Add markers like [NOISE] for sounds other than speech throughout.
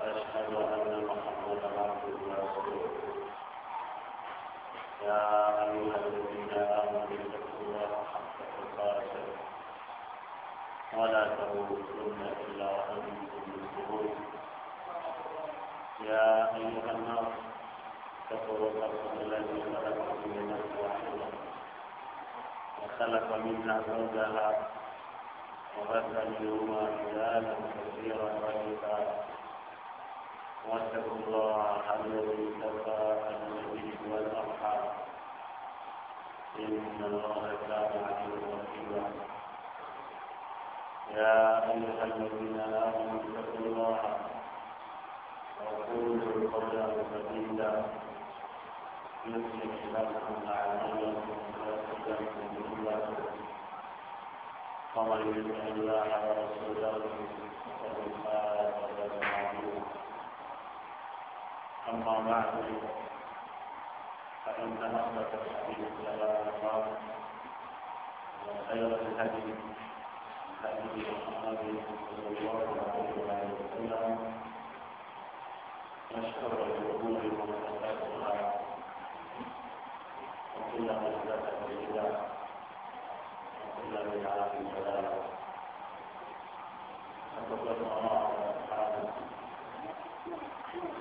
وأشهد أن محمدا عبده ورسوله يا أيها الذين آمنوا اتقوا الله حق ولا تموتن إلا وأنتم مسلمون يا أيها الناس اتقوا ربكم الذي خلقكم من نفس واحدة وخلق منها زوجها وبث منهما رجالا كثيرا ونساء واتقوا الله الذي تساءلون به والارحام ان الله كان عليم رقيبا يا ايها الذين امنوا اتقوا الله وقولوا قولا سديدا يصلح لكم اعمالكم ويغفر لكم ذنوبكم ومن يطع الله ورسوله فقد فاز فوزا عظيما أما بعد فإن أصدق الحديث كلام الله وخير الهدي هدي محمد صلى الله عليه وسلم نشكر الأمور محدثاتها وكل محدثة بدعة وكل بدعة ضلالة فتقدم الله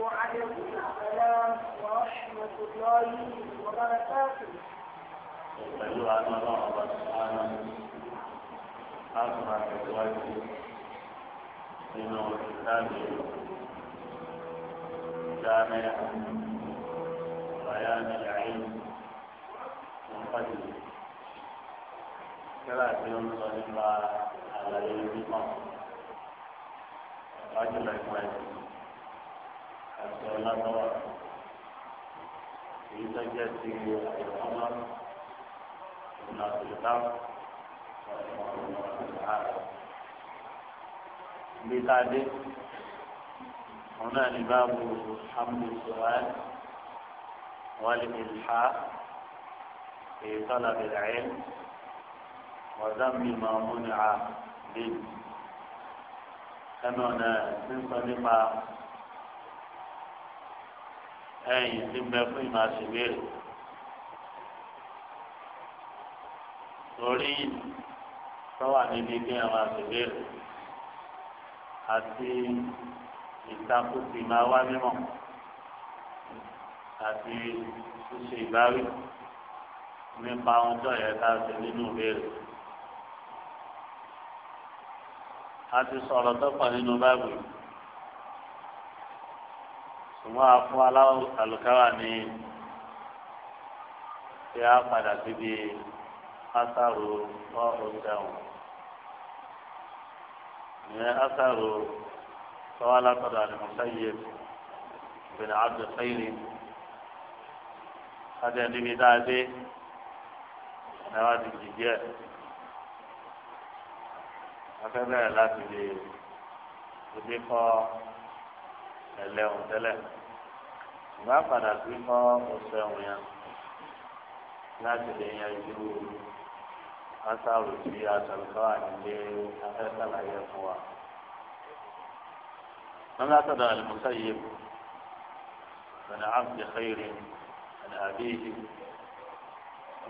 وعليكم السلام ورحمة الله وبركاته pẹ̀lú agbára ọba sùpánà àgbà tẹ̀síwájú nínú ìdájọ́ ìdáná bàyá ní àyín wọn pàdé kíláà tí ó ń sọ nípa àlàyé mímọ́ wájú lẹ́kọ̀ọ́ ẹ̀sìn. السلام عليكم إذا جاءت الأمر من الكتاب بذلك هنا لباب حمد السؤال والإلحاء في طلب العلم وذم ما منع به كما نصنفه ẹ̀yìn ti bẹ fún ìmọ̀ àṣìbéèrè. torí tọ́wà níbi kí ẹ̀ máa ṣèbéèrè àti ìtakùtì máa wá mímọ́ àti ṣíṣe ìbáwí nípa ohun tó yẹ ká ṣe nínú ìbéèrè. a ti sọ̀rọ̀ tọ́pọ̀ nínú báàbù yìí ṣùgbọ́n a fún aláwọ̀ àlùkáwà ní ṣé a padà síbi asaro ọ̀hún dáhùn ìyẹn asaro tọ́wọ́ látọ̀dọ̀ àlùmọ́sáyé bẹ̀rẹ̀ àdùsáyé adé níbi dáadé náà ti jìjì ẹ̀ afẹ́bẹ̀rẹ̀ láti lè ojú kọ́ ẹlẹ́wọ̀n tẹ́lẹ̀. bá padà sí kọ́ oṣù ẹ̀wọ̀n yẹn láti lè yanjú asáwò tí asọ̀rọ̀kọ́ àdìgbé afẹ́sàlàyé fún wa. من لا تدع المسيب من عبد خير عن أبيه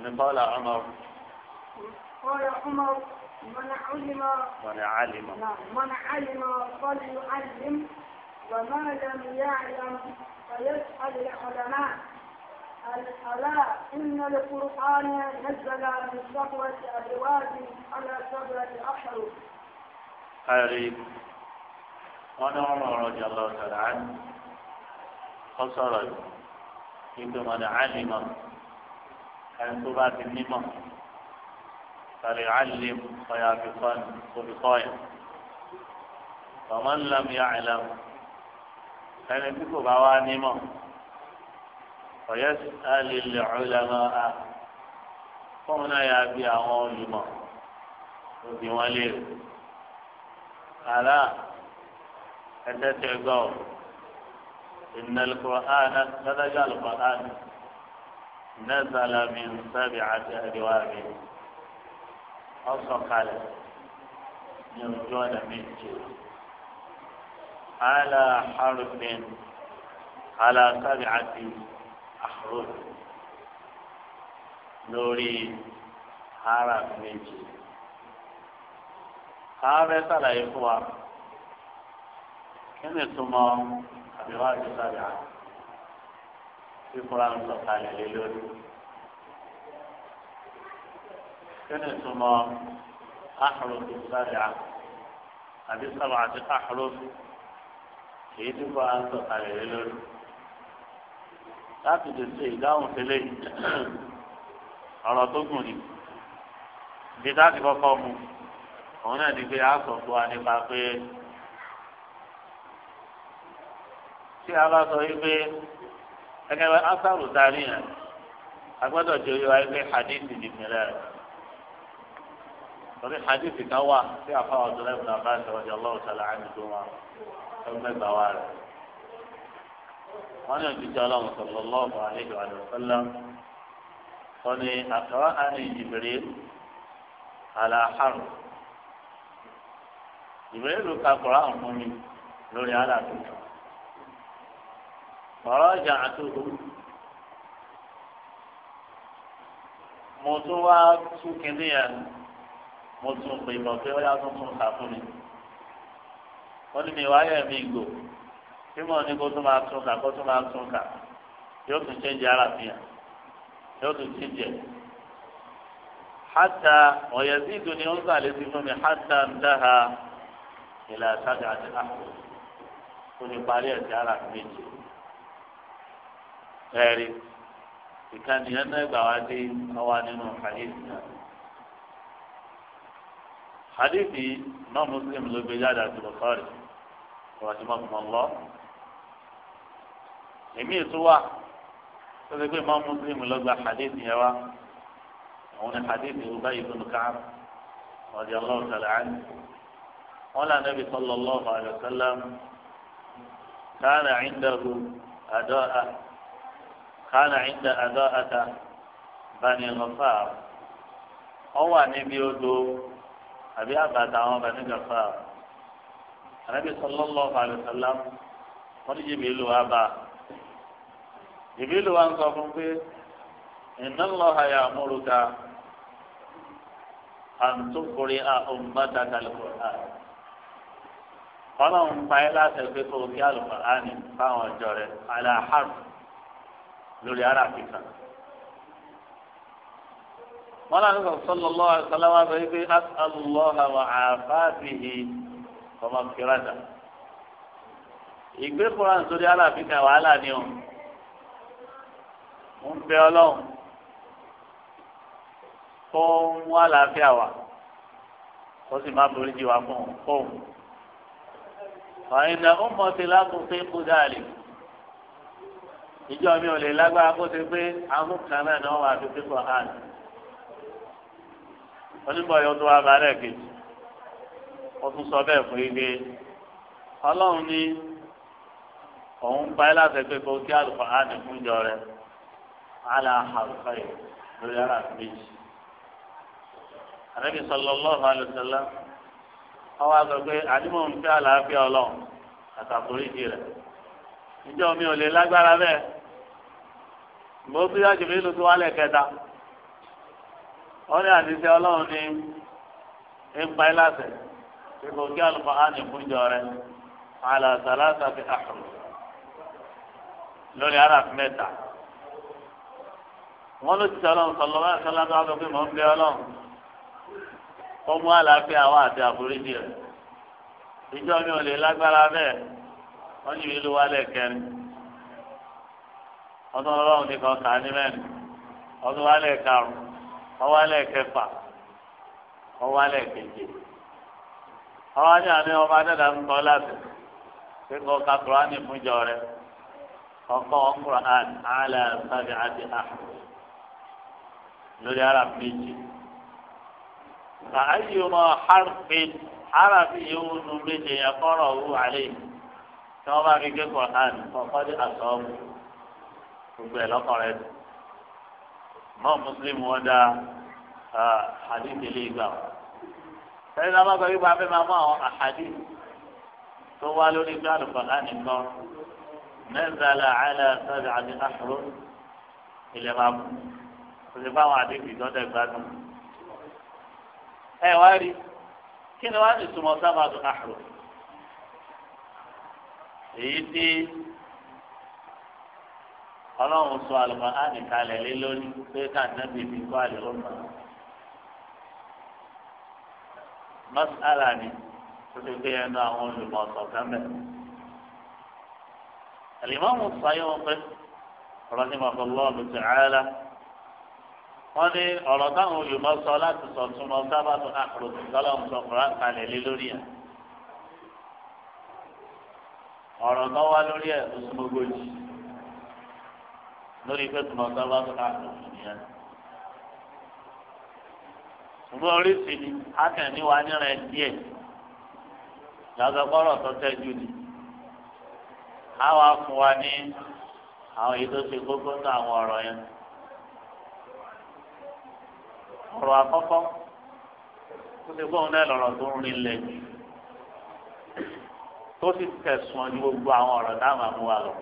من قال عمر قال عمر من علم من علم من علم فليعلم وما لم يعلم فيسأل العلماء ألا إن القرآن نزل من صبوة أبواب على صبوة أخر أريد وأنا عمر رضي الله تعالى عنه خسرت إن من علم أن تبات النمى فليعلم فيعرفن وبقايا ومن لم يعلم ẹni tí kò bá wá nímọ̀ ọ̀yẹ́ alẹ́lẹ́ ọ̀lẹ́mọ́ a fóun náà yà bí àwọn olùmọ̀ òbí wọn lè àlá ẹ̀dẹ́tẹ̀ gbọ́ ìnàlùkọ̀ àná lọ́dọ́jà lùkọ̀ àná nẹ́sàlá mi àti àdìwá mi ọ̀sọ̀ ní ojú ọ̀nà méje. على حرف على سبعة أحرف لوري حرف méjì حرف sàlàyé fún wa kí ni túmọ̀ àbíwájú sábà tí Kùránì ń sọ̀kalẹ̀ lé lórí kí ni túmọ̀ أحرف sábà àbí sábà àti أحرف. èyí tí kò ń sọ̀kalẹ̀ rẹ lórí. láti lè ìdáhùn ọ̀rọ̀ tó gùn ni bí kọ́kọ́ mu òun náà pé a sọ fún wa nípa pé tí a bá sọ pé hadith rẹ̀ torí hadith kan wà tí a fáwọn bá ń tó ẹgbẹgbà wa rẹ wọn ní òjijì Ọlọ́run sọlọ lọọbù àlejò àdùnsọlá wọn ní àkàrà àní ìjìbìrì àlàáhàrù ìbìrì ló ka kura ọ̀hún mi lórí aláàbò ọ̀rọ̀ ọjà àtúntò mo tún wá tún kínní mo tún pè mọ̀ pé ó yá tuntun kà fún mi wọ́n ní mi wáyà mi gò tí mo ní kó tó máa tún kà kó tó máa tún kà yóò tún ṣe ń jẹ ara fi hàn yóò tún ṣe ń jẹ. hata ọ̀yẹ̀sí ìdùn ni ó ń sàlẹ̀ sí fún mi hata ń dáha ìlà sága àti àpò ó ní parí ẹ̀sìn ara méje. ẹ̀rí ìkànnì yẹn náà wá dé ọwá nínú hadith náà. hadith náà muslim ló gbé jáde àti bọ̀kọ́rì rahimahumullah èmi ètò wa tó ṣe pé Imam Muslim ló gba hadith yẹn wa àwọn ní hadith Ubay ibn Ka'b radiyallahu ta'ala anhu wọn là Nabi sallallahu alayhi wa sallam kana 'indahu adaa kana 'inda adaa'ata Bani Ghafar ó wà níbi odò àbí àbàtà àwọn Bani Ghafar àrẹ́bí sallallahu alaihi wasallam wọ́n ní jìbìlù wa bá jìbìlù wa ń sọ fún pé inna Allaha ya'muruka an tuqri'a ummataka al-Qur'an kọ́nà ń pa ẹ́ láti pé kó o kí al-Qur'an fáwọn ọjọ́ rẹ̀ ala harf lórí ara kíkan wọn náà sọ sallallahu alaihi wasallam wá sọ pé as'alullaha wa afatihi ọmọ kìrànà ìgbé koran sórí aláàfin kan wàhálà ni o ń bẹ ọlọ́run kó ń mú àlàáfíà wá kó sì má borí jì fún un kó ń. ọ̀yìnà ó mọ̀ sí lákòókò ikú dáàlì ìjọ mi ò lè lágbára kó ti pé àwọn kan náà ni wọ́n wà fi pípọ̀ hàn onímọ̀ tó wá bá rẹ̀ kejì. ó tún sọ bẹ́ẹ̀ fún yín ọlọ́run ní òun pa láti kó kí rẹ̀ ala àlùfáà yìí lórí ara méjì. àrẹ́bí sallallahu alaihi wasallam ọwọ́ àgbẹ̀ pé àdìmọ̀ fẹ́ àlàáfíà ọlọ́run àtàkùrìjì rẹ̀ ìjọ mi ò lè lágbára bẹ́ẹ̀ mo ló wálẹ̀ kẹta wọ́n ní àdìsẹ́ ọlọ́run ní ń pa ẹ́ láti. kíkó kí alukóhánì kújọ rẹ alàzàlàzà fi àhùrù lórí aráàfin mẹ́ta wọn ló ti sọlọ́n sọlọ́ wọn sọlá tó wà pé mò ń bẹ ọlọ́run ó mú àlàáfíà wá àti àforíjì rẹ ìjọ mi ò lè lágbára bẹ́ẹ̀ wọ́n yìí ló wálẹ̀ kẹrin ọdún ọlọ́run ní kan kà ní mẹ́rin ọdún wálẹ̀ karùn-ún ọwálẹ̀ kẹfà ọwálẹ̀ àwọn àti àmì ọba dẹ́dà ń kọ́ láti pé kọ́ ka kúránì fúnjọ rẹ ọkọ̀ kúrán àlẹ́ sábẹ́ àti à lórí ara méjì. ka ayi ma harfi harafi yóò nu méjì yẹn kọ́rọ̀ wù àlẹ́ tí wọ́n bá fi ké kúrán ọkọ̀ dé àtọ́wù gbogbo ẹ̀ lọ́kọ̀ rẹ. mọ́ mùsùlùmí wọn dá ah, hadith ilé ìgbà wọn ẹni náà bá sọ wípé afẹ́ máa mú àwọn àhàdí tó wá lórí bí àlùfàlà nìkan mẹ́sàlá àìlà sọ́jà àti àṣùrò ilẹ̀ máa mú kò sí fáwọn àdébì lọ́dẹ̀ gbádùn. ẹ wá rí kí ni wàá sì túmọ̀ sábà tó àṣùrò èyí tí ọlọ́run sọ àlùfàlà nìkan lẹ̀ lé lórí pé káàdínà bèbí kọ́ àlè ó mọ̀ mọ́sálà ni tó ti gbé ẹnu àwọn olùmọ̀ ọ̀sọ̀kan bẹ̀. Àlìmọ́mù sáyọ̀ pé ọ̀rọ̀ ní mọ̀kànlọ́ọ̀lù ti ààlà. Wọ́n ní ọ̀rọ̀ táwọn olùmọ̀ sọ láti sọ túnmọ̀ sábàtú àkùrọ̀ tọ́lọ́mù sọ kùrán kalẹ̀ lé lórí ẹ̀. Ọ̀rọ̀ kan wá lórí ẹ̀ lóṣù mọ́gòjì lórí pé túnmọ̀ sábàtú àkùrọ̀ nìyẹn ṣùgbọ́n oríṣi ni akẹ́ni wa níra ẹ díẹ̀ lọ́sọ̀kọ́rọ̀ tó tẹ́jú ni àwa fún wa ní àwọn èyí tó ṣe kókó ní àwọn ọ̀rọ̀ yẹn ọ̀rọ̀ àkọ́kọ́ tó ṣe gbóhùn náà lọ́rọ̀ tó ń rin lẹ̀ jù tó sì tẹ̀sùn ju gbogbo àwọn ọ̀rọ̀ táwọn àmúwa lọ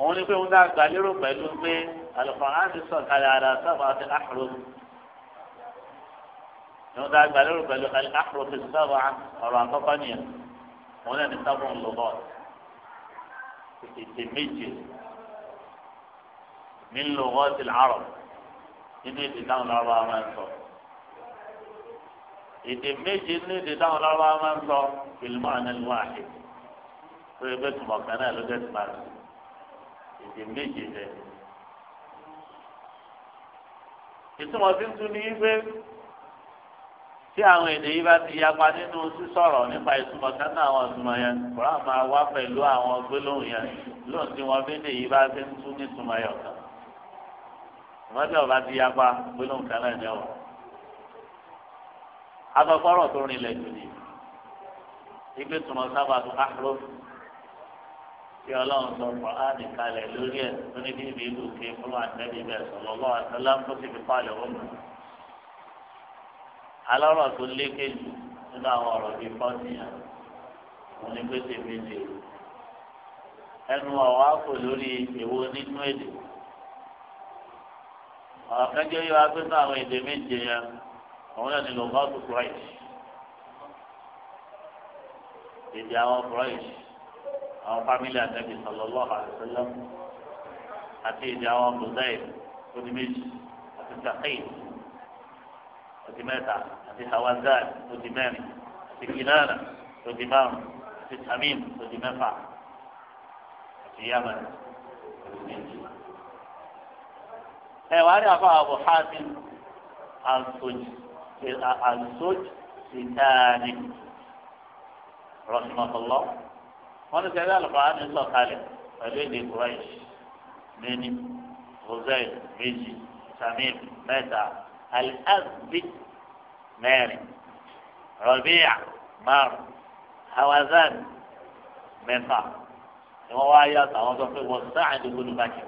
òun ni pé òun dá gbàlérò pẹ̀lú pé àlùfáà á ti sọ̀kalẹ̀ àdàtà àti àhùrọ̀ ìwọ́n tá a gbà lérò pẹ̀lú àkùrọ̀tì sábà ọ̀rọ̀ àkọ́kọ́ nìyẹn wọn náà ní sábà ń lò bọ́ọ̀ ètè méje nílò wọ́n ti làárọ̀ nínú èdè táwọn lọ́rọ̀ wa máa ń sọ èdè méje nínú èdè táwọn lọ́rọ̀ wa máa ń sọ ìlúmọ̀ ànálùmọ̀ àṣẹ tó yẹ bẹ́ẹ̀ tùmọ̀ kan náà ló dé tùmọ̀ rẹ̀ èdè méje jẹ ìtumọ̀ tuntun ni wípé tí àwọn èdè yìí bá ti yapa nínú sísọ̀rọ̀ nípa ìtumọ̀ kánú àwọn ìtumọ̀ yẹn kúrò máa wá pẹ̀lú àwọn gbólóhùn yẹn lóun tí wọn méjì yìí bá ti ń tún nítumọ̀ yọ̀ kan ìmọ̀tí ọba ti yapa gbólóhùn kan náà yẹn wọ̀ agbẹ́kọ̀rọ̀ tó rinlẹ̀ jù ní ibi tùmọ̀ sábà tó áhùrọ̀ tí ọlọ́run sọ fún áàdì kalẹ̀ lórí ẹ̀ tó bíbí ìlú kí alọ́rọ̀ tó lékè jù nínú àwọn ọ̀rọ̀ bíi fọ́tìyàn òun ni pé tèmi lè ẹnu ọ̀wá kò lórí èwo nínú èdè ọ̀rọ̀ kẹjọ yóò wá pé fún àwọn èdè méje yẹn òun náà ni lọ́gọ́tù kúrẹ́ẹ̀sì èdè àwọn kúrẹ́ẹ̀sì àwọn fámìlì àtẹ́bí sallallahu alaihi wasallam àti èdè àwọn bùdáì tó ní méjì àti tàkéyì àti mẹ́ta àti hawazan odi mẹ́rin àti kinana odi márùn àti tamim odi mẹ́fà àti yaman odi méjì. ẹ wàá rí àfa àbò hasim ansoj ansoj sitani rahimahullah wọn ní sẹ́yìn alùpàá ní sọ̀kalẹ̀ pẹ̀lú èdè kúrẹ́ṣì lẹ́ni hosein méjì tamim mẹ́ta al-azbi mẹ́rin rọ̀bíyà márùn hawazan mẹ́fà ni wọ́n wá yàtọ̀ àwọn tó ń pè wọ́n sáàdì olùbàjẹ́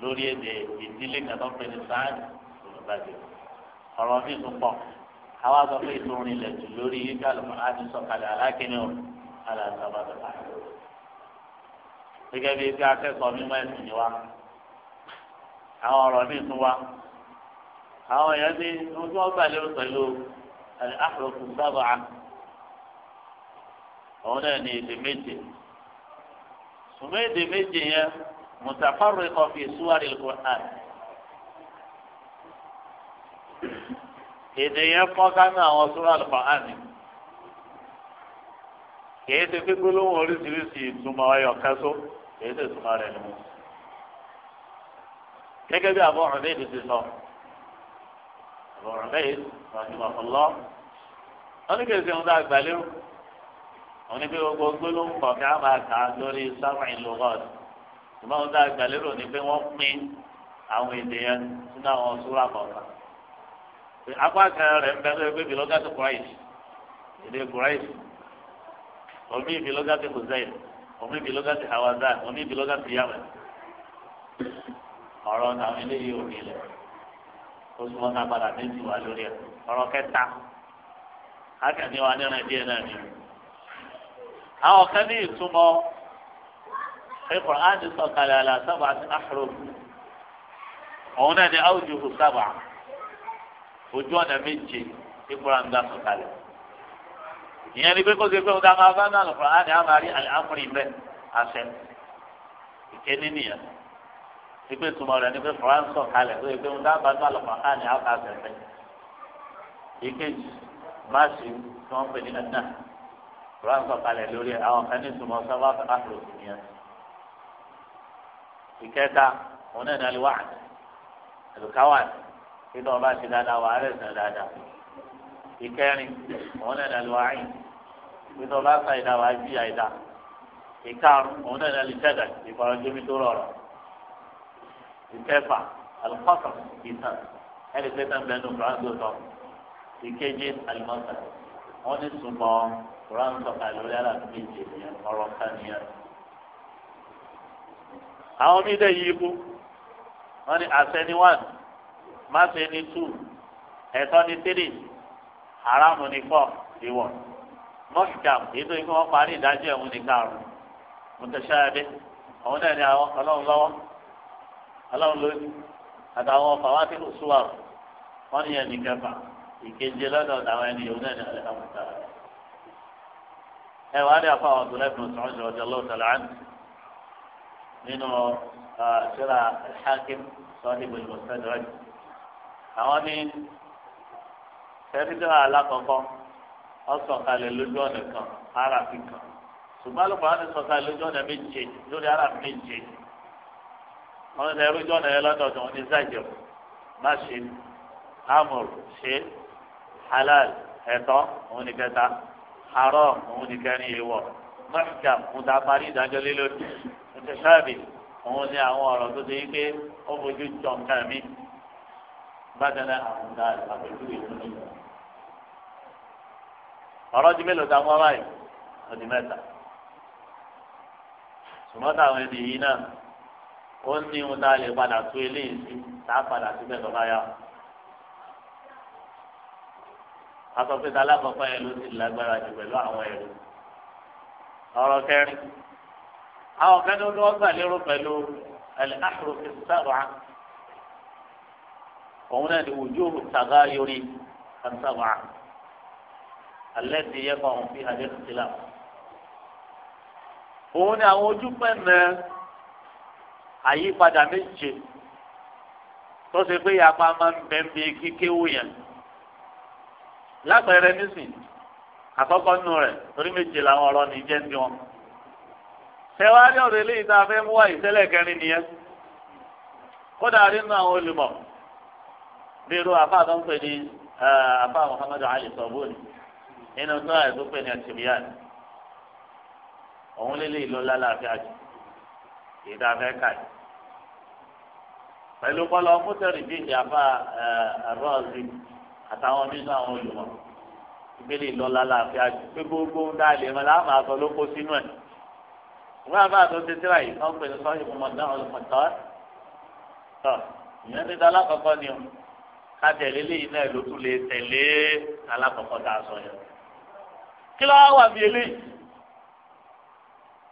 lórí èdè ìdílé kan tó ń pè ní sáàdì olùbàjẹ́ ọ̀rọ̀ mi tún pọ̀ àwa sọ pé ìtòrin ilẹ̀ jù lórí yíká lọ́mọ àti sọ̀kalẹ̀ alákìíní o aláàtàbàtà gẹ́gẹ́ bí kí akẹ́kọ̀ọ́ mímọ́ ẹ̀sìn ni wa àwọn ọ̀rọ̀ mi tún wá àwọn èèyàn ti ohun tí wọ́n gbà lérò pẹ̀lú àhùrọ̀kù sábà òun náà ní èdè méje ṣùgbọ́n èdè méje yẹn mùtàfàrọ̀ ikọ̀ fi súwárì Al-Qur'an èdè yẹn kọ́ kánú àwọn súwárì Al-Qur'an ni kìí ṣe pé gbólóhùn oríṣiríṣi ìtumọ̀ ọyọ̀ kẹ́sọ́ kìí ṣe ìtumọ̀ rẹ̀ ni gẹ́gẹ́ bí àbọ̀ ọ̀rọ̀ ní ìdí ti sọ. ọ̀rọ̀ lẹ́yìn rahimahullah wọn ní kèsì ohun tá a gbà lérò wọn ní pé gbogbo gbólóhùn kọ̀ọ̀kẹ́ á máa kà á lórí sábàáyìn lọ́gọ́d ṣùgbọ́n ohun tá a gbà pé wọ́n pín àwọn èdè yẹn sínú àwọn súrà kọ̀ọ̀kan apá kan rẹ̀ ń bẹ lórí pé bìlọ́gàtì kùráìsì èdè kùráìsì omi bìlọ́gàtì kùzẹ́yìn omi bìlọ́gàtì hawazan omi bìlọ́gàtì yamen ọ̀rọ̀ náà eléyìí ò ó súnmọ́ ká padà méjì wá lórí ẹ̀ ọ̀rọ̀ kẹta akẹ́ni wa ní ọ̀rẹ́ díẹ̀ náà ni. àwọn kan ní ìtumọ̀ ẹ̀kọ́ áàdì sọ̀kalẹ̀ àlà sábà àti àhùrọ̀ òun náà ni áwùjù hù sábà ojú ọ̀nà méje ìkúra ń ìyẹn ni pé kó ṣe pé ó dá máa bá náà àmàrí àlẹ́ àmúrí bẹ́ẹ̀ àṣẹ ìkéde nìyẹn ìpè tùmọ̀ rẹ̀ ní pé fúnra ń sọ̀ kalẹ̀ pé ìpè ń dábàá tó àlọ́ kọ̀ọ̀kan ní àwọn àgbẹ̀ ìkejì máàsì tí wọ́n pè ní ẹ̀dá fúnra ń sọ̀ lórí àwọn kan ní tùmọ̀ sábà àlọ́ ìyẹn ìkẹta òun náà ní aliwá àlùkáwà kí ni wọn bá ti dáadáa wà á rẹ̀ sàn dáadáa ìkẹrin òun náà ní aliwá àyìn kí ni wọn bá sàn ìdá wà á jí àìdá ìkarùn òun náà ní alìkẹ́dà ìfọ̀rọ̀jọ́mi tó rọrùn. ìkẹfà alikọsọ ìtàn ẹni elizabetha tán bẹnu kuran tó sọ ìkeje alimọsà wọn ní sùnmọ kuran sọkà lórí alábìyẹ jẹnìyàn ọ̀rọ̀ kànìyàn. àwọn mídẹ one kú wọn two ẹ̀tọ́ ni three haramu four ìwọ mọṣúkàm èyí tó wọn parí ìdájọ́ ẹwọn ní karùnún mọtẹṣẹ abẹ àwọn náà ní ọlọ́run ọlọ́run lónìí àtàwọn ọfà wá sínú sùwà wọn ni ẹnì kẹfà ìkeje lọ́dọ̀ àwọn ẹni yòówù náà ní alẹ́ àmúta ẹ wàá dé afọ àwọn tó lẹ́fún sọ́ọ́sì ọjọ́ lọ́wọ́ tẹ̀lé àná nínú ṣẹlá alḥakim sọ́ọ́dì gbogbo sẹ́dọ̀ rẹ̀ àwọn ní sẹ́dídọ́ alákọ̀ọ́kọ́ ọ̀sọ̀kalẹ̀ lójú ọ̀nà kan aráàfin kan ṣùgbọ́n alùpùpù àwọn ti lójú ọ̀nà méje lórí aráàfin méje wọn lọ ẹrú jọ náà yẹ lọdọọdún wọn ní zajir má ṣe amur ṣe halal ẹ̀tọ́ òun ní kẹta haram òun ní kẹrin ìwọ mahkam òun tá a parí ìdájọ́ lé lórí mùtẹsáàbì òun ní àwọn ọ̀rọ̀ tó ti yí pé ó fojú jọ nǹkan mi bákan àwọn ọ̀gá àpèjúwe tó ní. ọ̀rọ̀ di mélòó táwọn wáyé ọdún mẹ́ta ṣùgbọ́n táwọn ènìyàn náà ó ní ohun tá a lè padà tó eléyìí sí tá a padà síbẹ̀ tó bá yá. asọ̀fẹ́ta alákọ̀ọ́kọ́ yẹn ló ti lágbára jù pẹ̀lú àwọn ẹ̀rù. ọ̀rọ̀ kẹrin àwọn kan ní wọ́n gbà lérò pẹ̀lú al-ahru fi òun náà ni wujuhu at-taghayuri as-sab'a allati yaqa'u fiha al-ikhtilaf. òun ni àwọn ojú pẹ́ mẹ́rin àyípadà méje tó ṣe pé yàpá máa ń bẹ́ẹ̀ bí kíkéwò yẹn lápẹẹrẹ nísìn àkọ́kọ́ nù rẹ̀ torí méje làwọn ọ̀rọ̀ ní jẹ́ ní wọn. tẹ̀wárí ọ̀rọ̀ eléyìí tá a fẹ́ mú wá ìtẹ́lẹ̀ kẹrin nìyẹn kódà nínú àwọn olùmọ̀ bí irú àfáà tó ń pè ní àfáà Muhammadu Ali sọ̀bùn nínú tó àìsàn pè ní àtìmíyàn òun lélẹ́yìí ló lálàáfíà jù kì í dá fẹ́ kà yìí. pẹ̀lú kọ́lọ́ mọ́tẹ́rì bíi ìjàmbá rọ́ọ̀sì àtàwọn nínú àwọn olùmọ̀ ìgbélé ìlọ́lá láàfin àjò pé gbogbo ń dá ilé wọn láàmú àtọ ló kó sínú ẹ̀. ìwọ́n àbá àtọ́ ti tíra yìí wọ́n pè ní sọ́yìn fún mọ̀tán ọ̀tọ́ tọ́ ìyẹn ti dá alákọ̀ọ́kọ́ ni o ká tẹ̀lé léyìn náà ló tún lè tẹ̀lé alákọ̀ọ́kọ́ tá a sọ yẹn. kí ló wà bí eléyìí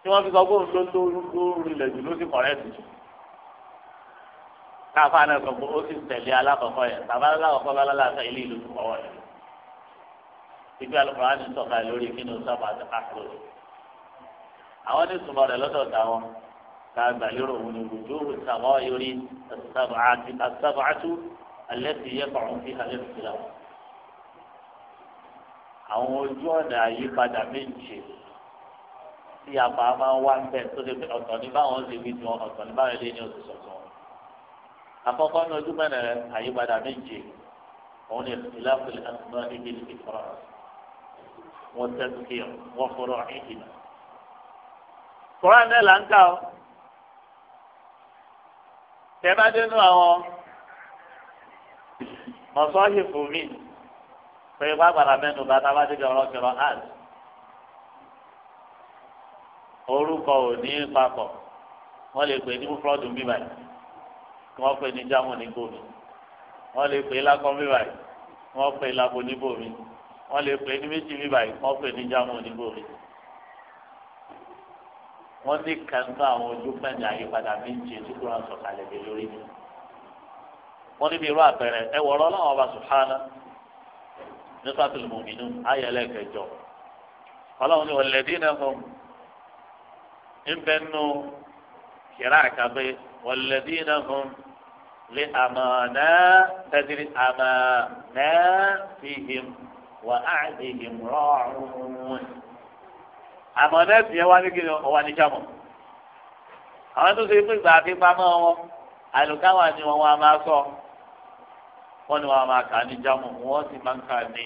tí wọ́n fi sọ fóun tó tó rinlẹ̀ jù ló sì kọ̀rẹ́ tù jù káfa náà sọ pé ó sì tẹ̀lé alákọ̀ọ́kọ́ yẹn bàbá alákọ̀ọ́kọ́ bá lálàáfẹ́ ilé ìlú tó kọ́wọ́ yẹn ibi alukọ̀rọ̀ á ti tọ̀ka lórí kí ni o sábà ti pàṣẹ àwọn ní sùnmọ́ rẹ̀ lọ́dọ̀ táwọn ká gbàlérò òun ni ojú òwò sàmọ́ yorí asábàátú alẹ́ ti yẹ kọ̀ọ̀rọ̀ fi alẹ́ fi la àwọn ojú ọ̀nà àyípadà méje tí àpá máa ń wá ń bẹ̀ tó lè fi ọ̀tọ̀ ní báwọn lè wí tiwọn ọ̀tọ̀ ní báwọn lè ní oṣù sọ̀tọ̀ wọn. àkọ́kọ́ ní ojú mẹ́rin rẹ̀ àyípadà méje òun ni ìlàkùn àtúnná níbi ìfọ̀rọ̀ wọn tẹ́sí wọn fọ̀rọ̀ ìdìbò. kùránì là ń kà ó tẹ́ bá dénú àwọn mọ̀sọ́ọ̀hìn fún mi pé wàá gbàdá mẹ́nu bá tábàdé ọ̀rọ̀ kẹrọ áàdì. orúkọ ò ní papọ̀ wọ́n lè pè ní fúlọ́ọ̀dù bíbà yìí kí wọ́n pè ní jámù ní bòmí wọ́n lè pè lákọ́ bíbà yìí kí wọ́n pè lábo ní bòmí wọ́n lè pè ní méjì bíbà yìí kí wọ́n pè ní jámù ní bòmí. wọ́n ní àwọn ojú àyípadà sọ̀kalẹ̀ lórí mi. wọ́n níbi irú àpẹẹrẹ ẹ wọ̀rọ̀ ńbẹ nù kíra kàbẹ walladhina hum li amanatihim amanatihim wa ahdihim ra'un. àmọ̀nà tìyẹn wá ní kíni ọ̀wá ní jámọ̀. àwọn tó ṣe pé ìgbà àfipamọ́ wọn àlùkáwà ni wọn wá máa sọ wọn ni wọn máa kà ní jámọ̀ wọn sì máa ń kà ní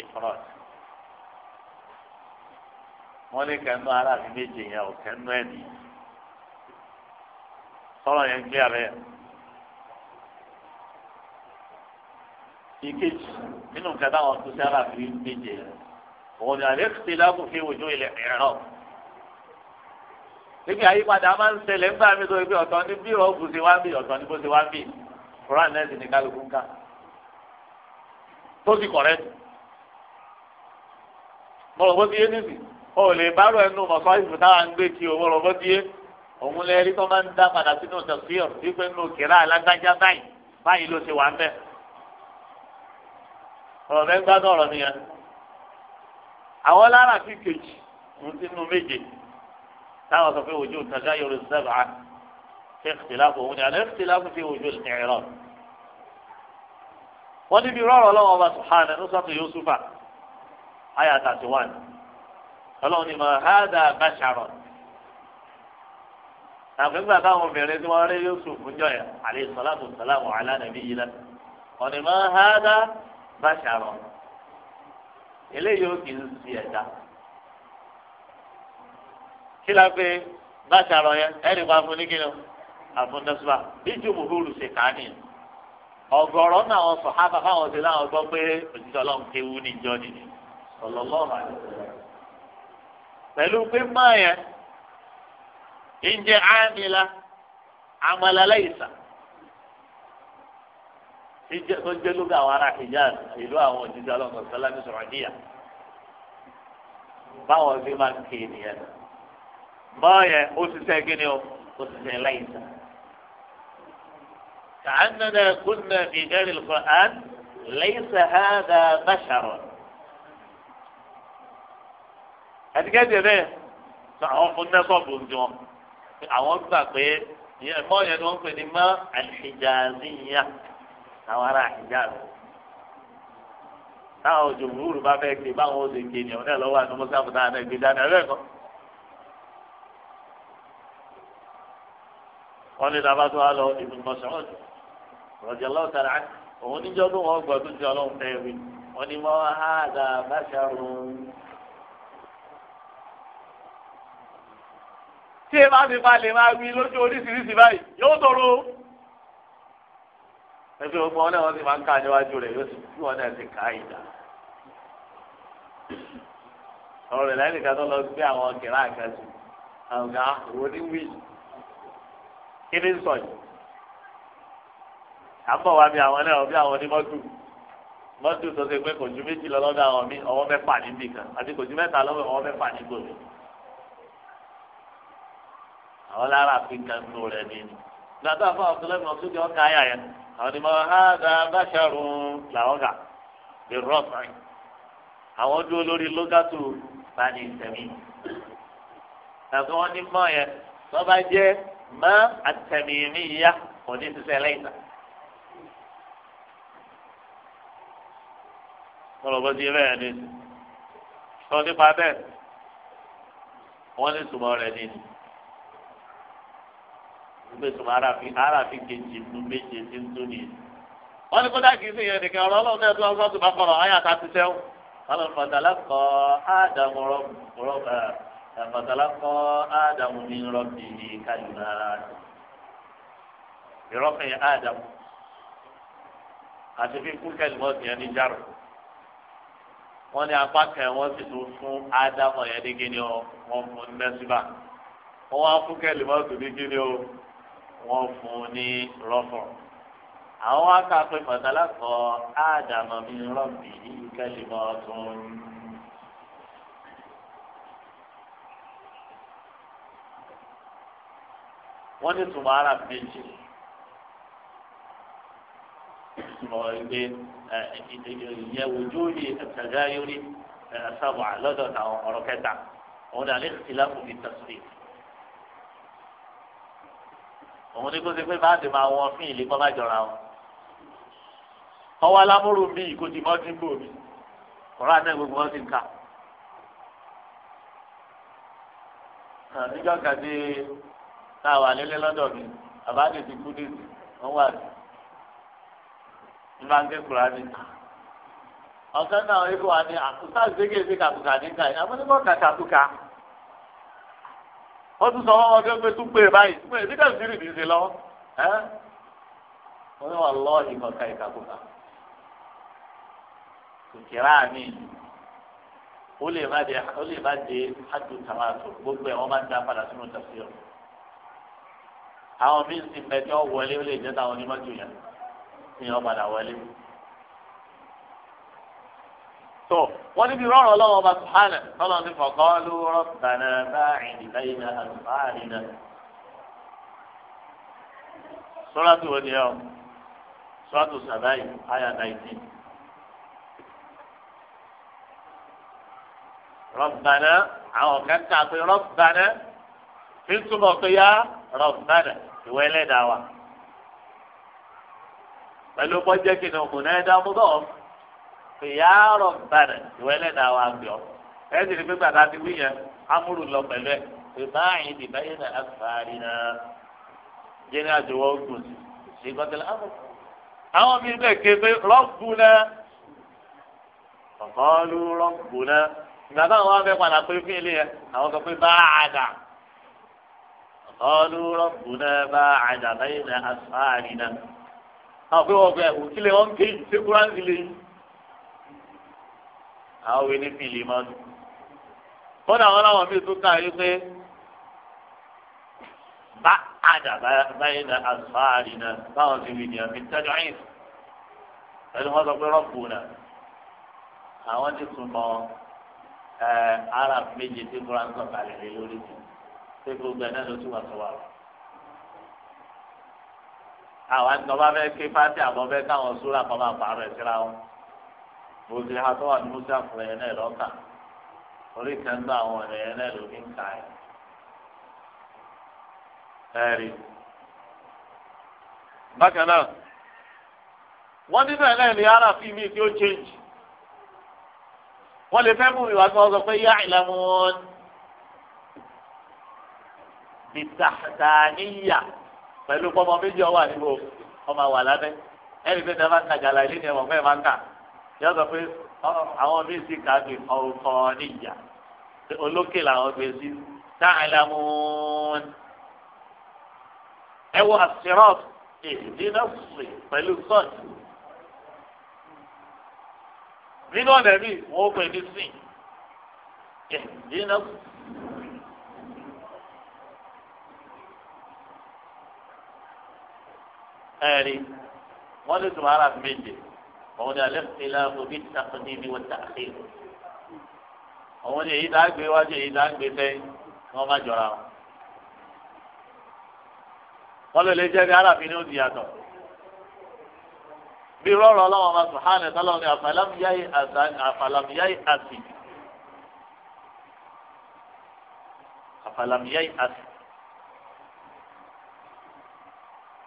ìfọ̀rọ̀sì wọn ní kẹnu ara mi méje yẹn ò kẹnu ẹ nìyí sọ̀rọ̀ yẹn gbé abẹ ìkejì nínú nǹkan táwọn tó sí ara mi méje yẹn òun ni àlẹ́ ti lágùn fi wòjú ilẹ̀ ẹ̀rọ níbi àyípadà máa ń ṣẹlẹ̀ nígbà mi tó ibi ọ̀tọ̀ ní bí ọ̀gù ṣe wá ń ọ̀tọ̀ ní bó ṣe wá ń koran náà sì ní kálukú ká tó sì kọ̀rẹ́ mọ̀lọ́bó ti yé nísìnyí o lè bárò ẹnu mọ̀kọ́ ìfúntáwà ń gbé kí owó rọ̀bọ́ díẹ̀ òun lè rí tó máa ń dá padà sínú tẹ̀síọ̀ wípé nù kíra alágbájá báyìí báyìí ló ṣe wà ń bẹ̀. ọ̀rọ̀ bẹ́ẹ̀ gbádùn ọ̀rọ̀ nìyẹn. àwọn lára fi kejì ń sínú méje táwọn sọ pé ojú ìtajà yorùbá sábà ṣe ìtìláfò òun ni àná ìtìláfò fi ojú ìrìnrọ̀. wọ́n níbi rọ́ọ̀rọ̀ lọ́wọ́ ọba sùhánà ní sọ́tù yusufa ayat thirty one ọlọ́run ni mọ̀ hádà bàṣàrọ̀ àgbẹ̀gbà táwọn obìnrin tí wọ́n rí Yusuf ń jọyọ̀ àlẹ́ sọ́láàtù sọ́láàmù alánàbí yìí lẹ́nu ọ̀nì mọ̀ hádà bàṣàrọ̀ eléyìí ó kì í sí ẹ̀dá kí la pé bàṣàrọ̀ yẹn ẹ̀rì pa fún nígbìn o àfọ̀ndọ́sùwà bí jùmù húrù ṣe kàá nìyẹn ọ̀gọ̀rọ̀ náà wọn sọ̀ hábà fáwọn ṣe láwọn gbọ́ pé òjijì ọlọ́run kéwú níjọ́ nìyẹn pẹ̀lú pé máa yẹn ń jẹ́ àmìlà àmàlà láìsà ìjẹ́ tó jẹ́ lóga àwọn ará Hijaz ìlú àwọn òjijì ọlọ́run sọlá sọ̀rọ̀ sọ̀rọ̀díyà báwọn fi máa ń ké nìyẹn máa yẹn ó ti sẹ́ kí ni o ó ti sẹ́ láìsà. كأننا كنا في غير القرآن ليس هذا بشرا ẹ̀dígẹ́dẹ̀ bẹ́ẹ̀ àwọn fún nẹ́sọ̀bù ń jọ àwọn gbà pé ẹ̀mọ́ yẹn ni wọ́n pè ní mọ́ àlìjáàzíyà àwọn ará àlìjáàzí táwọn òjò bá fẹ́ gbé báwọn gbé ni lọ́wọ́ àti náà gbé dání ẹ̀rọ ẹ̀kọ́. wọ́n ní tó wá lọ òun níjọ́ wọ́n gbọ́ tó ti ọlọ́run fẹ́ wọ́n ní tí ẹ bá fi palẹ̀ máa wí lójú oríṣiríṣi báyìí yóò tóró. ẹgbẹ́ ogun ọ̀nà wọn ti máa ń ká níwájú rẹ̀ yóò sì tú ọ̀nà ti ká ìjà. ọ̀rọ̀ rẹ̀ láì nìkan tó lọ gbé àwọn kẹ̀rá àkàtì àwọn ọ̀gá oníwì kí ni sọ yìí. àbọ̀ wa bí àwọn náà bí àwọn onímọ́tò mọ́tò tó ṣe pé kò ju méjì lọ lọ́dọ̀ àwọn mi ọwọ́ mẹ́fà níbì kan àti kò ju mẹ́ta lọ́wọ́ ọwọ́ mẹ́fà níbò mi àwọn lára fi kan tó rẹ̀ ni gbàtà fún abdullahi masu di ọkà ayà yẹn àwọn ni máa ha da báṣàrùn làwọn gà lè rọ́ọ̀sán àwọn dúró lórí lókàtù bani sẹ́mi tàbí wọ́n ní mọ́ yẹn tó bá jẹ́ mọ́ àtẹ̀mí mi yá òní sísẹ́ lẹ́yìn náà. kọlọ̀bọ̀ di ni sọ nípa bẹ́ẹ̀ wọ́n ní sùmọ́ rẹ̀ nínú pé sùnmọ́ aráàfin aráàfin kejì tún méje tí ń tún ní. wọ́n ní kódà kìí sèyàn nìkan ọ̀rọ̀ ọlọ́run náà tó wọ́n sọ́ọ́ tó bá kọ̀rọ̀ ayé àtàtì sẹ́wọ̀n. wọ́n fọ̀tàlá kọ́ ádámù fọ̀tàlá kọ́ ádámù ní rọ́bì kálímà ìrọ́fẹ̀ ádámù àti fífún kálímà ti ẹni járù. wọ́n ní apá kan wọ́n sì tún fún ádámù ẹ̀ẹ́dẹ́gẹ́ni ọ̀ wọ́n fún mẹ́síbà wọ́n wá fún kálímà tó ní kíni o wọ́n fún un ní rọ́fọ̀ àwọn akápẹ́ pàtàlá kọ ádámà mi rọ́bì kẹ́lìmọ́ tún. wọ́n ní tùmọ̀ ara méjì tùmọ̀ ìgbé ìyẹ̀wò jóòlì ẹ̀sẹ̀gá yórí ẹ̀sàbọ̀ àlọ́dọ̀ àwọn ọ̀rọ̀ kẹta òun ni àlẹ́ ìsìlámù fi tẹ̀sílẹ̀ òun ní kó ṣe pé bá ti máa wọn fún ìlé kọ́ bá jọra wọn. ọwọ́ alámúrò mi kò ti mọ́ sí bò mí ọ̀rọ̀ àti gbogbo wọn ti ń kà. níjọ́ kàdé tá a wà nílé lọ́dọ̀ mi bàbá mi ti kú nísì wọ́n wà sí. nígbà ń ké kura ni. ọ̀sán náà ikú wa ni àkùsà ṣégè sí kàkùkà níkà yìí àmọ́ nígbà kàkàkùkà wọ́n tún sọ wọ́n wọ́n gbé tún pè báyìí tún pè ní kàfíìrì ní ìṣe lọ́wọ́ ẹ́ wọ́n wà lọ́ ìmọ̀ ká ìkàkùkà kìkìrà mi ó lè má de ó lè má de ájú tàwátò gbogbo ẹ̀ wọ́n máa ń dá padà sínú tafsir àwọn míín sì mẹ́tẹ́ wọlé ó lè jẹ́ táwọn onímọ̀jú yẹn ìyẹn padà wọlé tó wọ́n níbi rọrùn ọlọ́wọ́ bá sùhánà tọ́lọ́ ní fọ̀kọ́ ló rọ̀bànà báyìí lẹ́yìn àlùfáàrí náà. sọ́ra tó wọ́n ni ọ́ sọ́ra tó sàbáyì àyà náìtì. rọ̀bànà àwọn kẹta pé rọ̀bànà fi túbọ̀ pé yá rọ̀bànà ìwé ẹlẹ́dàá wa. pẹ̀lú bọ́jẹ́kì náà kò náà dá mú bọ́ọ̀. fìyàrọ̀ bàrẹ̀ ìwé ẹlẹ́dàá wa gbọ́ ẹ ti rí pé gbàgbà ti wí yẹn amúlù lọ pẹ̀lú ẹ̀ pé báyìí di báyìí náà afárí náà jẹ́ni àjọwọ́ gùn sí gbọ́dọ̀lá àwọn mi bẹ́ẹ̀ ké pé rọ́ọ̀bù náà ọ̀kọ́lù rọ́ọ̀bù ìgbà táwọn wá fẹ́ padà pé fún ilé yẹn àwọn sọ pé bá a dà ọ̀kọ́lù bá a dà báyìí náà náà àwọn wọ́n òkìlẹ̀ wọn kéjì sí kúránsì lẹ́yìn. àwọn òwe ní fìlì mọ́nu kódà wọn làwọn míì tún kà yí pé bá àdà báyìí na àzùmáàrì na báwọn ti wì ní àmì tẹ́lẹ̀ ọ̀hìn ẹni wọn sọ pé rọ́pù náà àwọn ti túmọ̀ ẹ arab méje tí kúrò ń sọ̀kalẹ̀ lé lórí ti pé gbogbo ẹ̀ náà ló tún wà sọ́wọ́ rẹ̀ àwọn àti ọba fẹ́ ké fásitì àbọ̀ fẹ́ káwọn sóra kọ́ máa pààrọ̀ ẹ̀ síra wọn bòtí ha tó wà ní musa fún ẹ̀yẹ náà lọ́kà orí kan tó àwọn ẹ̀yẹ náà ló fi ń ka ẹ̀. ẹ̀rí bákan náà wọ́n nínú ẹ̀ náà ní ara fi mí tí ó change wọ́n lè fẹ́ mú ìwà kan sọ pé yá ìlànà wọn bìtàtàníyà pẹ̀lú pọ́nmọ́ méjì ọwọ́ àdìgbò ọmọ àwàlábẹ́ ẹ̀rí pé ní ń ka jàlá ilé ni ẹ̀wọ̀n fẹ́ẹ́ máa ń kà yọ sọ pé àwọn bíi sì ká bí ọkọ níjà olókè làwọn gbé sí ta'lamun ẹ wọ àṣírọ́ọ̀tù ìdínà sè pẹ̀lú sọ́ọ̀tù nínú ọ̀nà mi wọ́n pè ní sìn ìdínà ẹ̀rí wọ́n lè tún ara méje àwọn ní alẹ́ ìlà òbí takùnì ni wọ́n tàkì àwọn ní èyí tá a gbé wájú èyí tá a gbé sẹ́yìn wọ́n má jọra wọn. wọ́n lè lè jẹ́ ní aláàfin ní ó di yàtọ̀ bí rọrọ ọlọ́wọ́n ma sùhánì tọ́lọ́ ní àfàlàmìyáì àti àfàlàmìyáì àti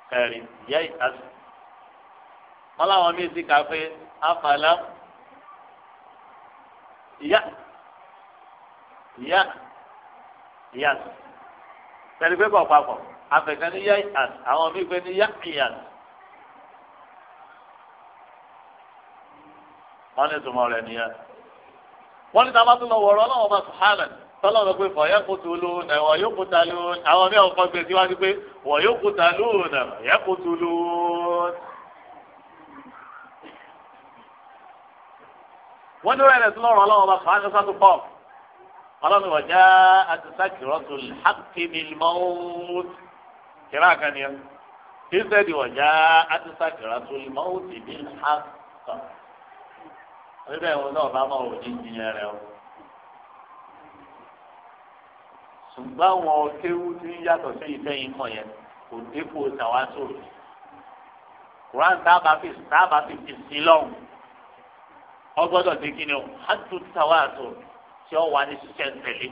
kẹrin yáì wọn làwọn míì sì kà pé afàlà yá yá yá pẹ̀lú pé kọ̀ papọ̀ afẹ̀kan ní yá yá àwọn míì pé ní yá yá wọn ní tùmọ̀ rẹ̀ nìyẹn wọn ní tàbá tó lọ wọ̀rọ̀ ọlọ́wọ́ bá sùhánà tọ́lọ́ lọ pé fọ̀yà kutu lónà wọ̀ yóò kuta lónà àwọn míì àwọn kan gbèsè wá sí pé wọ̀ yóò kuta lónà yẹ kutu lónà. wọ́n ní rẹ̀ tún lọ́rọ̀ ọlọ́run ọba fàánù sátú pọ̀ ọlọ́run wọ̀já àtisàkìrọ́tù hàkìmìlmọ́ọ́t kìrá àkànníyà ìsẹ́dì wọ̀já àtisàkìrọ́tù mọ́ọ́t ìbíl hàkà níbẹ̀ wọn náà bá máa wò ní ìjìyàn rẹ̀ o. ṣùgbọ́n wọn kéwú tí ń yàtọ̀ sí ìfẹ́yìn kan yẹn kò dépò tàwa sóòrè. kùrán tábà fi tábà fi fi sí lọ́hùn ọgbọ́dọ̀ ti kí ni o hàtú tàwáàtò tí ó wà ní ṣiṣẹ́ ntẹ̀lé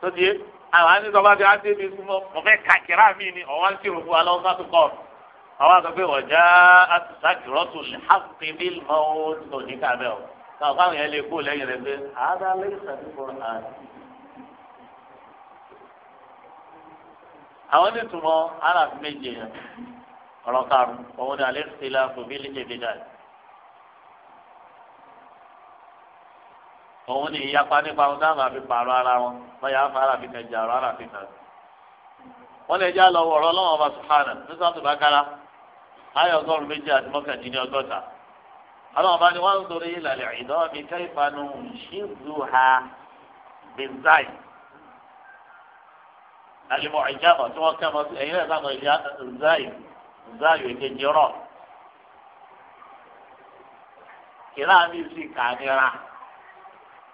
tó di àwọn anisọba ti adé mi fún mọ fẹ́ kàkírà mi ni ọwọ́n ti rò fún wa lọ́wọ́ sátú kọ́ àwọn àgbẹ̀ wọ̀já àtúntàkìrọ́tù lẹ́hàpẹ́ bí mọ́wó tó ní kábẹ́ o káwọn káwọn yẹn lè kó lẹ́yìn rẹ̀ pé àádá lẹ́yìn sàdúgbò àwọn nítumọ̀ arábí méje ọ̀rọ̀ karùn-ún òun ni alẹ́ ti la fòbí lè ṣe bí dáadáa. òun ni ìyapa nípa ohun táwọn àfi pààrọ̀ ara wọn lọ́yà afárá fi kẹjẹ àrọ̀ ara fi kàn. wọ́n lè já lọ wọ̀rọ̀ lọ́wọ́ ọba sùhánà nísàtú bàkàrà ayé ọgọ́rùn méjì àti mọ́kàndínlẹ́ ọgọ́ta. àwọn ọba ni wọ́n ń sọ̀rọ̀ ìdánwò mi káyìpá nu ṣíṣù ha benzai. alimọ̀ ìjábọ̀ tí wọ́n kẹ́ mọ́ sí ẹ̀yin náà sábà ìyá zai zai èkejì rọ̀ kìláàmì sì kàánira.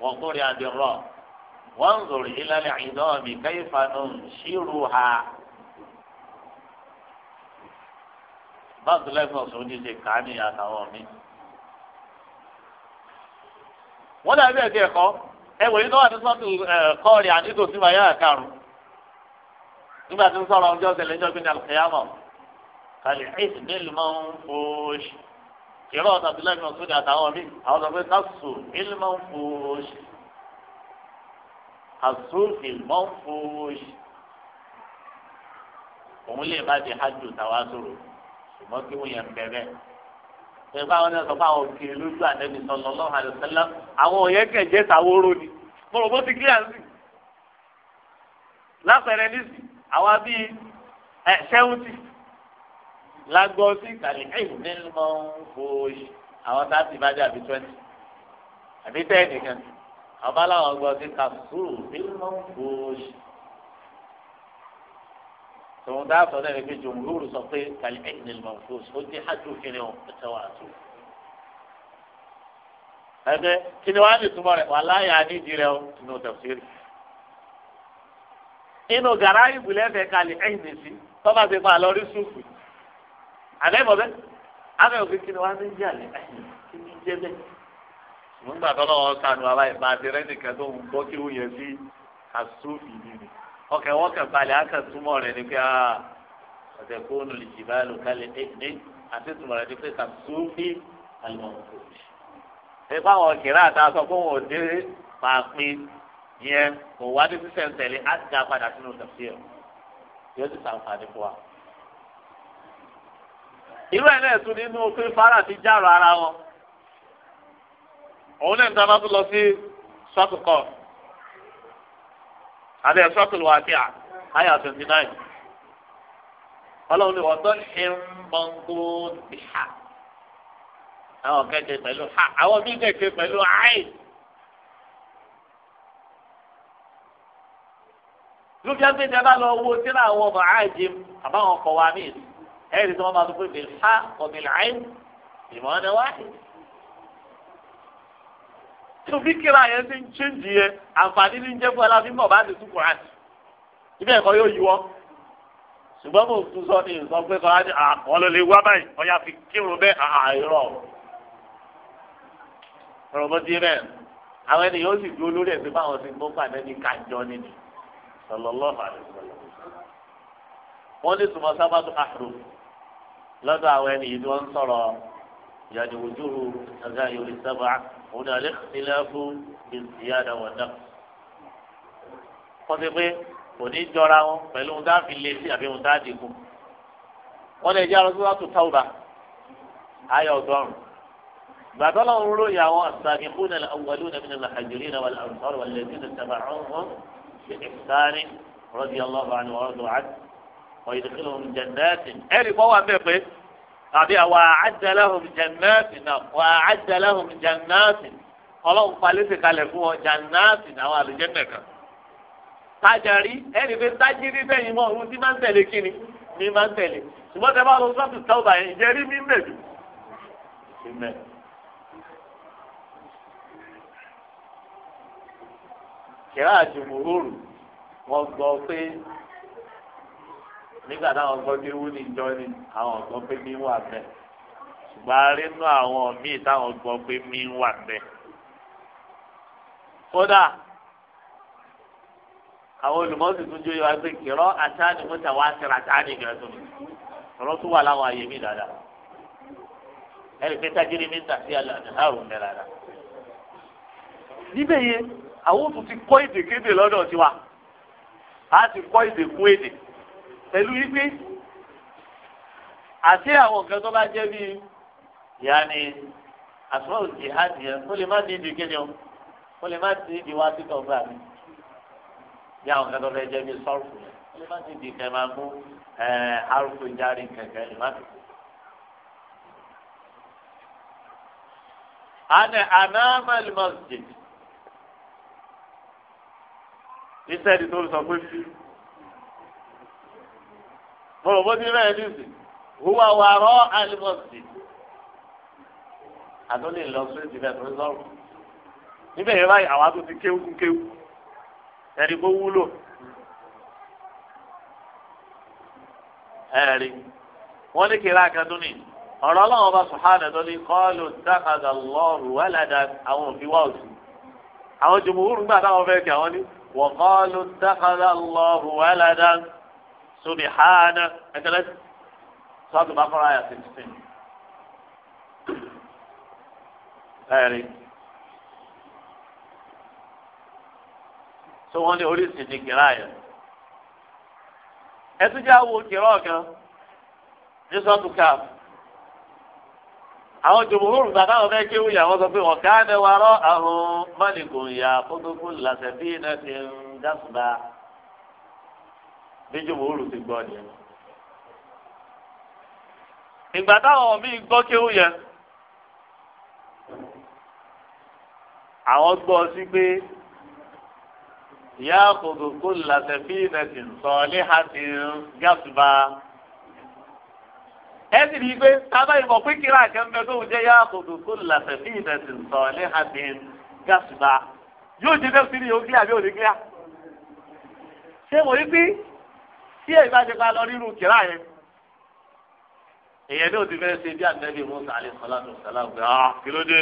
وقرئ بالراء وانظر إلى العظام كيف ننشرها báàgì lẹ́fún ọ̀sùn ní ṣe kà á ní àtàwọn mi. wọ́n dàbí wà ní sọ́ọ̀tù kọ́ọ̀rì àdìgbò sí wàyà àkàrùn. nígbà tí ń sọ̀rọ̀ ọjọ́ ìṣẹ̀lẹ̀ ìjọba ní alùpùpù kálí ẹ̀sìn nílùú máa ń fòóṣì ìrọ̀ ọ̀tà abdullahi bin ọ̀sùn àtàwọn míì àwọn sọ pé kásù ilmọ̀ fòóṣì kásù ilmọ̀ fòóṣì òun lè má di hajj tàwa sọ̀rọ̀ ṣùgbọ́n kí wọ́n yẹn bẹ̀rẹ̀ ìfẹ́ àwọn náà sọ fún àwọn òkèèrè lójú àdẹ́bí sọlọ lọ́wọ́ àdẹ́sẹ́lá àwọn òye kẹ̀jẹ́ sàwóró ni mo rò bó ti kílíà sí. lápẹẹrẹ nísì àwa bíi ẹ sẹ́wùntì lágọ́ sí ìkàlẹ̀ ẹ̀yìn ní mọ́ ń fòye àwọn tá a ti bá dé àbí twenty àbí ten nìkan àwọn bá láwọn gbọ́ sí kàfúrú ní mọ́ ń fòye. tòun dáa sọ lẹ́nu pé jòmùlúùrù sọ pé kàlẹ̀ ẹ̀yìn ní mọ́ ń fòye ó jẹ́ àjò kiri ọ̀ ẹ̀tẹ̀ wà tó. ẹgbẹ́ kí ni wàá lè túmọ̀ rẹ̀ wà láyà àníjì rẹ̀ ó nínú tẹ̀síìrì. inú gàrá ìbùlẹ̀ fẹ́ kàlẹ̀ ẹ̀yìn nìsí tọ́ àlẹ́ mọ̀ bẹ́ẹ̀ àbẹ̀ òfin kí ni wọ́n á ní jẹ́ kí ni jẹ́ bẹ́ẹ̀. ṣùgbọ́n gbàtọ́ lọ́wọ́ sànù aláì bá ti rẹ́nìkan tó ń gbọ́ kí ó yẹ sí àsúfì ni ọkẹ́ wọ́n kẹ́ balẹ̀ á kẹ́ túmọ̀ rẹ̀ ní pé ah, ọ̀sẹ̀ kó nù lè jìbá lò kálẹ̀ ní àti túmọ̀ rẹ̀ ní pé àsúfì àlùmọ̀ọ́kọ̀ ẹ̀fọ́ àwọn kìrá àtàkọ́ kó wọn ò dé máa pín yẹn kò wá ní sísẹ̀ntẹ̀lé á ti dá padà sínú tẹ̀síọ̀ yóò ti sàǹfààní irú ẹ̀ náà nínú pé fara ti járọ ara wọn òun náà ń dáná tó lọ sí sọ́ọ̀tù kọ́ àbí ẹ̀ sọ́ọ̀tù lọ́wọ́ àti àyà twenty nine ọlọ́run ní wọ́n tó ṣe ń bọ́ńgó ti ha àwọn kẹ́kẹ́ pẹ̀lú ha àwọn mí kẹ́kẹ́ pẹ̀lú àì. lóbi àgbẹ̀dẹ̀ bá lọ wo síra àwọn ọmọ àìjẹun àbáwọn ọkọ̀ wa mí ẹ̀rí tí wọ́n máa tó pé bìlá ọ̀bìláìn ìmọ̀ ọ̀nà wáyé. tó fi kíra yẹn ti ń chéǹjì yẹn àǹfààní ní jẹ́ fún aláfi mọ̀ bá ti tú kùrán ibi ẹ̀kọ́ yóò yíwọ́ ṣùgbọ́n mo tún sọ ní ìsọ pé kọ́ra ní àkọọ́lẹ̀ ah, lè wá báyìí ọ̀yà fi kírun bẹ́ẹ̀ àìrọ̀ ah, ah, ọ̀rọ̀ bó ti bẹ́ẹ̀ àwọn ènìyàn ó sì dúró lórí ẹ̀ pé báwọn ti gbó pàdé ní kàjọ sábà tó àrùn lọ́dọ̀ àwọn ẹni yìí ni wọ́n ń sọ̀rọ̀ yàtọ̀ ojú ọ̀gá yorì sábà òun náà lè nílẹ̀ fún ìsìyá àdáwọ̀ náà. wọ́n ti pé kò ní jọra wọn pẹ̀lú ohun tá a fi lé sí àbí ohun tá a dínkù. wọ́n lè jẹ́ arọ́sí wàtò táwùbà ayọ̀ ọ̀dọ́rùn. gbàtọ́ lọ́wọ́ ròyìn àwọn àtàkì fún ilẹ̀ awọ́lú nàbí nàbí àjòrí náà wàlẹ̀ àrùsọ̀rọ̀ wàlẹ̀ ويدخلهم جنات أري بوا بيبي أبي وأعد لهم جنات وأعد لهم جنات ọlọ́run palẹ́sẹ̀ kalẹ̀ fún ọ jannati àwọn àlùjẹ́nẹ̀ kan. tajàrí ẹnì pé tajiri bẹ́yìn mọ́ ohun tí máa ń tẹ̀lé kíni ní máa ń tẹ̀lé ṣùgbọ́n tẹ bá lọ sọ́ọ̀tù tọ́ba yẹn ìjẹ́rí mi ń bẹ̀jú. kìlá àti mòrórù wọn gbọ́ pé nígbà táwọn gbọ́ bí wú ní ìjọ ni àwọn gbọ́ pé mi wà bẹ́ẹ̀ ṣùgbọ́n a nú àwọn míì táwọn gbọ́ pé mi wà bẹ́ẹ̀. kódà àwọn olùmọ̀sí tún jó yọ pé kìrọ́ àtàní mọ́tà wá síra àtàní gẹ̀rẹ́ tó mi ọ̀rọ̀ tó wà láwọn àyè mi dáadáa ẹ̀rì pé tájírí mi ń tà sí àlàáhùn mi dáadáa. níbẹ̀ yẹn àwọn tó ti kọ́ èdè kéde lọ́dọ̀ tiwa a ti kọ́ èdè kún èdè pẹ̀lú wípé àti àwọn nǹkan tó bá jẹ́ bíi yanni àtúwọ̀n jihad yẹn ó lè má ní ìdí kéde o ó lè má ní ìdí wá títọ̀ gbà mí bí àwọn nǹkan tó bá jẹ́ bíi sọ́ọ̀fù yẹn lè má ní ìdí kẹ́ máa mú arúgbó járe kẹ̀kẹ́ lè má ní. ana anama al masjid. Isẹ́ di tó sọ pé fi mo rò bó ti bẹ́ẹ̀ nísì huwa wàrọ̀ alimọ̀sì àtúndì lọ sí ìdílé tó ń sọ̀rọ̀ níbẹ̀ yẹn báyìí àwa tó ti kéwú kéwú ẹni kó wúlò ẹ̀rí wọ́n ní kíra kan ní ọ̀rọ̀ ọlọ́run ọba sùhánà tó ní kọ́ọ̀lù dákàdà lọ́ọ̀rù wàlàdà àwọn òbí wà òsì àwọn jùmùhúrù gbà táwọn fẹ́ kí àwọn ní wọ́n kọ́ọ̀lù dákàdà lọ́ọ̀rù wàlàdà tóbi hánà ẹgbẹ́lẹ́ sọ́ọ̀tù bá fọ́ra yà sixteen. ẹ̀rí tó wọ́n ní oríṣi ní kìlá yẹn. ẹ tún jẹ́ àwọn òkèrè ọ̀kan ní sọ́ọ̀tù káàpù àwọn jòmòhóró bàbá wọn fẹ́ kéwù yà wọ́n sọ pé ọ̀ká ni wàá rọ́ àwọn yà fọ́gbọ́gbọ́ làṣẹ bíi náà ti ń dásùbà níjó mo rò ti gbọ́ nìyẹn. ìgbà táwọn míì gbọ́ kéwú yẹn àwọn gbọ́ sí pé ìyá àkókò kó làtẹ̀fí ìrẹsì sọ ní àti gàtùbà. ẹ sì rí i pé sábà ìmọ̀ pé kíra àkẹ́mbẹ́ tó ń jẹ́ ìyá àkókò kó làtẹ̀fí ìrẹsì sọ ní àti gàtùbà. yóò jẹ́ bẹ́ẹ̀ sí ni yóò kíá bí òní kíá. ṣé mo rí pé tí èyí bá ṣe pa lọ rírun kìlá yẹn èyàn náà ti fẹ́ ṣe bí ànábì musa alayisalaatu salam pé ah kí ló dé.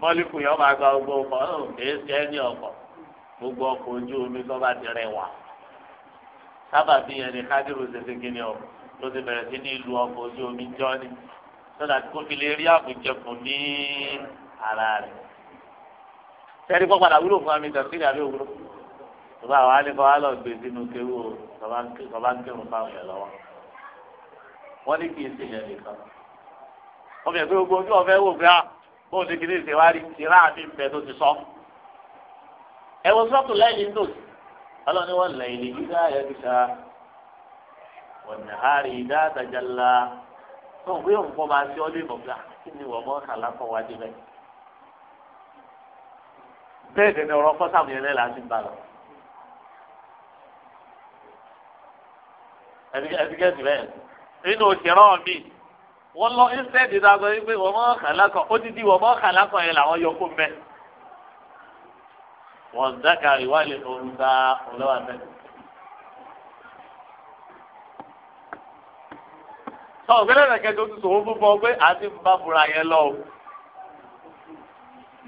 mọ́líkù yẹn máa gba gbogbo ọkọ̀ kìí ṣe ẹni ọkọ̀ gbogbo ọkọ̀ ojú omi tó bá ti rẹwà sábàbí yẹn ni kádìrú ṣẹṣẹ kíni ọ ló ti bẹ̀rẹ̀ sí ní ìlú ọkọ̀ ojú omi jọ́ni sọ́dà kó fi lè rí àbújẹkùn ní ara rẹ̀ sẹ́ni kọ́ padà wúlò fún mi tẹ̀sí ní abẹ́ òwúrò tọ́ba àwọn alẹ́kọ̀ọ́ wa lọ gbé sínú kéwù tọ́ba ń kírun fáwọn yẹn lọ́wọ́ wọ́n ní kí n ṣe yẹn nìkan wọ́n fi ẹ̀gbẹ́ gbogbo ojú ọ̀fẹ́ wò pé à bóun ní kíní ìṣe wá rí ìṣirá àmì ìbẹ̀ tó ti sọ. ẹ wo sọ́ọ̀tù lẹ́yìn ní tòsí ọlọ́ni wọ́n lẹ́yìn ní gíga ẹ̀ fi wọ́n ní bẹ́ẹ̀ dẹ̀ ni ọ̀rọ̀ kọ́sàmù yẹn lẹ́la ti ń bá lọ. ẹ̀dígẹ́sì bẹ́ẹ̀ nínú òṣèrán mi wọ́n lọ instead ìdá sọ wípé wọ́n mọ̀ kàlákọ̀ ó ti di wọ́n mọ̀ kàlákọ̀ yẹn làwọn yọ kó mẹ́. wọ́n dákà ìwádìí òun ta ọlọ́wà mẹ́. sọ ògbẹ́lẹ̀ kẹ́kẹ́ tó ti sòwò fún bọ́ pé àti bá fura yẹn lọ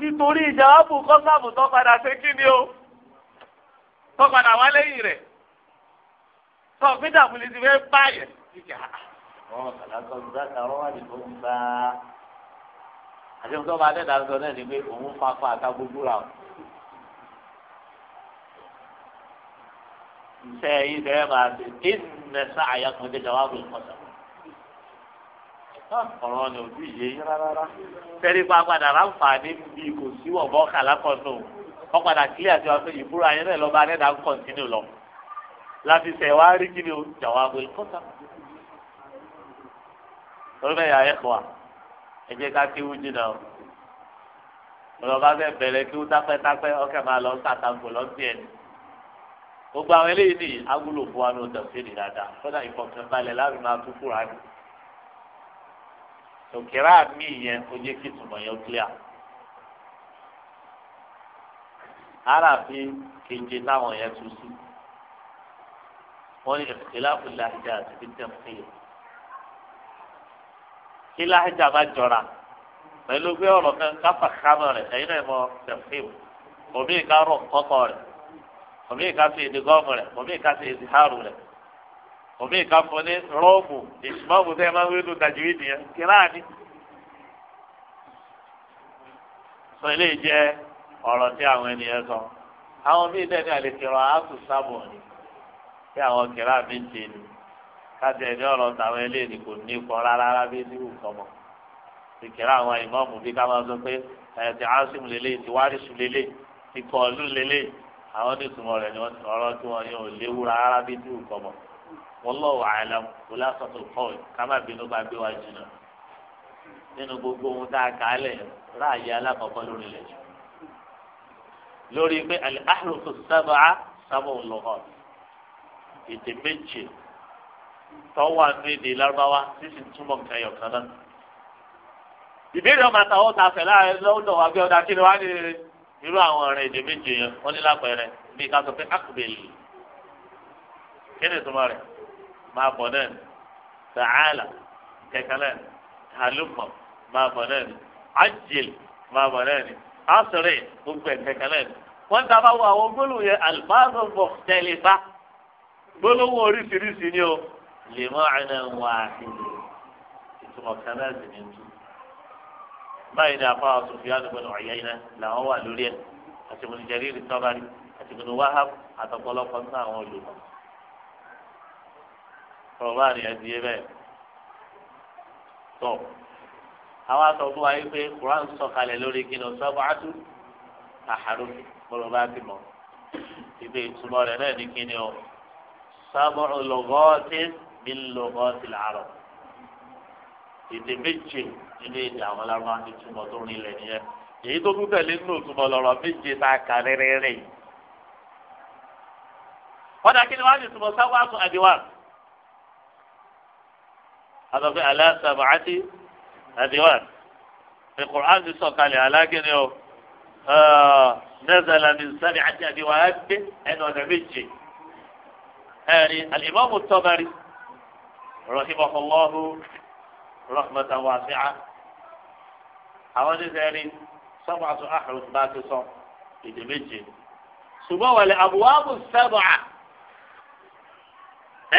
nítorí ìjàwábù kọ́sàbù tó padà ṣe kí ni o tó padà wá lẹ́yìn rẹ̀ tó peter kùlì ti fẹ́ báyẹ̀ kíkà. wọn kàlá sọ ìdáka ọ̀rọ̀ wà ní fún bá àdéhùn tó bá dẹ́ta sọ náà ni pé òun fafa àta gbogbo ra o. iṣẹ́ yìí fẹ́ máa ṣe kí nẹ́sà àyàkùn dé jàwábù kọ́sàbù ọ̀rọ̀ ni òbí yé yín rárá tẹ́lẹ̀ pa padà ráǹfààní bíi kò sí wọ̀bọ́ kàlákọ̀ọ́nù wọ́n padà kílẹ̀ àti wàá pé ìbúra yẹn náà lọ́ba anẹ́dà ń kọ̀ǹtínú lọ láti sẹ̀ wá rí kí ni jàwá abúlé kọ́ta. torí bẹ́ẹ̀ yà ẹ̀ kọ́ wa ẹ jẹ́ ká kéwú jìnnà o ọlọ́ba fẹ́ bẹ̀rẹ̀ kéwú tápẹ́tápẹ́ ọkẹ́ máa lọ sàtàǹkò lọ́sí ẹni gbogbo àwọn eléyìí ni agúlò fún wa ní òtẹ̀síìlì dáadáa kọ́dà ìfọ̀kànbalẹ̀ láti máa tún fúra ni òkèrà mi yẹn ó jẹ́ kí ìtumọ̀ yẹn ó clear. aráàfin keje táwọn yẹn tún sí wọ́n ní ìlàkù làjà àti bíntẹ́mù kéye. kí làjà bá jọra pẹ̀lú pé ọ̀rọ̀ kan káfà kámọ̀ rẹ̀ ẹ̀yin náà mọ tẹ̀fíìmù òmíì ká rọ̀ kọ́kọ́ rẹ̀ òmíì ká fi èdè gọ́ọ̀mù rẹ̀ òmíì fi èdè hàrù òbí ìka fún ní rọ́ọ̀bù ìsúmọ́ọ̀bù tẹ́ ẹ máa ń wíwú tajìwì nìyẹn kíláàní. sọ eléyìí jẹ́ ọ̀rọ̀ tí àwọn ènìyàn sọ àwọn míì dẹ́ni àlekèrò àásù sábọ̀ ni tí àwọn kìlá mi ń tẹ̀lé kájọ ẹni ọ̀rọ̀ táwọn eléyìí kò ní kọ́ rárá rárá bí ní ìkọmọ ìkìlá àwọn ìmọ̀ọ́mù bí ká máa sọ pé ẹ̀ ti ásìm lélẹ̀ ti wárísù lélẹ̀ ti kọ̀ọ̀lù lélẹ̀ àwọn onísùnmọ̀ rẹ̀ ni wọ́n ti ọ̀rọ̀ tí wọ́n yóò léwu rárá bí ní wallahu a'lam khulasatul qawl kámá bínú bá gbé wájú náà nínú gbogbo ohun tá a kà á lẹ̀ ráàyè alákọ̀ọ́kọ́ lórí ilẹ̀ jù lórí pé al-ahrufu as-sab'a sab'u lughat èdè méje tọ́wọ́ àánú èdè lárúbáwá sísì túmọ̀ nǹkan ẹ̀yọ̀ kan náà ìbéèrè ọmọ àtàwọn ta fẹ láàrin lọ́dọ̀ wa bí ọdọ akíni wa ní irú àwọn ọ̀rìn èdè méje yẹn wọn ní lápẹẹrẹ bí ká sọ pé akpèlè kí ni ìtumọ̀ rẹ̀ máa bọ̀ náà ni sàcàlà kẹ̀kẹ́ náà ni halumma máa bọ̀ náà ni ajil máa bọ̀ náà ni asiri gbogbo ẹ̀ kẹ̀kẹ́ náà ni. wọ́n ta bá wọ àwọn gbólóhùn yẹn alifásọ bọ̀ tẹ́lẹ̀ bá gbólóhùn oríṣiríṣi ni o lè mọ àná wà ìlú ìtumọ̀ kan sì ní tu. báyìí ni àfa Sufyan ibn Uyayna làwọn wà lórí ẹ̀ àti Ibn Jarir at-Tabari àti Ibn Wahab àtọ̀pọ̀lọpọ̀ nínú àwọn olùkọ́ ọ̀rọ̀ bá rìn ẹ̀dìyẹ bẹ́ẹ̀. tọ́ àwọn aṣọ fún wa yìí pé Quran sọ̀kalẹ̀ lórí kí ni ọ̀sán bá tú àhàrò bọ́lọ̀ bá ti mọ̀. ìgbé ìtumọ̀ rẹ̀ náà ní kí ni ọ sábọ̀ lọ́gọ́tì mi lọ́gọ́tì làárọ̀. èdè méje nínú èdè àwọn lárúbá ìtumọ̀ tó rìn lẹ̀ nìyẹn. èyí tó tún tẹ̀lé nínú ìtumọ̀ lọ́rọ̀ méje tá a kà rẹ́rẹ́rẹ́ yìí. wọ́n dà kí ni wọ́n á ti túbọ̀ sáwọ́ àtún àdìwà àtọ́ pé aláṣàbà àti àdìwọ̀n pé Qur'an ti sọ̀kalẹ̀ alágẹ̀ni o nẹ́sàlá ní sábì àti àdìwọ̀n á gbé ẹnu ọ̀nà méje ẹ̀rí alimọ́mù tọ́bari rahimahullahu rahmatan wasi'a àwọn ní sẹ́rin sọ́bàtú àhùrùn bá ti sọ èdè méje ṣùgbọ́n wàlẹ̀ àbúwábù sábà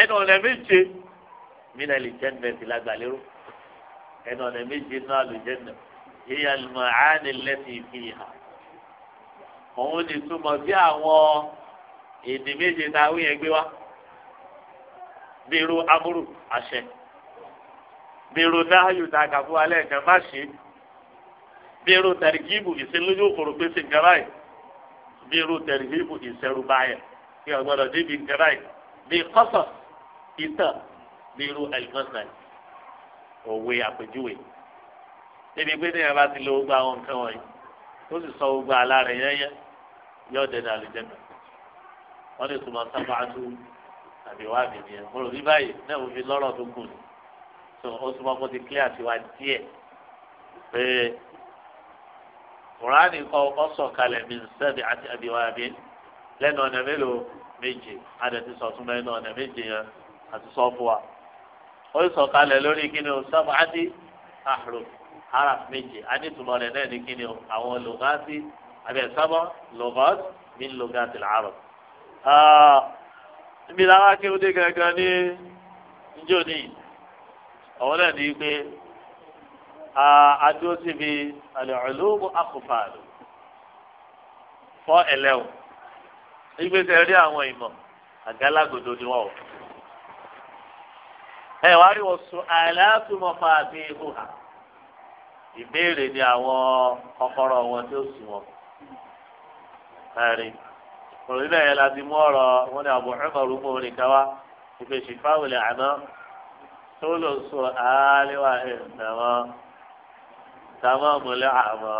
ẹnu ọ̀nà méje mina lè jẹ́ nẹ́ẹ̀tì lágbàlérò ẹnu ọ̀nà méje náà lè jẹ́ nà yíya lùmọ̀ áni lẹ́sì ìfihàn òun ni túmọ̀ sí àwọn èdè méje tá a wí yẹn gbé wá bí irú amúrù àṣẹ bí irú náàyù kà fún alẹ́ nǹkan má ṣe bí irú ìsinlójú òkòrò pèsè nǹkan báyìí bí irú tẹ̀rígìbù báyìí kí ọgbọ́dọ̀ débi nǹkan báyìí bí kọ́sọ̀ ìtàn bírú ẹlẹmọsán òwe àpèjúwe níbi pé téèyàn bá ti lo gbogbo àwọn nǹkan wọ̀nyí ó sì sọ gbogbo alára yẹnyẹ yóò dẹnu àlùjẹmẹ wọn lè túmọ̀ sábàtú àbíwá àbíní ẹ mo rò ní báyìí náà mo fi lọ́rọ̀ tó gùn ní tó ó túmọ̀ kó ti kílíà tiwa díẹ̀ pé kùránì kọ ọsọ kalẹ̀ mi sẹbi àti àbíwá àbíní lẹ́nu ọ̀nà mélòó méje adẹ ti sọ tún lẹ́nu ọ̀nà méje yẹn àti sọ fún wa ó sọ̀kalẹ̀ lórí kíni o sábàtì àrò haraf méje adétúmọ̀ rẹ̀ náà ní kíni o àwọn lògáàtì àbí ẹ̀sábọ̀ lògáàt ní lògáàtì làárọ̀. níbi ah, làwọn akéwòde gangan ní njó ni àwọn náà ní pé adúró ah, síbi àlẹ́ ọ̀lọ́wọ́ àkùfààlù fọ́ ẹ̀lẹ́wọ̀n ìgbésẹ̀ rí àwọn ìmọ̀ àgálágodo ni wọ́n wọ̀ ẹ wá rí wọn sùn àìláàtúmọ̀ fà àti ihò hà ìbéèrè ni àwọn kọ́kọ́rọ́ wọn tí ó sì wọn. ẹ̀rí òrìlẹ̀ yẹn la ti mú ọ̀rọ̀ wọn ni àbọ̀ ẹ̀kọ́rù mú orin ká ìfẹ́ ṣìfáwò àná tó lò sọ àálẹ́wà ẹ̀dàmọ́ tàmọ́ mọ́lẹ́ àmọ́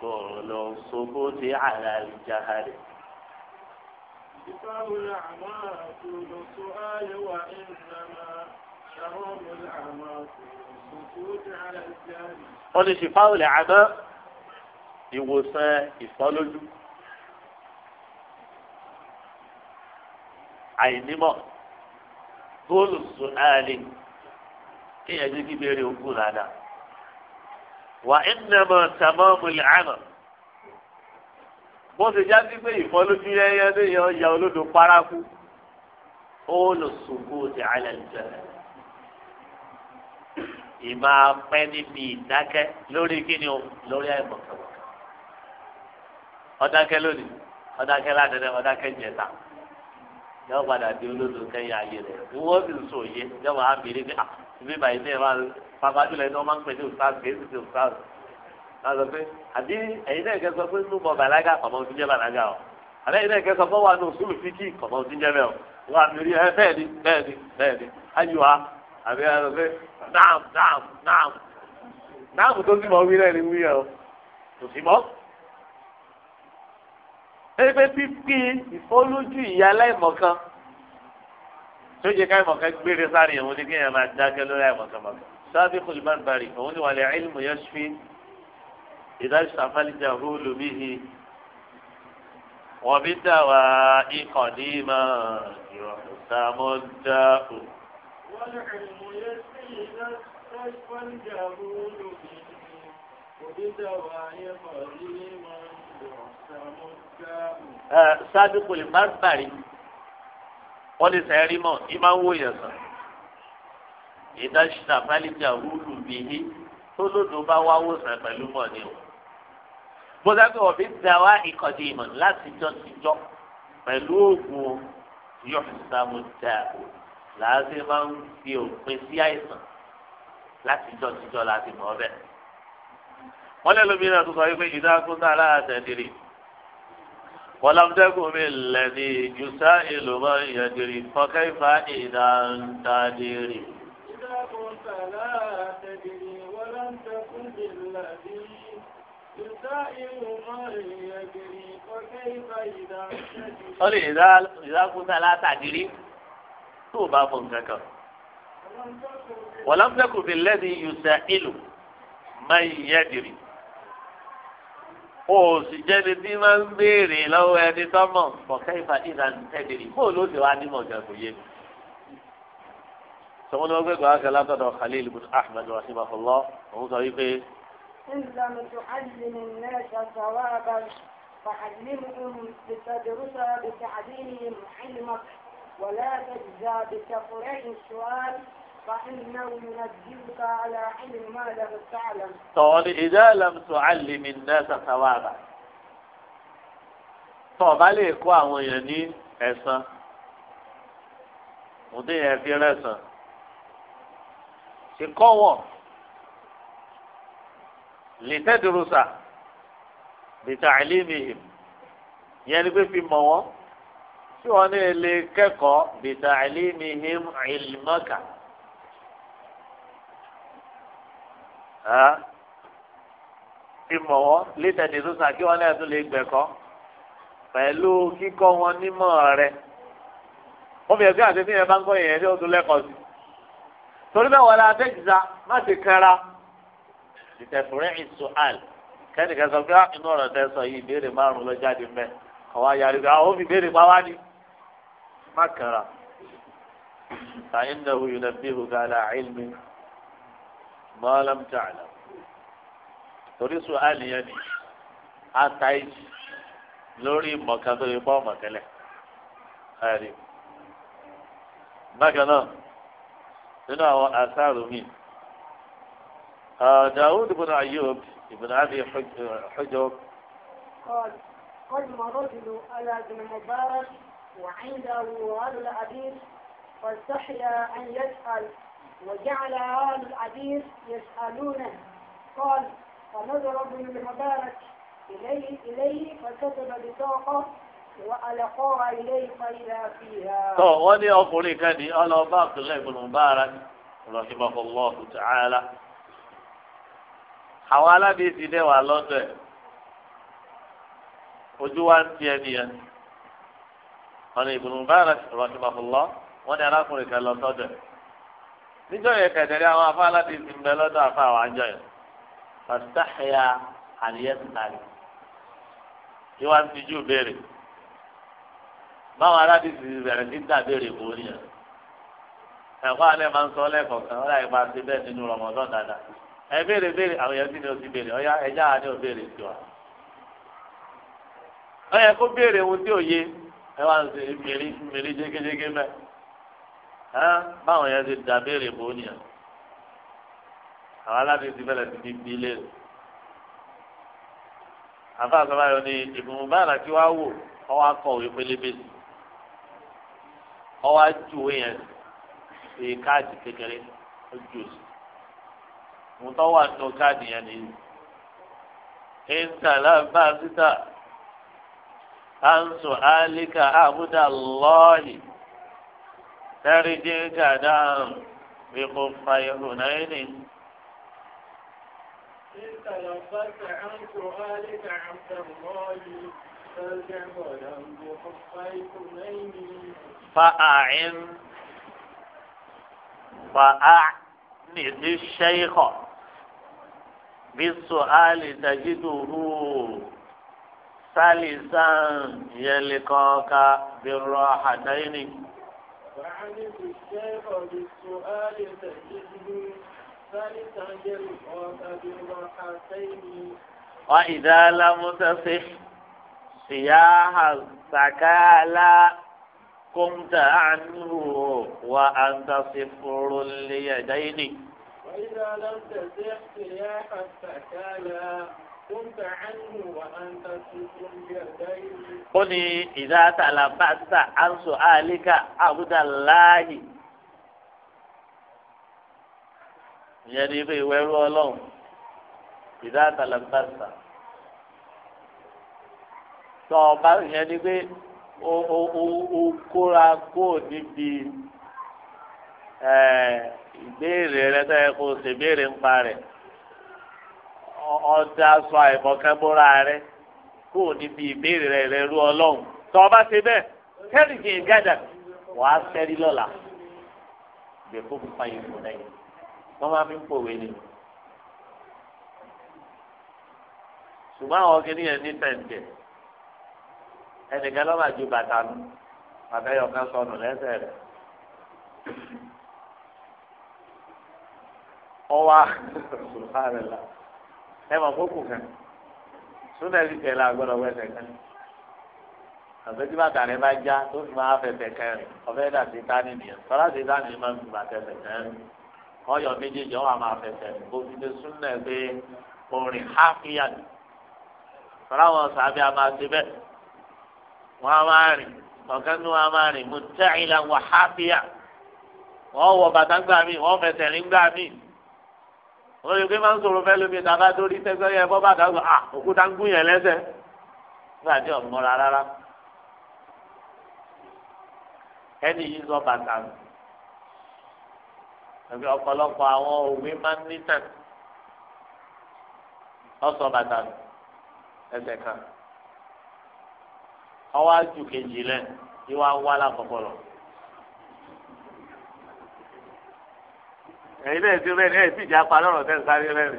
tó lò sókó ti àlà ìjáhálẹ̀. ṣìfáwò àná tó lò sọ àálẹ́wà ẹ̀dàmọ́ wọ́n ní ṣìfáwò lè àná ìwòsàn ìfọ́lójú àìnímọ̀ góòlù sùnáàlì kéèyàn jẹ́ kí bèrè ogún rárá wà ìnàmọ̀ tàmọ́mù lè àná bó ṣe já sí pé ìfọ́lójú yẹn yẹn lè yọ ya olódò paraku góòlù sùnkú ti àlẹ́ ìjẹ̀lẹ̀. ìmọ̀ apẹ́ níbi ìdákẹ́ lórí kíni o lórí àìmọ̀kẹ́wọ̀ ọ̀dákẹ́ lónìí ọ̀dákẹ́ ládẹ́dẹ́ ọ̀dákẹ́ jẹta yọ padà di olódò kẹ́yìn ayé rẹ̀ ìwọ sì ń sòye yọba abìrin pé àbí ah, bàyí ní ẹ̀rọ bàbá jùlọ ẹni máa ń pè ní òsáàlù kéésì sí òsáàlù náà sọ pé àbí ẹ̀yin náà kẹ́sọ pé nínú bọ̀ bàlágà kọ̀mọ́ ti jẹ́ bàlágà o àbí ẹ̀yin náà kẹ́sọ pé wà ní òṣùlù fíjì kọ̀mọ́ ti jẹ́ bẹ́ẹ̀ o bẹ́ẹ̀ ni bẹ́ẹ̀ ni bẹ́ẹ̀ ni àbí àlọ́ pé dáàm dáàm dáàm dáàm tó ti mọ̀ wí náà ni wí ẹ̀ o kò sí mọ́. ẹni pé pípí ìfọ́lójú ìyá aláìmọ̀kan tó jẹ́ ká ìmọ̀kan gbére sáré ìwọ̀n ni kéèyàn máa dákẹ́ lórí àìmọ̀kan mọ̀kan. sábì kùlùmán bari òun ni wà lẹ́ ilmu yashfi ìdájọ́ àfàlìjà hóòlù bíhi wọ́n bí dáwà ikọ̀ ní ìmọ̀ ìrọ̀lùsàmọ́dáhùn. والعلم يسقينا كشفا جهول به وبدواء قديما يحسم الكام سابق المربري wọ́n lè sẹ́yìn rí mọ́ ẹ máa ń wò fálíjà wúlù bìí tó lòdò bá wá sàn pẹ̀lú mọ́ ni o bóta pé wọ́n fi ń da wá ìkọ̀dé ìmọ̀ látijọ́ tijọ́ pẹ̀lú oògùn yọ̀ọ̀sàmùtà làásì máa ń fi òpin sí àìsàn láti jọ jíjọ láti mọ̀ ọbẹ̀. wọ́n lé lómi náà tó sọ wípé ìdákùn náà aláàtẹ̀dìrì kọlámùtẹ́kùn mi lẹ́ni jùsá èlò mọ́ ìyàndìrì fọ́kẹ́ ìfà ìdáńtàdìrì. ìdákùn tàlá àtẹ̀dìrì wọ́n láǹtẹ̀kùn mi lẹ́ni jùsá èlò mọ́ ìyàndìrì tó o bá fún nǹkan kan. wọ̀lámùtẹ́kù fi lẹ́ni yusa ìlú máa ń yẹ dìrì. o sì jẹ́ni tí máa ń béèrè lọ́wọ́ ẹni tọ́mọ̀ kọ̀kẹ́ ìfà ìlànà tẹ́dìrì bóòlù ó ti wá nímọ̀ ọ̀gá kò yé mi. سمعنا وقال قال كلام تدعو خليل بن أحمد رحمه الله وهو طريقه إن لم تعلم الناس ثوابا فعلمهم لتدرس بتعليمهم علمك ولا تجزى بكفرين السؤال فإنه ينجيك على علم ما لم تعلم قال إذا لم تعلم الناس ثوابا tọ́ọ̀bá lè kó àwọn èèyàn ní ẹ̀san òde yẹn fi rẹ̀sán ṣe kọ́ wọ̀ lè tẹ́dùrúsà lè tàìlímì yẹn ni pé fi mọ̀ wọ́n tí wọn lè lè kẹ́kọ̀ọ́ bìtà àlímihim ìlmọkà ìmọ̀ wọn létẹ̀dì sísà kí wọn lẹ́yìn tó lè gbẹ̀kọ́ pẹ̀lú kíkọ́ wọn nímọ̀ rẹ wọ́n fi ẹ̀gbẹ́ àti tíyẹn bá ń kọ́ yẹn tí ó tún lẹ́kọ̀ọ́ sí torí bẹ́ẹ̀ wọlé atẹ́jìza má ti kẹ́ra ìtẹ̀fúrẹ́ ìsúhàl kẹ́nìkan sọ pé ah, inú ọ̀rọ̀ tẹ sọ yìí ìbéèrè márùn-ún ló jáde mẹ́ ọ̀wá yarí pé àwọn ah, òbí béèrè pa wá ní má kàrà فإنه ينبهك على علم ما لم تعلم torí sùhálì yẹn ni a ta ìjì lórí ìmọ̀kan tó lè bọ́ ọmọ tẹ́lẹ̀ ẹ̀rí. bákan náà nínú àwọn àṣàrò mi Dawud ibn Ayyub ibn Abi Hujub. قال قدم رجل على ابن مبارك وعنده أهل العبيد فاستحيا أن يسأل وجعل أهل العبيد يسألونه قال فنظر ابن المبارك إليه, إليه فكتب بطاقة وألقاها إليه فإذا فيها. طيب وأني أقول لك أني أنا باقي غير المبارك رحمه الله تعالى حوالا بيتي دي والله تعالى وجوان wa ọ̀nà Ibn Mubarak rahimahullah wọ́n ní arákùnrin kan lọ sọ́dọ̀ níjọ́ yẹn kẹ̀dẹ̀rẹ́ àwọn afá láti ti ń bẹ lọ́dọ̀ afá àwọn àjọ yẹn fàtàhìyà àlìyẹ́sìtàlì ìwà ń tijú béèrè báwọn aráàlú ti bẹ̀rẹ̀ sí bere bò ó nìyẹn ẹ̀kọ́ alẹ́ máa ń sọ lẹ́kọ̀ọ̀kan ọ̀la ìgbà ti bẹ́ẹ̀ nínú dáadáa ẹ béèrè béèrè ẹ wá ń ṣe mèrí mèrí jégéjégé mẹ ẹ báwọn yẹn ti dàbéèrè bò nìyẹn àwọn aládé ti bẹ̀rẹ̀ sí ti bí lé àfa ni ìbùmù báyìí kí wá wò ọwọ́ akọ òwe pélébé sí ọwọ́ ajú òwe yẹn sí káàdì kékeré ojú òsì mo tọ́ wà nínú káàdì yẹn nìyí. ìntàlá bá a síta ansu alika abuda lọ́ọ̀lì tẹ́rìndín gàdáàm bí kò fa ihò náà ní. فأعن فأعن الشيخ بالسؤال تجده sálísàn yẹlikọ́ka bírọ̀ ديني. وإذا لم تصح سياح السكالة قمت عنه وأنت صفر اليدين وإذا لم تصح سياح السكالة ó ní ìdáta alábàtà ansu alika abudulayi ìyẹn ní ibi ìwé ẹrú ọlọ́run ìdáta alábàtà tọ ọba ìyẹn ní pé o o o kóra kó níbi ìbéèrè rẹ tó yẹ kó o ṣèbéèrè ń pa ọdẹ aṣọ àìmọ̀kẹ́bóra rẹ kó o níbi ìbéèrè rẹ rẹ rú ọlọ́run tó o bá ṣe bẹ́ẹ̀ kẹ́rì kì í gàdà wàá sẹ́rí lọ́la gbẹ̀kọ́ fúnpa yìí fún ẹ wọ́n máa fi ń pòwé ni. ṣùgbọ́n àwọn kìnìyàn ní tẹ̀ǹtẹ̀ ẹnìkan lọ́wọ́ àjò bàtà nù bàtà yọ̀ kan sọnù lẹ́sẹ̀ rẹ̀. ọwọ́ àrùn sùn fáre la ẹ mọ̀ kókò kan súnà ti tẹ̀lé àgbọ̀dọ̀ wẹsẹ̀ kan àbẹ̀tí bàtà rẹ bá já tó fi máa fẹsẹ̀ kẹrin ọ̀fẹ́ dà sí tání nìyẹn tọ́lá sí tání máa ń fi bàtà fẹsẹ̀ kẹrin ọyọ méjèèjì ọ̀hún àmà fẹsẹ̀ kó fi lè pé orin háfíà ni tọ́lá wọn sàbí àmà ṣe bẹ́ẹ̀ wọ́n á máa rìn ọ̀kan ní wọ́n á máa rìn mú tẹ́ìlà wọ̀ háfíà wọ́n wọ bàtà gbà mí wọ́n fẹsẹ̀ rìn gbà mí wọ́n yóò gbé máa ń sọ̀rọ̀ fẹ́ lómi tàbá torí sẹ́gbẹ́ yẹn bọ́ bàtà sọ à òkúta ń gún yẹn lẹ́sẹ̀ nígbà tí ò mọ́ra rárá. ẹni yìí sọ bàtà nù ẹbí ọ̀pọ̀lọpọ̀ àwọn òwe máa ń nítàn ọ̀sọ̀ bàtà nù ẹsẹ̀ kan ọwọ́ àjù kejì lẹ̀ ìwà ń wá lákọ̀ọ́kọ́ lọ. ẹ̀yin náà ti rẹ́ni ẹ̀ sì jẹ́ apá lọ́rọ̀ tẹ́ ń sáré rẹ́ni.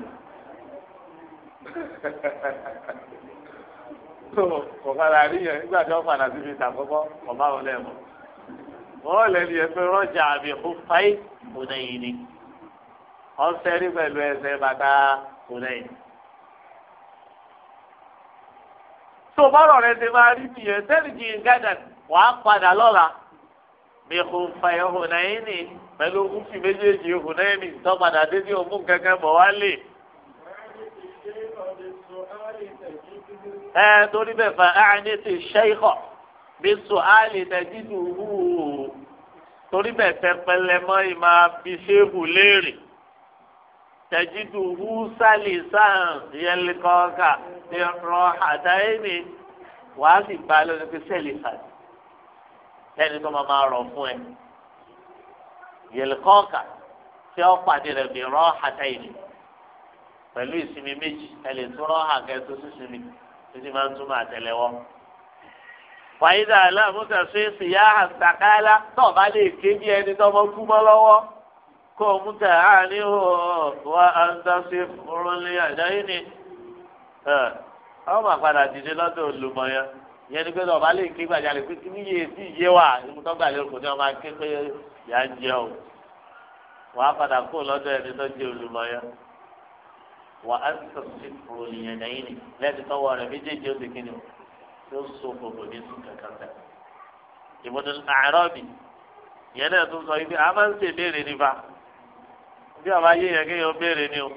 kò kára níyẹn nígbà tí wọ́n padà síbi ìtàkọ́kọ́ kò bá wọn lẹ́mọ̀. wọ́n lẹ́nu yẹn pé rọ́jà àmì fún fáì òde yìí ni. wọ́n pẹ̀lú ẹsẹ̀ bàtà tó rẹ ti máa rí nìyẹn sẹ́ni gádà wàá bí kúfà ìhùnàyìnì pẹ̀lú kúfì méjèèjì ìhùnàyìnì tọ́padà dé tí òmùn kankan bọ̀ wá lè. ẹ torí bẹ́ẹ̀ fà áàní ti ṣẹ́yìkọ̀ bí sùhálì tẹ̀jídù hù torí bẹ́ẹ̀ pẹpẹlẹ mọ́ ìmọ̀ abiṣẹ́hù léèrè tẹ̀jídù hù sálì sáà yẹlẹ́kọ̀ọ́kà ní rọ̀ àdáyé ni wàá sì bá a lọ́nà pé sẹ́lì ẹni tó máa máa rọ̀ fún ẹ yẹlẹkọọka tí ó pàdé rẹ bí rọ hàtà yìí pẹ̀lú ìsinmi méjì ẹ lè tún rọ hàkẹ tó sísinmi títí máa ń túmọ̀ àtẹ́lẹwọ́. fàyídà aláàmúta ṣe é sì yá àtàkálá bá lè ké bí ẹni tó mọ kú mọ́ lọ́wọ́ kó o mú tà á ní o á ń dá sí fúnrún lé ni. ọ máa dìde lọ́dọ̀ olùmọ̀ yẹn ìyẹn ni pé ọba lè ké gbàjalè pé kíní yé sí yé wa ìmúdọ́ gbà lérò kò ní ọba ké pé yà ń jẹ o wàá padà kó lọ́dọ̀ ẹni tó jẹ olùmọ̀ yẹn wà á sọ̀rọ̀ sí kúrò nìyẹn lẹ́yìn ni lẹ́yìn tó wọ̀ rẹ̀ méjèèjì ó ti kíni o tó so gbogbo ní sùn kankan tẹ̀. ìbùdó àárọ̀ bì ìyẹn náà tún sọ ibi àmọ́ ń ṣe béèrè nípa bí ọba yé yẹn kéèyàn béèrè ni o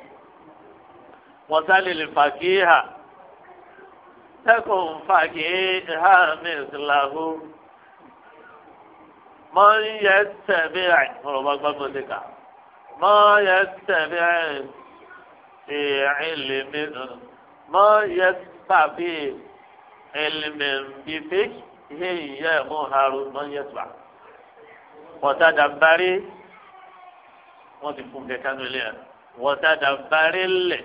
wọ́n sálẹ̀ tẹkùn fàgé hàmìs làhù mọ yẹ tẹbi àì ọ̀rọ̀ bá gbàgbọ́ sí ká mọ yẹ tẹbi àì fi ìlìmí mọ yẹ tàbí ìlìmí bìfẹ yẹ mọ harun mọ yẹ tùbà wọ́tàdà bari wọ́n ti fún kẹ̀kẹ́ nílé ẹ̀ wọ́tàdà bari lẹ̀.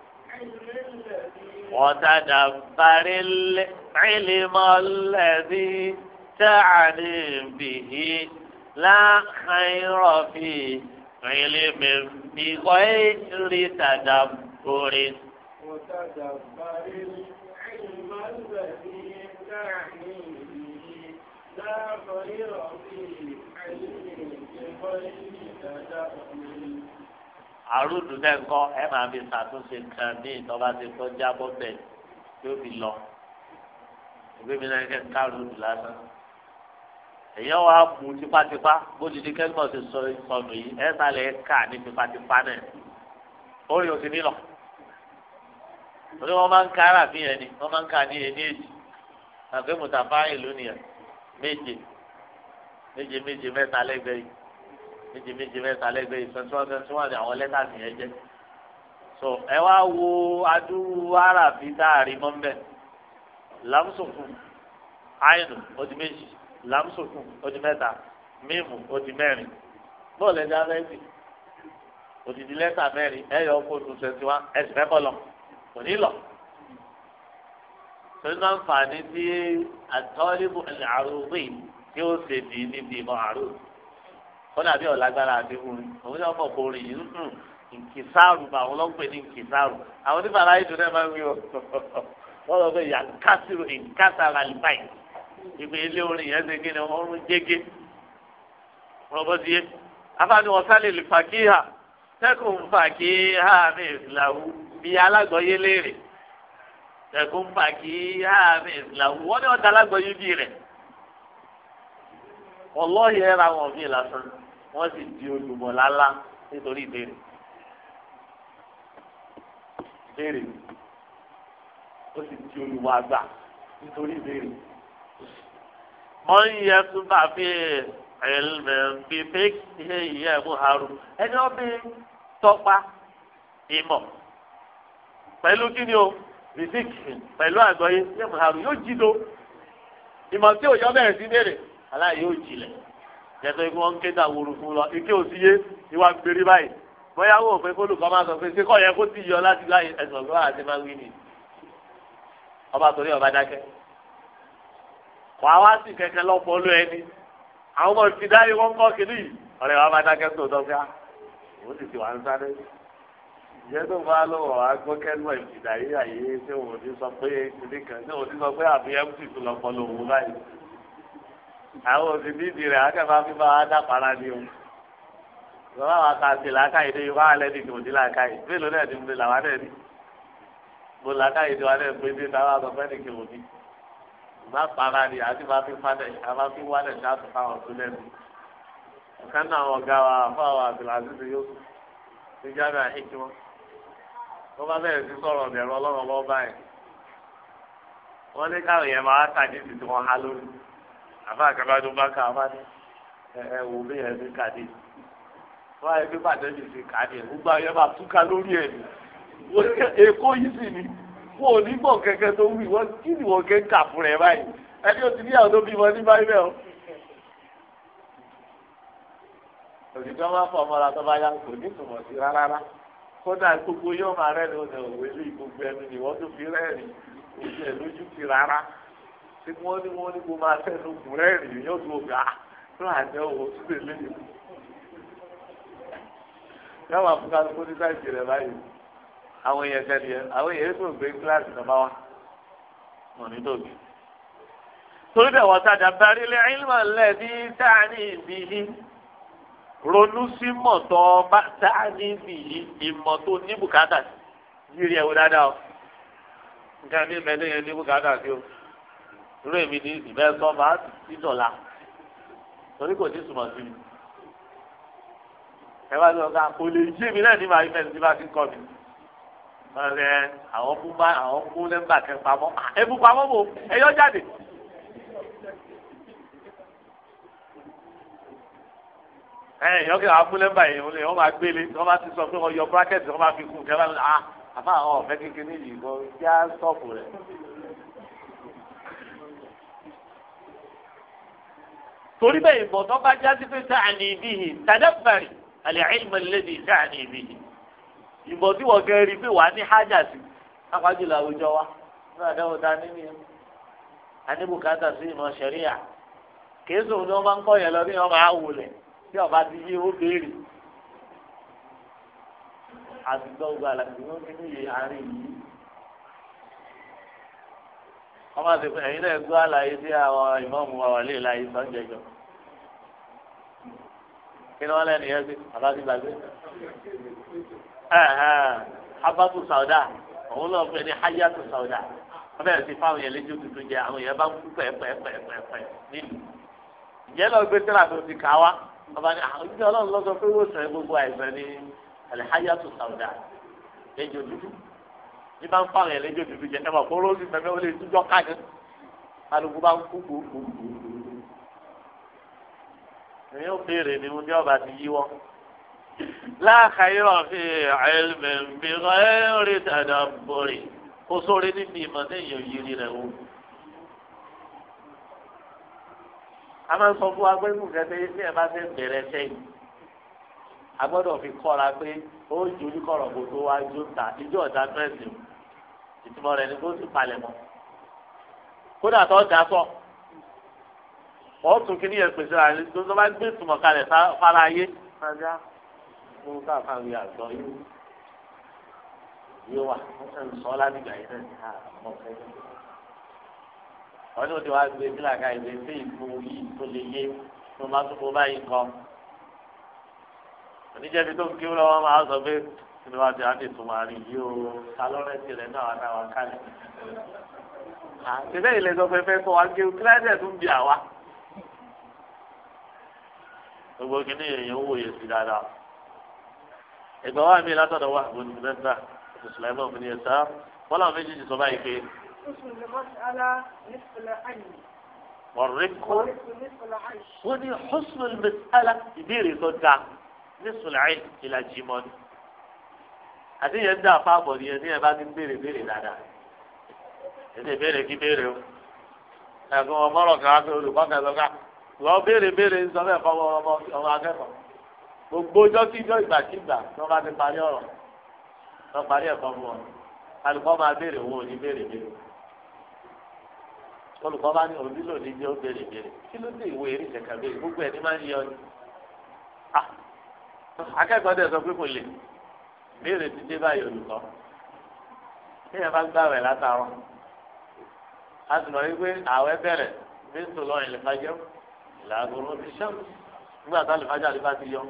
وتدبر العلم الذي تعلم به لا خير في علم بغير تدبر وتدبر العلم الذي تعلم به لا خير في علم بغير تدبر àrùdù náà kọ́ ẹ máa fi ṣàtúnṣe kan ní ìtọ́ba ti kọ́ jábọ́ bẹ̀ yóò fi lọ ìgbé mi náà kẹ́ kárùdù lásán èyàn wá mú tipátipá bó ti di kẹ́kọ̀ọ́ ti sọ ìsọnù yìí ẹ sálẹ̀ ká ní tipátipá náà orí o ti nílọ orí wọn máa ń ká ara fihàn ni wọn máa ń ká ní ẹni èjì àgbẹ̀mùtàfáà ìlú nìyẹn méje méje méje mẹ́ta lẹ́gbẹ̀ẹ́ yìí méjì méjì mẹ́ta lẹ́gbẹ̀ẹ́ twenty one twenty one ni àwọn lẹ́tà nìyẹn jẹ́ so ẹ wá wo adúrú arábí dáàrí mọ́mbẹ́ làmsùnkùn àìnù ó di méjì làmsùnkùn ó di mẹ́ta mímù ó di mẹ́rin bọ́ọ̀lù ẹ̀dá rẹ́sì òdìdí lẹ́tà mẹ́rin ẹ̀yọ fóònù twenty one ẹ̀sìn fẹ́ bọ́ọ̀lọ̀ kò ní lọ. torí náà ń fà ní àrùn wíì tí ó ṣe níbi ìmọ̀ àrùn kọ́nà àbí ọ̀lágbára àdéhùn òun ní ọmọ kò rìn yìí nù nkìsáàrù bá àwọn ọlọ́gbẹ̀ ní nkìsáàrù àwọn oníbàárà yìí dùnú ẹ̀ máa ń wí o wọ́n lọ bẹ yàkásìrò ìkásàrà lìbáyì ìgbé ilé orin yẹn ṣe kíni wọ́n ń jégé rọ́bọ́dìyẹ afáàní wọn sálè lè fà kí hà tẹ́kùn fà kí hà mí ìsìláwù bíi alágbọ̀yé léèrè tẹ̀kùn fà kí hà mí ìsìláwù wọ́n ní ọ̀dà alágbọ̀yé bíi rẹ̀ ọlọ́yẹ̀ ra wọn bíi lásán wọ́n sì di olùmọ̀ lálá nítorí ìbéèrè ìbéèrè ó sì di olùmọ̀ àgbà nítorí ìbéèrè. wọ́n yẹ tún bá fi ẹ̀lmẹ̀ bí fẹ́ẹ́kì ìyá ẹ̀mú haru ẹni wọ́n bí tọ́pa ìmọ̀ pẹ̀lú kí ni o rìsíkì pẹ̀lú àgbọ̀yé ẹ̀mú haru yóò jí do ìmọ̀ tí ò bẹ̀rẹ̀ sí béèrè aláì yóò jilẹ̀ jẹ́sọ́ ikú wọn ń ké dàwúrú fún lọ ike ò sí yé ìwà gbèrè báyìí bóyá wò pé kólùkọ́ máa sọ pé ṣé kọ́ yẹ kó ti yọ láti láyé ẹ̀sùn ọ̀gbọ́n àti máa wí ni ọba torí ọba dákẹ́ wàá wá sí kẹ̀kẹ́ lọ́pọ̀ ló ẹni àwọn ọmọ ti dáyé wọn kọ́ kiri ọ̀rẹ́ wa dákẹ́ tó dọ́gba òun sì ti wà ń sáré ìyẹn bá lọ wà á gbọ́ àyè ṣé òun ti sọ pé kiri kan ṣé òun ti sọ pé àbí ẹ̀ àwọn òsì nídìí rẹ̀ akẹ́fà fi bá wa dápara ni o lọ́wọ́ àwọn akáàsì làákàyè dé yorùbá alẹ́ ní kòtí làákàyè bẹ́ẹ̀ ló náà ti ń bẹ làwọn náà ní mo làákàyè dé wa náà pé dé táwọn àgbàfẹ́ ní kòtí má para ni àti má fi fadẹ àmá fi wálẹ̀ dáàtò fáwọn tó lẹ́nu ọ̀kan náà àwọn ọ̀gá wa fáwọn àbìlàzí ti yóò ti jáde àhíkí wọn wọ́n bá bẹ̀rẹ̀ sí sọ̀rọ̀ ọ̀dẹ̀rọ̀ ọlọ́run lọ́ọ́ báyìí wọ́n ní káwọn yẹn máa tàdí ti tí há lórí àfa àkàbàdó bá kà á má ní ẹ wò bí ẹ fi kàdé wọn àyè pípa àtẹ́bí fi kàdé gbogbo àyè máa túká lórí ẹ̀ èkó yìí sì ni wọn ò ní gbọ̀n kẹ̀kẹ́ tó wù wọ́n kí ni wọ́n kẹ́ ń kà fún rẹ̀ báyìí ẹni ó ní àwọn tó bímọ ní báyìí bẹ́ẹ̀ o. òṣìṣẹ́ máa fọ ọmọ làtọ́ bá yá kò ní ìtumọ̀ sí rárá kódà gbogbo yóò máa rẹ́ni ó òwe lé gbogbo ẹnu ni wọ́n tó fi rẹ́ẹ̀ni oṣù lójú ti rárá tí wọ́n ní wọ́n ní kó máa tẹnu kùn rẹ́rìn yóò tó gbà tó àjẹ òwò tó lè lé yìí. yóò máa fún ní sáìsì rẹ̀ báyìí àwọn èèyàn kẹ́ni ẹ̀ àwọn èèyàn tó ń gbé kíláàsì náà bá wà wọn ní tòbi. torí bẹ̀ wọ́n tajà parí lé ilmọ̀ lẹ́ẹ̀dí sáàní ìbí yìí ronú sí mọ̀tọ́ bá sáàní ìbí yìí ìmọ̀ tó ní bùkátà yìí rí ẹ̀wọ̀ dáadáa o nǹkan mi mẹ́lẹ́yìn ní bùkátà sí o irú èmi ní ìbẹ́ sọ máa ti dọ̀la torí kò ní sùmọ̀ sí mi ẹ bá sọ ká kò lè yé mi náà ní màá fẹ́ ní bá ti kọ́ mi ọ̀rẹ́ àwọn kú bá àwọn kú nẹ́mbà kẹ́ pamọ́ ẹ bú pamọ́ bò ẹ yọ jáde. ẹ yọ kí àwọn amúlẹ́mbà yìí wọlé wọn máa gbélé wọn máa ti sọ pé wọn yọ bírákẹ́tì wọn máa fi kún kẹ́ bá a àfa àwọn ọ̀fẹ́ kékeré yìí kọ́ já sọ́ọ̀pù rẹ̀. torí bẹ́ẹ̀ ìmọ̀ tó bá jáde pé sáàní ìbíyì tàdábàrì àlẹ́ ìmọ̀ sáàní ìbíyì ìmọ̀ tí wọ́n gẹ́ rí pé wàá ní hájà sí apájùlọ àwùjọ wa ní àdáwọ̀ ta nínú yẹn àníbùkátà sí ìmọ̀ ṣẹ̀ríà kèésù ni wọ́n ń kọ́ yẹn lọ bí wọ́n máa ọba ti yé ó béèrè ní iye àárín yìí wọ́n máa ti fẹ́ ẹ̀yin náà gbọ́ àlàyé sí àwọn ìmọ̀ọ́mù wa wà lè láyé sọ́jẹ́jọ́ kí ni wọ́n lẹ́nu yẹn sí bàbá gbàgbé abatu sauda òun náà fẹ́ ní hayatu sauda wọ́n bẹ̀rẹ̀ sí fáwọn yẹn lójú tuntun jẹ àwọn yẹn bá ń kú pẹ́ẹ́pẹ́ẹ́pẹ́ẹ́pẹ́ nílùú ìjẹ́ lọ gbé tíra tó ti kà wá bàbá ni àwọn ìjọ ọlọ́run lọ́sọ pé wọ́n sọ gbogbo àìsàn ní alihayatu sauda lójú tuntun ní bá ń fa àwọn ẹlẹ́jọ́ tuntun jẹ ẹ̀fọ́ kó lóṣù mẹ́fẹ́ ó lè túnjọ́ káàkiri alùpùpù bá ń kú gbogbogbò. èmi ò béèrè ni mo ní ọba ti yí wọ́n. láàkà fi ẹ̀ẹ́dẹ̀ mìíràn ẹ̀ẹ́rì dàda bòrè kó sóore níbi ìmọ̀ lẹ́yìn òyìnbí rẹ̀ wò. a máa ń sọ fún agbẹ́gùn kẹtẹ bí ẹ bá fẹ́ bẹ̀rẹ̀ sẹ́yìn a gbọ́dọ̀ fi kọ́ra pé ó jòlú kọ̀rọ̀ kó tó wá jó ta ìjọ ọ̀dà mẹ́sìn o ìtumọ̀ rẹ̀ ni kó sì palẹ̀ mọ́ kódà tó da sọ wọ́n tún kí ní yẹn pèsè àárín tó tó bá gbé ìtumọ̀ kalẹ̀ fara ayé ajá fún káfáwé àgbọ̀ yìí yóò wà sọ ládìgbà yìí náà àmọ́ kẹ́kẹ́ wọ́n ní o ti wá gbé kílàkà ìwé sí ìfún yìí tó lè yé tó má tó kó báyìí kọ́ oníjẹ́bi tó ń kí wọ́n máa sọ pé sínú wa bí adé tó máa rí yìí o talọ́rẹ́ tirẹ̀ náà wà náà wà kálí. àtẹlẹ́ ilẹ̀ tó fẹ́fẹ́ kọ́ wa gé kílẹ́dẹ̀ tó ń bí àwa. gbogbo kìíní èèyàn ń wòye sí dáadáa. ìgbà wa mi látọ̀dọ̀ wa bó ti bẹ́ẹ̀ sá mùsùlùmí ọ̀bùn ni ẹ̀ sá wọ́n làwọn méjèèjì sọ báyìí pé. والرق وني حسن المسألة يدير يصدع نصف العين إلى جيمون àti yẹn dá fáàbọ̀ nìyẹn tí yẹn bá ti béèrè béèrè dáadáa ètò ìbéèrè kí béèrè o ẹ̀gbọ́n ọmọ kan á fi olùkọ́ lọ béèrè béèrè ń sọ bẹ́ẹ̀ fọwọ́ ọmọ ọmọ akẹ́kọ̀ọ́ gbogbo ọjọ́ kí ijọ́ ìgbàkigbà tó bá ti parí ọ̀rọ̀ tó parí ẹ̀kọ́ mu ọ alùpùpọ̀ máa béèrè owó òní béèrè béèrè olùkọ́ bá ní òbí lò ní ó béèrè béèrè kí ló dé ìwé eré ìṣẹ̀kà béèrè gbogbo ẹ̀ ní máa ń yọ ni ah! akẹ́kọ̀ọ́ dẹ̀ sọ pé kò lè béèrè ti dé báyìí olùkọ́ téèyàn bá gbàwẹ̀ látàárọ̀ a sì mọ̀ wípé àwẹ̀ bẹ̀rẹ̀ bí sòlọ́ ìlẹ̀fàjọ́ ìlàgòrò ti sẹ́wọ̀n nígbà tá ìlẹ̀fàjọ́ àdìbá ti yọ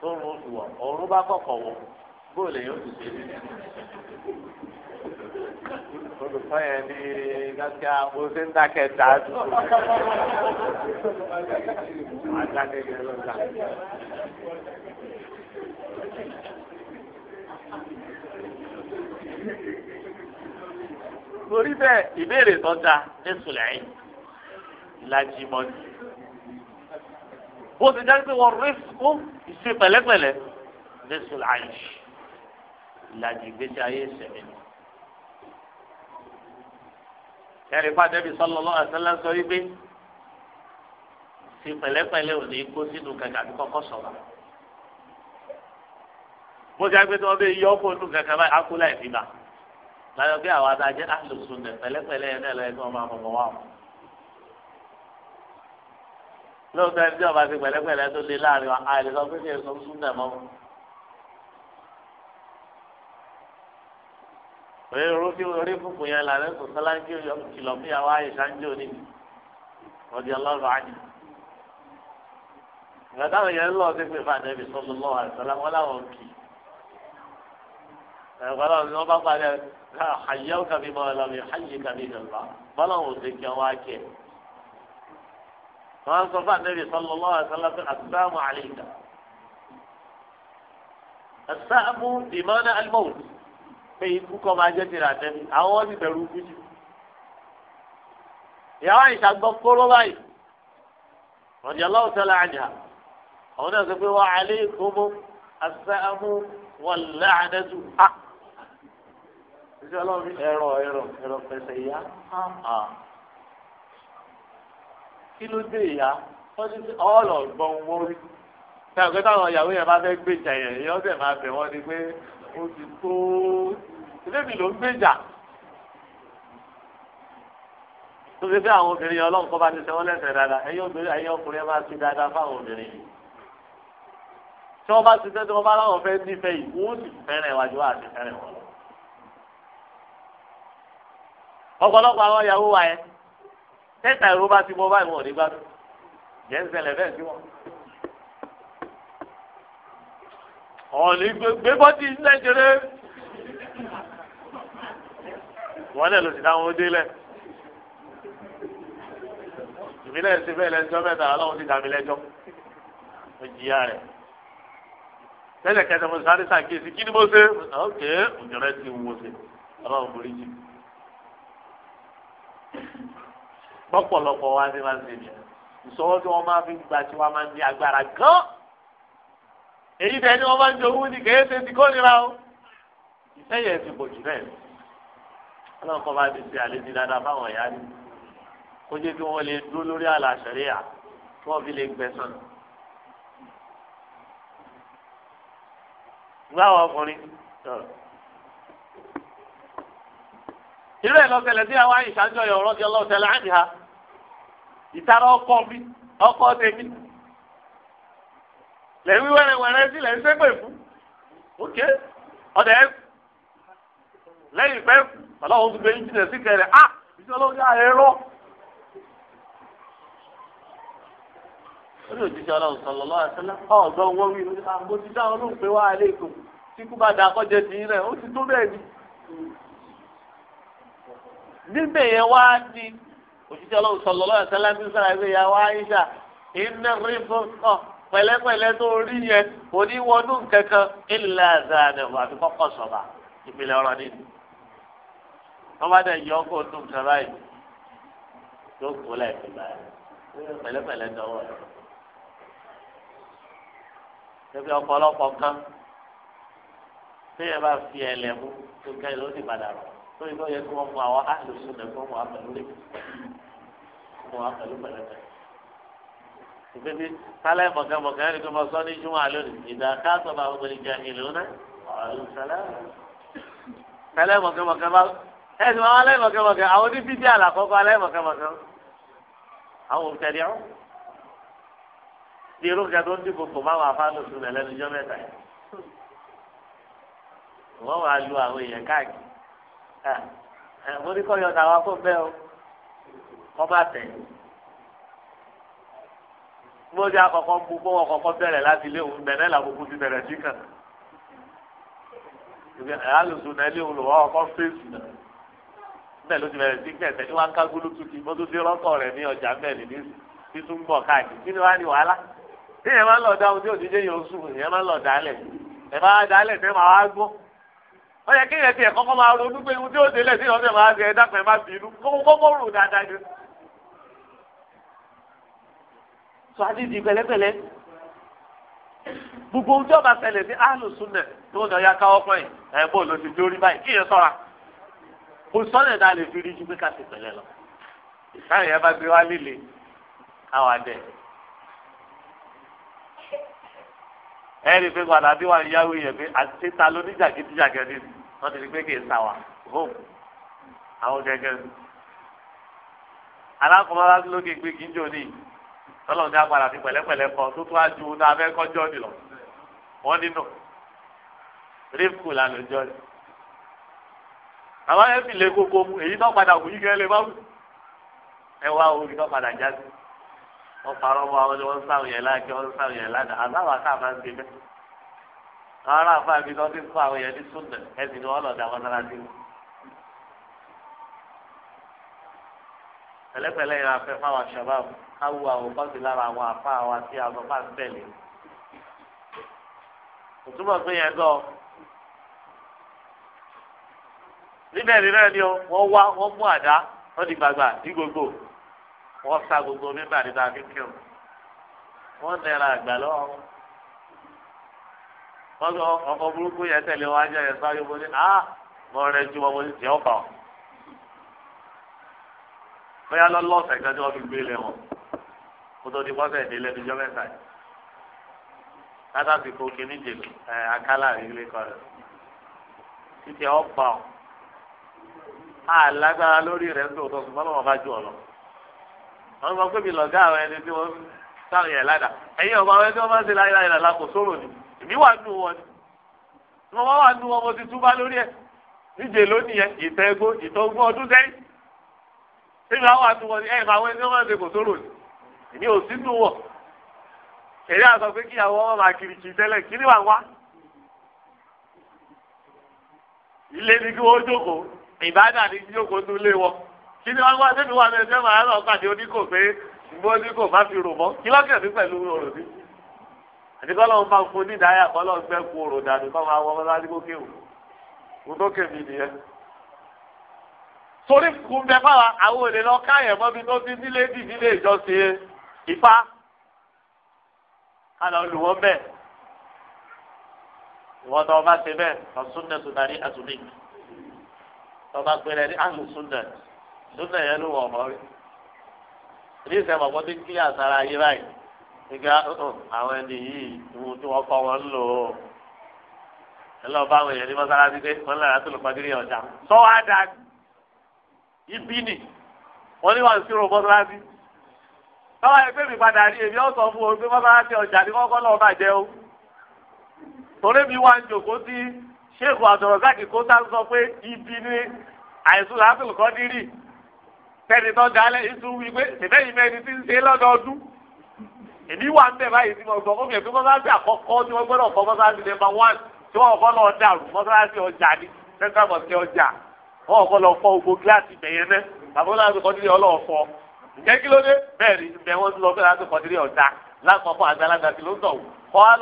tó ń rún ìwọ̀ ọ̀run bá kọ̀kọ̀ wọ̀ bóòlù yóò ti ṣe olùkọ́ yẹn ní gàkíá mo ṣe ń dákẹ́ ta àtúntò àtàkẹ́kẹ́ lọ́ta torí bẹ́ẹ̀ ìbéèrè tó da ní sùlẹ̀yìn ìlàjì mọ́ni. bó ti dá pé wọ́n rí fún ìṣe pẹ̀lẹ́pẹ̀lẹ́ ní sùlẹ̀yìn ìlàjì ìgbésí ayé ìṣẹ̀mí ni. kẹrì pàdé bí sọlọ́lọ́ àṣẹlá sọ wípé ṣe pẹ̀lẹ́pẹ̀lẹ́ ò ní kó sínú kẹ̀kẹ́ àbíkọ́kọ́ sọ̀rọ̀. bó ṣe obi ọbẹ̀ yọ ọkọ̀ nù kankan báyìí akúlà ẹ̀ nígbà láyọ̀ pé àwọn adájẹ́ àlùsùn nẹ̀ pẹ̀lẹ́pẹ̀lẹ́ yẹn náà lọ́yẹ̀ kí wọ́n máa mọ̀mọ́ wà wọ́n. lóòótọ́ ẹni tí ọba ti pẹ̀lẹ́pẹ̀lẹ́ tó lé láàrin wa àìlè sọ pé kí sọ sún mọ́. fúnfún yẹn kìlọ̀ fún yàrá ọdí ọlọ́run ìgbà táwọn yẹn ń lọ sí bọ́lá ni wọ́n bá padà àyẹ̀wò kàbí mọ́ ọlọ́mi àyè kàbí ìjọba bọ́lá wọn ò sì kí wọn á kí ẹ̀. wọ́n sọ fún àdébí sọlọ́lọ́ àṣálàfẹ́ àṣàmù àlèkà. àṣàmù ìmọ̀ọ́nà alimọ́wò pé ikú kọ́ máa jẹ́ tìrà àtẹ́bí àwọn wọ́n sì bẹ̀rù ikú jù. ìyàwó àyíṣà gbọ́ kóró báyìí. rọ̀dì ọlọ́wọ́ sọlá àjà àwọn náà sọ pé wọ́n àlẹ́ ìkómọ́ àṣàmù wọ́n láàdẹ́tù hàn òṣìṣẹ́ ọlọ́run ẹ̀rọ ẹ̀rọ ẹ̀rọ pẹ̀sẹ̀ ìyá ah. Ah. kí ló dé ìyá ọ̀ọ́lọ̀ gbọ́n wọ́rí táwọn kẹta àwọn ìyàwó yẹn bá fẹ́ gbèjà yẹn ìyá ọ̀sẹ̀ máa bẹ̀ wọ́n ni pé ó ti tó ilé mi ló ń gbèjà tó fi fẹ́ àwọn obìnrin yẹn ọlọ́run kọ́ bá ti sẹ́wọ́n lẹ́sẹ̀ dáadáa ẹ̀yin ọkùnrin ẹ máa ti dáadáa fáwọn obìnrin yìí tí wọ́n bá ti sẹ́ tí wọ́n bá láwọn fẹ́ nífẹ̀ẹ́ yìí wọ́n sì fẹ́rẹ̀ wájú àti fẹ́rẹ̀ wọn lọ. ọ̀pọ̀lọpọ̀ àwọn ìyàwó wa yẹn tẹ́tà ìró bá ti bọ́ báyìí wọn ò ní gbádùn jẹ́ ń ṣẹlẹ̀ bẹ́ẹ̀ sí wọn. ọ̀ọ́nì gbégbó ti ń wọ́n lè lò sí táwọn ọdẹ lẹ̀ ìbílẹ̀ ti bẹ́ẹ̀ lẹ́jọ́ mẹ́ta ọlọ́run ti dàbí lẹ́jọ́ ó jìyà rẹ̀ tẹ́lẹ̀ kẹsàn mo sáré sàkíyèsí kí ni mo ṣe ọ̀kẹ́ òjò ti wò ṣe ọlọ́run borí jù pọ̀pọ̀lọpọ̀ wá sí máa ń ṣe ni ìṣọwọ́ tí wọ́n máa fi gbà tí wọ́n máa ń ní agbára gan. èyí tẹ́ ni wọ́n máa ń jogún ní kèé ṣe ti kórìíra o. ìfẹ́ yẹn ti bò jù náà ni. ọlọ́run kọ́ bá ti ṣe àlejò dáadáa fáwọn ìyá ni. kó jẹ́ kí wọ́n lè dúró lórí àlàṣẹ̀rẹ́ à kí wọ́n fi lè gbẹ̀sán. gbáwọ̀ ọkùnrin irú ẹ̀ lọ́sẹ̀lẹ̀ tí àwọn àyíṣà ń jọyọ̀ ọ̀rọ̀ ti ọlọ́ọ̀tẹ̀lẹ̀ ìtara ọkọ mi ọkọ tèmi lẹ́yìn wẹ́rẹ́wẹ́rẹ́ sí lẹ́yìn sẹ́gbẹ̀ fún ok ọ̀dà lẹ́yìn pẹ́ ọlọ́run tó gbé ìjìnlẹ̀ sí ah ìṣẹ́ ọlọ́run yà ẹ̀ lọ́wọ́ ọ̀gbọ́n wí ah, ti dá ọlọ́run pé wá tí kú bá da ti rẹ̀ ó ti tó òṣìṣẹ́ ọlọ́run sọ̀lọ́ lọ́yọ̀ sẹ́lá ń sọ̀rọ̀ ẹgbẹ́ ìyá wa Aisha iná rìbọ̀ ọ̀ pẹ̀lẹ́pẹ̀lẹ́ tó rí yẹn oníwọ́dún kankan ilẹ̀ àzàdẹ̀wò àti kọ́kọ́ sọ̀bà ìpìlẹ̀ ọ̀rọ̀ ni. wọ́n bá dẹ̀ yọ ọkọ̀ ọdún kan báyìí tó kó lẹ́ẹ̀kì báyìí pẹ̀lẹ́pẹ̀lẹ́ dọ́wọ́ rẹ̀. ṣébi ọ̀pọ̀lọpọ̀ kan tí yẹn bá fi ẹ̀lẹ̀ tó kẹ́ ló sì padà rọ̀ tó yẹ kó yẹ kó wọn mú àwọn àlùsù náà kó wọn pẹ̀lú rẹ kó wọn pẹ̀lú pẹ̀lẹ́pẹ̀. ìpèsè sálẹ̀ mọ̀kẹ́mọ̀kẹ́ ẹni tó mọ sọ ní júmọ̀ àlọ́ ìdá káàtọ̀ bá wọn gbọ́dọ̀ jẹ́ ìlú náà ọ̀rọ̀ sálẹ̀ mọ̀kẹ́mọ̀kẹ́ bá ẹ̀sìn wọn alẹ́ mọ̀kẹ́mọ̀kẹ́ àwọn ní bíbí àlàkọ́kọ́ alẹ́ mọ̀kẹ́mọ̀kẹ́ àwọn òkùtẹ̀dì ọ̀ ti irú kẹtọ ń àwọn èèyàn káàkiri mo ní kọ́ yọ tàwa kó bẹ́ẹ̀ o kọ́ bá tẹ̀. mo jẹ́ akọ̀kọ́ bu kó wọn kọ́kọ́ bẹ̀rẹ̀ láti ilé òun bẹ̀rẹ̀ làkókò ti bẹ̀rẹ̀ sí kan. alùsùn náà ilé òun lò wọ́n kọ́ fèsì náà bẹ́ẹ̀ ló ti bẹ̀rẹ̀ sí kẹ̀sẹ̀ ní wọ́n á ká gúlútùtù mo tún ti rọ́kọ̀ rẹ̀ ní ọjà bẹ́ẹ̀ ní títún bọ̀ káàkiri kí ni wàá ní wàhálà ìyẹn máa ń lọ ọyẹ kéèyàn tiẹ̀ kọ́kọ́ máa ronú pé ohun tí ó délẹ̀ sí ọ̀sẹ̀ máa ṣe ẹ̀dá pẹ̀lú bínú kọ́kọ́ rò dáadáa ni. sọ adídì pẹ̀lẹ́pẹ̀lẹ́ gbogbo ohun tí ọba ṣẹlẹ̀ sí alùsùnà tí wọ́n yà ká ọkọ yìí ẹ̀ bó ti dórí báyìí kéèyàn ṣọ́ra kò sọ́nà dá lè fi rí ju pé ká ti pẹ̀lẹ́ lọ. táyà bá gbé wá líle káwa dẹ̀ ẹ̀rí pé padà bí wà yáwó yẹn pé àti ta ló níjà gidigidi gẹ́gẹ́ wọ́n ti rí pé kì í sà wà àwọn gẹ́gẹ́ ni. alákọ̀ọ́lá lókè gbé ní tọ́lọ̀ ní ti pẹ̀lẹ́pẹ̀lẹ́ kọ tó tó aju ní abẹ́kọ́jọ́ ni lọ wọ́n nínú rífkù àwọn koko èyí tó padà wù yí kẹ́ lè má wọ́n parọ́ mọ́ àwọn ni wọ́n ń sáwọn yẹn láàkẹ́ wọ́n ń sáwọn yẹn ládàá àbáwá ká máa ń ṣe bẹ́ẹ̀. àwọn ará àfáà mi kan ti ń kó àwọn yẹn ní súnà ẹ̀sìn ni wọ́n lọ dà wọ́n nára sí i. pẹ̀lẹ́pẹ̀lẹ́ yẹn afẹ́ fáwọn àṣàbà káwọ àwọn kọ́sì lára àwọn àfáà wa tí a sọ ń tẹ̀lé. òtúmọ̀ pé yẹn gan níbẹ̀ níbẹ̀ ni wọ́n wá wọ́n mú àdá wọ́n di gbàgbà ní gbogbo wọ́n sa gbogbo mímbà nígbà kíkẹ́ o wọ́n nẹ́ra àgbà lọ́wọ́ wọ́n sọ ọkọ̀ burúkú yẹn tẹ̀lé wọn ajá yẹn sáré wọlé ah wọ́n rẹ ju ọmọ jẹ́ ọ̀pá o bóyá lọ́lọ́sẹ̀ kan tí wọ́n fi gbé lé wọn kó tó di pọ́sẹ̀ ìdílé ní jọ́ mẹ́ta yìí látàkì kó kíní jèlò ẹ̀ akálà ìdílé kọ́ rẹ̀ títí ọ̀pá àlágbára lórí rẹ̀ ń tó tó sùn mọ́ lọ́wọ́ bá ju wọn sọ pé mi lọgá àwọn ẹni tí wọn sáré yẹn ládàá ẹ̀yin ọmọ àwọn ẹni tí wọn bá ń ṣe láyéláyé làlá kò sóró ni èmi wà nù wọn ni wọn wà nù wọn mo ti túbá lórí ẹ níjẹ lónìí yẹn ìtẹgbó ìtọgbó ọdún sẹ́yìn èmi àwọn àti wọn ni ẹ àwọn ẹni tí wọn ṣe kò sóró ni èmi ò sí nù wọn èyí àsọ pé kíyàwó wọn máa kiri kiri tẹ́lẹ̀ kiri wà wá ilé ni kí wọn jókòó ìbádàn ni kí jókòó nulẹ wọn kí ni wọ́n wá débi wà lẹ́yìn sẹ́wọ̀n àárọ̀ pàdé oníkò pé ìgbó oníkò má fi rò mọ́ kí lọ́kẹ̀ mi pẹ̀lú òrò mi. àti kọ́ lọ́hún máa ń fún nídàáyà kọ́ lọ́hún fẹ́ ku òrò dànù kọ́ máa wọ ọmọ láti gòkè o mo tó kèmí nìyẹn. torí kù ń bẹ fáwa àwọn olè lọ káyẹ̀ mọ́ mi tó ti nílé dì nílé ìjọsìn Ifá ká lọ lù wọ́n bẹ́ẹ̀ ìwọ́n tó ọba ṣe bẹ́ẹ̀ lọ súnà yẹn ló wọ ọmọ rí ní ìsẹ̀mọ̀ pọ́n ti ń kílẹ̀ àsárá ayé báyìí nígbà àwọn ẹni yìí ìwọ̀n tí wọ́n kọ́ wọn lò ó ẹ lọ bá àwọn èèyàn ní mọ́sálásí pé wọ́n lára tó lè pàdé ọ̀dà sọ wá dà ibi nì wọ́n ní wọ́n ń sírò mọ́sálásí tọ́wọ́ ẹgbẹ́ mi padà rí èmi ọ̀sán fún omi mọ́sálásí ọjà ní kọ́kọ́ náà bàjẹ́ o torí mi wá ń jòkó tí sèkù àtọ̀rọ̀sáàkì kó tá ń sọ pé ibi ni àìsùn làásùn kọ́ dírì tẹ́ni tó dalẹ̀ ìtú wípé ìbẹ́yìn mẹ́ni ti ń ṣe lọ́dọọdún èmi wà ń bẹ̀ báyìí tí mo sọ ó kẹ̀kẹ́ mọ́sáàsì àkọ́kọ́ tí wọ́n gbọ́dọ̀ kọ́ mọ́sáàsì nẹ́mbà wán tí wọ́n kọ́ lọ dàrú mọ́sáàsì ọjà ni central mosque ọjà lọ fọ gbogbo kíláàsì bẹ̀yẹn náà àbúrò láti kọ́ kí ló dé ni lọ láti àgbàlagbà ló ń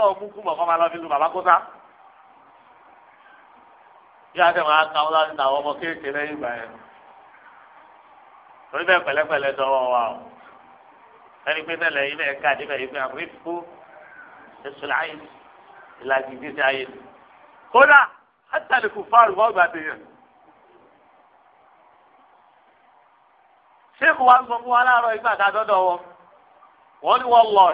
lọ mú torí bẹ́ẹ̀ pẹ̀lẹ́pẹ̀lẹ́ dọ́wọ́ wa o ẹni pé tẹ́lẹ̀ ilé ẹ̀ka àdébẹ̀ yìí pé àbúrífù ẹ̀sùn ayé ìlàjì ìgbésí ayé ni. kódà átàlẹ̀ kò fáàrù wọ́n gbà tèèyàn. ṣéèkù wa ń sọ fún wa láàárọ̀ ìgbà tá a dọ́dọ̀ wọ wọ́n ní wọ́n lọ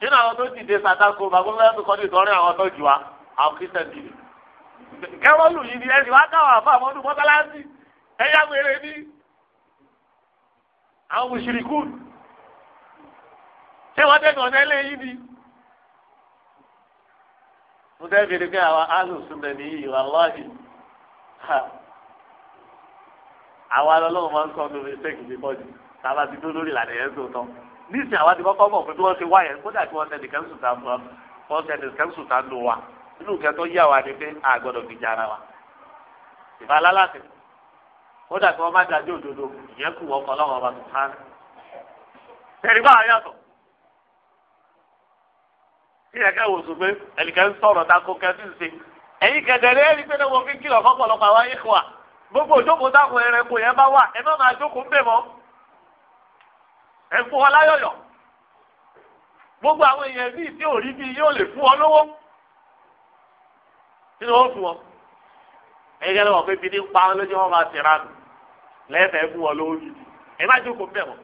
nínú àwọn tó dìde sàtàkó bàgbọ́n tó kọ́ ní ìtọ́rin àwọn tó jù wa àwọn kristian dìde. kẹrọ́lù yìí ni ẹni wá káwọn àfa àmọ́dún mọ́tálásí ẹ̀yà wẹ̀rẹ̀ ní àwọn mùsùlùkù ṣé wọ́n tẹ̀sán ọ̀nà eléyìí ni. mo fẹ́ bèrè pé àwọn alùsùn náà nìyí wàláhì àwa lọ́lọ́run máa ń sọ ọdún mistake bí bọ́ọ̀dì tàbá ti dúró lórí ìlànà yẹn tó tán nísìnyí àwa ti kọ́kọ́ mọ̀ pé bí wọ́n ti wá yẹn kódà kí wọ́n tẹ̀lé kẹ́ńsù tá a wọ́n tẹ̀lé kẹ́ńsù tá a lò wá nínú kẹ́ńtọ́ yá wa ni pé àgbọ̀dọ̀ fi jára wa ìfàlálàsì kódà kí wọn bá dájú òdodo ìyẹn kù wọn kọ lọ́wọ́ ọba sùpánù tẹrí báwa yàtọ̀ tí ẹkẹ wò sùn pé ẹnìkan ń sọ̀rọ̀ ta kó kẹsì ṣe ẹyin kẹdẹrẹ ẹni pé wọn fi ń fọ́pọ̀lọpọ̀ àwọn ayé wa gbogbo òjòkó táwọn ẹranko yẹn bá wà ẹ má máa jókòó ń bẹ mọ́ ẹ fún wọn láyọ̀yọ̀ gbogbo àwọn èèyàn bíi yóò lẹ́fẹ̀ẹ́ fún wọn lówó gidi ẹ má jókòó mbẹ̀ mọ́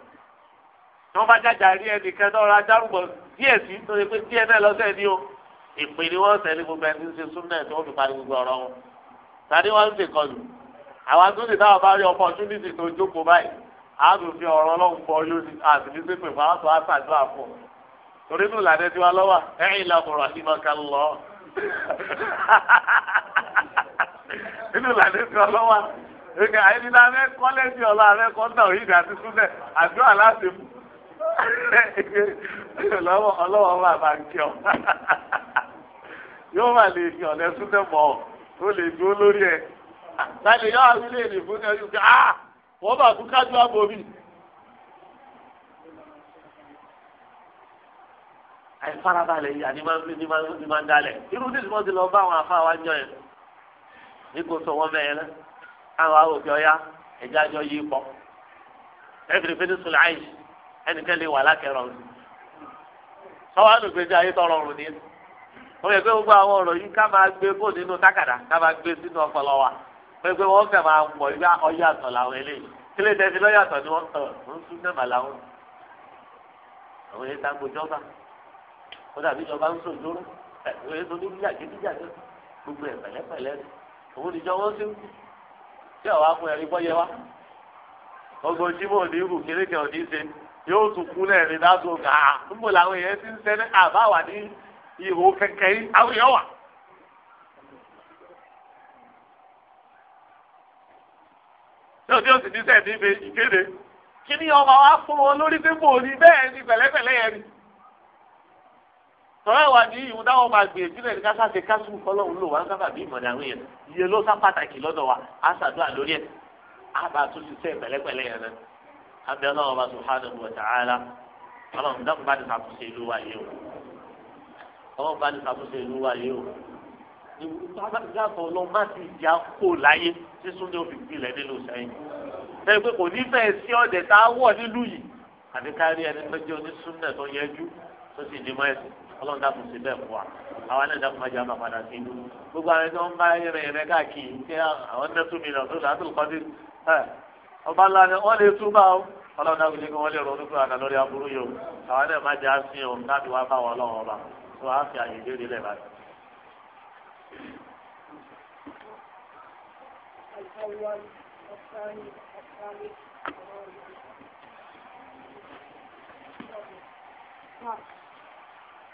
tí wọ́n bá jájà rí ẹnìkan náà ra dárúbọ̀ díẹ̀ sí tó ṣe pé díẹ̀ náà lọ́sẹ̀ ni o ìpè ni wọ́n sẹ́ni gbogbo ẹni ṣe súnmọ́ ẹ̀ tí wọ́n fi parí gbogbo ọ̀rọ̀ wọn tani wọ́n ṣe kọlù àwọn tó ṣe táwọn bá rí opportunity tó jókòó báyìí àádùn fi ọ̀rọ̀ ọlọ́run fọ yóò ṣe àti ní pípẹ́ fún àwọn tó á ṣàdúrà fún un torí nù làdẹ́ tiwa lọ́wọ́ ẹ̀yìn làkùrọ̀ àdìmọ̀ká lọ nínú làdẹ́ tiwa lọ́wọ́ ẹ̀ka ẹni náà fẹ́ kọ́lẹ́sì ọ̀la fẹ́ kọ́ńtà òyìnbí àti súnẹ̀ àdúrà láti mú. ọlọ́wọ́ máa bá ń kí ọ. yóò máa lè fi ọ̀lẹ́ súnẹ̀ mọ́ ọ tó lè dúró lórí ẹ̀. láti yọ àwọn ilé ìlú fún ẹni pé ah wọ́n bá tún kájú àbò mi. àìfarabalẹ̀ yìí àní máa ń dalẹ̀ irú tí mo lọ bá àwọn afáwa yẹn ní kò sọ wọ́n mẹ́yẹn náà káwọn arúgbó ọ̀yá ẹ̀jẹ̀ àjọ yìí pọ̀ ẹ̀fìrì fínní sùlẹ̀ àyè ẹnìkan lè wà lákẹ́rọ̀ ọ̀run sọ́wọ́ àlùgbèsè ayé tọrọ ọ̀run ni ó yẹ pé gbogbo àwọn ọ̀rọ̀ yìí ká máa gbé kó nínú tákàdá ká máa gbé sínú ọpọlọ wa pé pé wọ́n fẹ́ máa mọ̀ ìgbà ọ̀yàtọ̀ làwọn eléyìí kílé tẹ́sí lọ́yàtọ̀ ni wọ́n tọ̀ ń sún náà làwọn àwọn èyí tá gbòjọba ó dàbí ìjọba ń sòjó rẹ̀ òye tó ní bíjà gidi jà gbogbo ẹ̀ pẹ̀lẹ́pẹ̀lẹ́ òun ìjọ wọn ṣe ń kú tí ọ̀wá fún ẹ̀rí bọ́ yẹ wá ọgbọ̀n jimoh ní irú kérékè òní ṣe yóò tún kú lẹ́ẹ̀rin dáàbò gà á níbo làwọn èèyàn ti ń sẹ́ni àbáwá ní ihò kẹ̀kẹ́ yìí àwọn èèyàn wà. náà tí ó sì ní sẹ́ẹ̀ ní ìkéde kí ni ọmọ wa fún wọn lórí pé mò ní bẹ́ẹ̀ ni pẹ̀lẹ́pẹ̀lẹ́ yẹn ni tọ́lá ìwà ní ìhun táwọn máa gbé ìdílé ní kásá ṣe kásù fọlọ́run lò wá sábà bí ìmọ̀ ní àwọn èèyàn iye ló sá pàtàkì lọ́dọ̀ wa á ṣàdúrà lórí ẹ̀ á bá a tún ṣiṣẹ́ pẹ̀lẹ́pẹ̀lẹ́ yẹn náà abẹ́ ọlọ́run bá subhanahu wa ta'ala ọlọ́run dákun bá ní ṣàtúnṣe ìlú wa yìí o ọlọ́run bá ní ṣàtúnṣe ìlú wa yìí o ìgbàgbọ́ ọlọ́run má ti jà kó láyé tí súnlẹ̀ òfin gbilẹ̀ nínú sẹ́yìn bẹ́ẹ̀ pé kò ní fẹ́ẹ́ sí ọ̀dẹ̀ ọlọ́run dàpọ̀ sí bẹ́ẹ̀ fún wa àwọn ẹlẹ́dàá dàpọ̀ máa jẹ́ àwọn àpàdà sí inú gbogbo àwọn ẹni wọn bá rẹ̀ rẹ̀ káàkiri ṣé àwọn ẹni tún mi lọ tó dàtú kọ́dí ọba ńlá ni wọ́n lè túbà ó ọlọ́run dàpọ̀ sí kí wọ́n lè ronú fún àná lórí aburú yòó àwọn máa jẹ́ òun láti wá bá wọn ọba tó wàá fi àyè báyìí.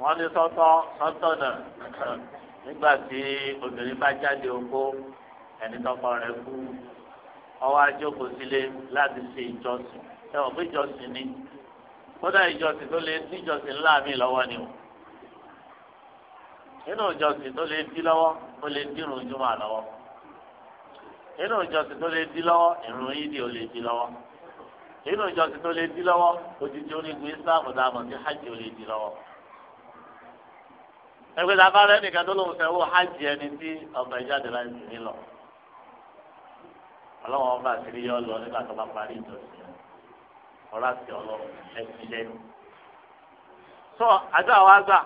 wọ́n ní sọ́tọ̀ sọ́tọ̀ náà nígbà tí obìnrin bá jáde oko ẹni tọkọ rẹ̀ kú ọwọ́ ajókòó sílé láti ṣe ìjọsìn ẹ wọ́n pé ìjọsìn ni kódà ìjọsìn tó lè ní ìjọsìn ńlá mi lọ́wọ́ ni o nínú ìjọsìn tó lè dí lọ́wọ́ ó lè dírun júmọ̀ lọ́wọ́ nínú ìjọsìn tó lè dí lọ́wọ́ ìrun yídì ó lè dí lọ́wọ́ inú ìjọsìn tó lè di lọ́wọ́ odidi onígun islam dàmọ̀ sí hajj ò lè di lọ́wọ́. ẹgbẹ́ ta bá rẹ́ nìkan tó lóun fẹ́ wọ hajj ẹni tí ọba ìjáde láì sí nílọ. ọlọ́wọ́n ọba àṣírí yọ lọ nígbà tó bá parí ìjọsìn ọ̀rá sí ọlọ́run ẹ̀sìn lẹ́nu. sọ àdúrà wa gbà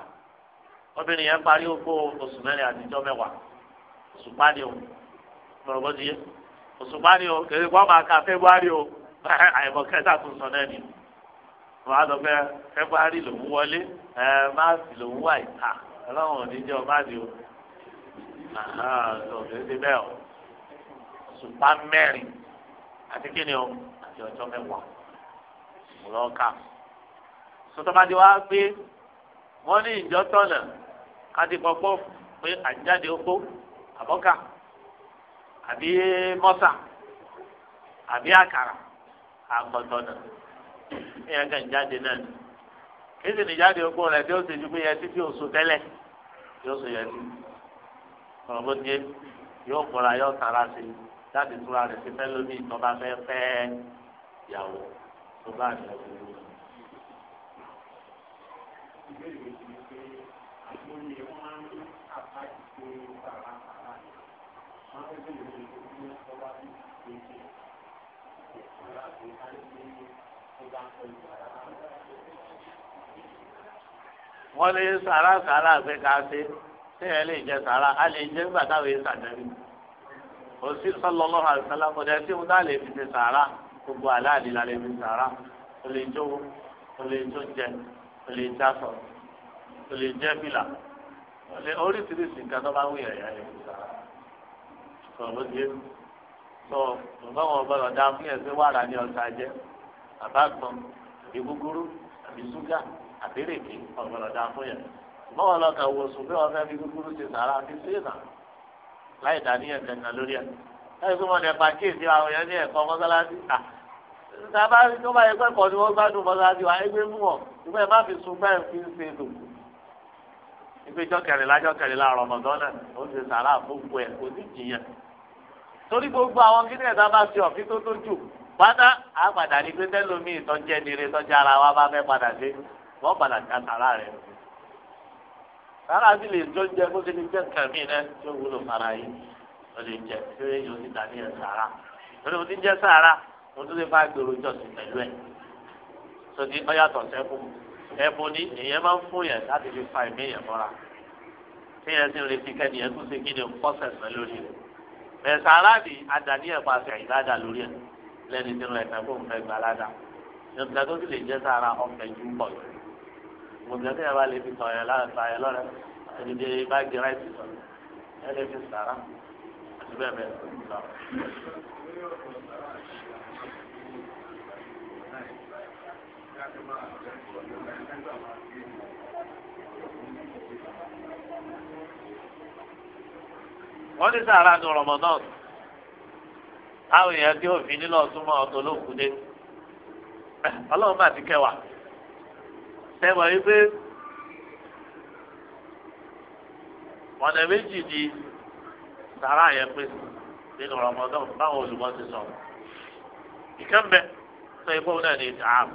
obìnrin yẹn parí ogbó oṣù mẹ́rin àtijọ́ mẹ́wàá oṣù pálí o mọ̀rọ̀gbọ́n ti yé oṣù pálí o kèrè kó [LAUGHS] àìmọ̀ kẹta tún sọ náà ni wọn á sọ pé fẹbúárì lòún wọlé ẹ máàsì lòún wà ìta Ọlọ́run ò ní jẹ ọ máàsì o ọ̀sẹ̀ ti bẹ́ẹ̀ o ṣùpá mẹ́rin àti kíni o àti ọjọ́ mẹ́wàá lọ́ọ̀ka sọtọ́mádé wa pé wọ́n ní ìjọ tọ̀nà kádìpọ̀pọ̀ pé àjáde oko àbọ́kà àbí mọ́sà àbí àkàrà àkọ́tọ́ náà ìyẹn kàn jáde náà ni kéde nìjáde okó rẹ̀ tí ó ṣe ju pé yẹtí tí ó so tẹ́lẹ̀ tí ó so yẹtí ọ̀rọ̀ bó tiẹ̀ yóò kóra yóò tara sí láti túra rẹ̀ sí fẹ́ lómi ìtọ́ bá fẹ́ fẹ́ yàwó tó bá rẹ̀ wọ́n lé sàrà sàrà pé ká ṣe ṣé ẹ lè jẹ sàrà á lè jẹ nígbà táwọn yẹn sàdẹ́rì òsì sallallahu alaihi wasallam kò dẹ́ tí mo náà lè fi ṣe sàrà gbogbo aláàdì la lè fi sàrà o lè jó o lè jó jẹ o lè já sọ o lè jẹ fìlà o lè oríṣiríṣi nǹkan tó bá wù yẹ̀yẹ́ lè fi sàrà sọ̀rọ̀ ló dé sọ nǹkan wọn gbọdọ̀ dá fún yẹn pé wàrà ni ọ̀sà jẹ àbá gbọ̀n ìgbúgbúrú àbí ṣúgà àbẹ́rẹ́kì ọ̀gbọ̀nọ̀ dá fún yẹn ṣùgbọ́n wọn lọ́kàn wo sùn pé wọn fẹ́ fi kúkúrú ṣe sàrà fi ṣe é nà láì dàníyàn kankan lórí ẹ̀ láì fún wọn nípa kéèsì àwọn yẹn ní ẹ̀kọ́ mọ́sálásí à sábà tó bá yẹ kọ́ ni wọ́n gbádùn mọ́sálásí wa ẹgbẹ́ mú wọn ṣùgbọ́n ẹ má fi sun bẹ́ẹ̀ fi ń ṣe lò ìgbẹ́jọ́ kẹrìnlá jọ́ kẹrìnlá rọmọdọ́nà ó ṣe sàrà fún gbogbo ẹ̀ kò sí jìyàn torí gbogbo àwọn kí nìyẹn tá a bá ṣe ọ̀fíì tó tó jù pátá àpàdà pé tẹ́lómi ìtọ́jẹ́ nire tọ́jú ara wa bá fẹ́ padà dé wọ́n padà ká sàrà rẹ̀ sàrà sì lè tó jẹ kó sì lè jẹ kàmí rẹ tí ó wúlò fara yìí ó lè jẹ tí ó yẹ yóò ti dà ní ẹ̀ sàrà lórí mo ti jẹ sàrà mo tún lè bá gbèrò jọ̀sìn pẹ̀lú ẹ̀ sọdí ọ̀yàtọ̀ sẹ́kùn ẹ̀bùn ni èèyàn máa ń fún yẹn láti fi fa ìmí yẹn mọ́ra tí yẹn ti retí kẹ́ni yẹn tún ṣe kí ni pọ́sẹ̀ pẹ̀ lórí rẹ̀ bẹ́ẹ̀ sàrà ni àdàní ẹ̀ pàṣẹ ìdájà lórí ẹ̀ lẹ́ni tí ń lọ ẹ̀ka kó ń fẹ́ gbà ládàá ìgbà tó sì lè jẹ́ sàrà ọ̀fẹ́ jù ń bọ̀ yẹn gbọ̀ngàn tí a bá lè fi tọ̀ yẹn láti ta yẹn lọ́rẹ́ ẹni bí bá gé ráìtì sọ ẹ lè fi sàrà àti bẹ́ẹ̀ bẹ́ẹ̀ lọ. wọ́n ní sàrà ní rọmọdán àwọn èèyàn tí òfin nílò ọtún mọ́ ọtún ló kú dé ọlọ́run má ti kẹwàá tẹ́wọ̀ yìí pé ọ̀nà méjì ni sàrà yẹn pé nínú Ramadan báwọn olùmọ̀ ti sọ. ìkẹ́mbẹ́ sọ ikú náà ní ìdáhàm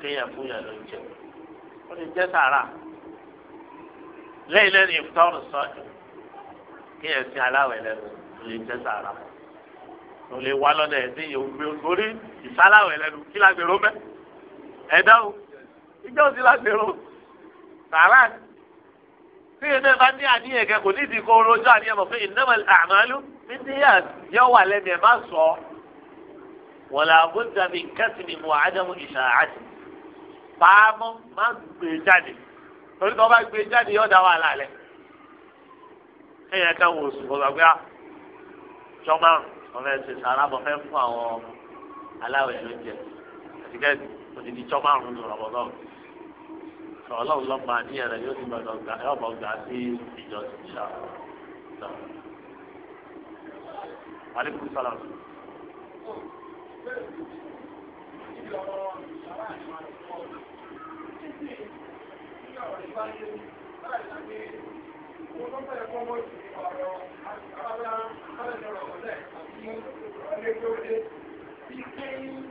kéèyàn fún yàn ló ń jẹ. ó lè jẹ́ sàrà lẹ́yìn lẹ́nu ìfúntọ́rù sọ́ọ̀tù kéèyàn sin aláwẹ̀ lẹ́nu ó lè jẹ́ sàrà ó lè wá lọ́dọ̀ ẹ̀ sí orí ìsáláwẹ̀ lẹ́nu kí lágbèrò mẹ́ ẹ̀dá o ìjọ sí láti rún sàrà tí ẹgbẹ́ bá ní àníyàn kẹ kò nídìí kó rojọ́ àníyàn mọ̀ pé innamal a'malu binniyat yọ wà lẹ́nu ẹ̀ má sọ wọ́n là budda min kasbi mu àdàmú ìṣàhàtì pàámọ́ má gbé e jáde torí tí wọ́n bá gbé e jáde yọ̀ọ́ dá wà lálẹ́ ẹ̀yẹ kan wò sùn fún ọgbẹ́ jọba ọmọ ẹsẹ̀ sàrà bọ̀ fẹ́ fún àwọn aláwẹ̀ lóúnjẹ àti kẹ́ẹ̀dì òdìdí jọba àrùn lọ́wọ́ lọ́wọ́ ọlọ́run lọ́ máa ní ẹ̀rẹ̀ yóò ti gbọdọ̀ gbà ẹ̀ ọ̀bọ̀ gbà sí ìjọsìn ṣá. aleykum salaam. Thank you.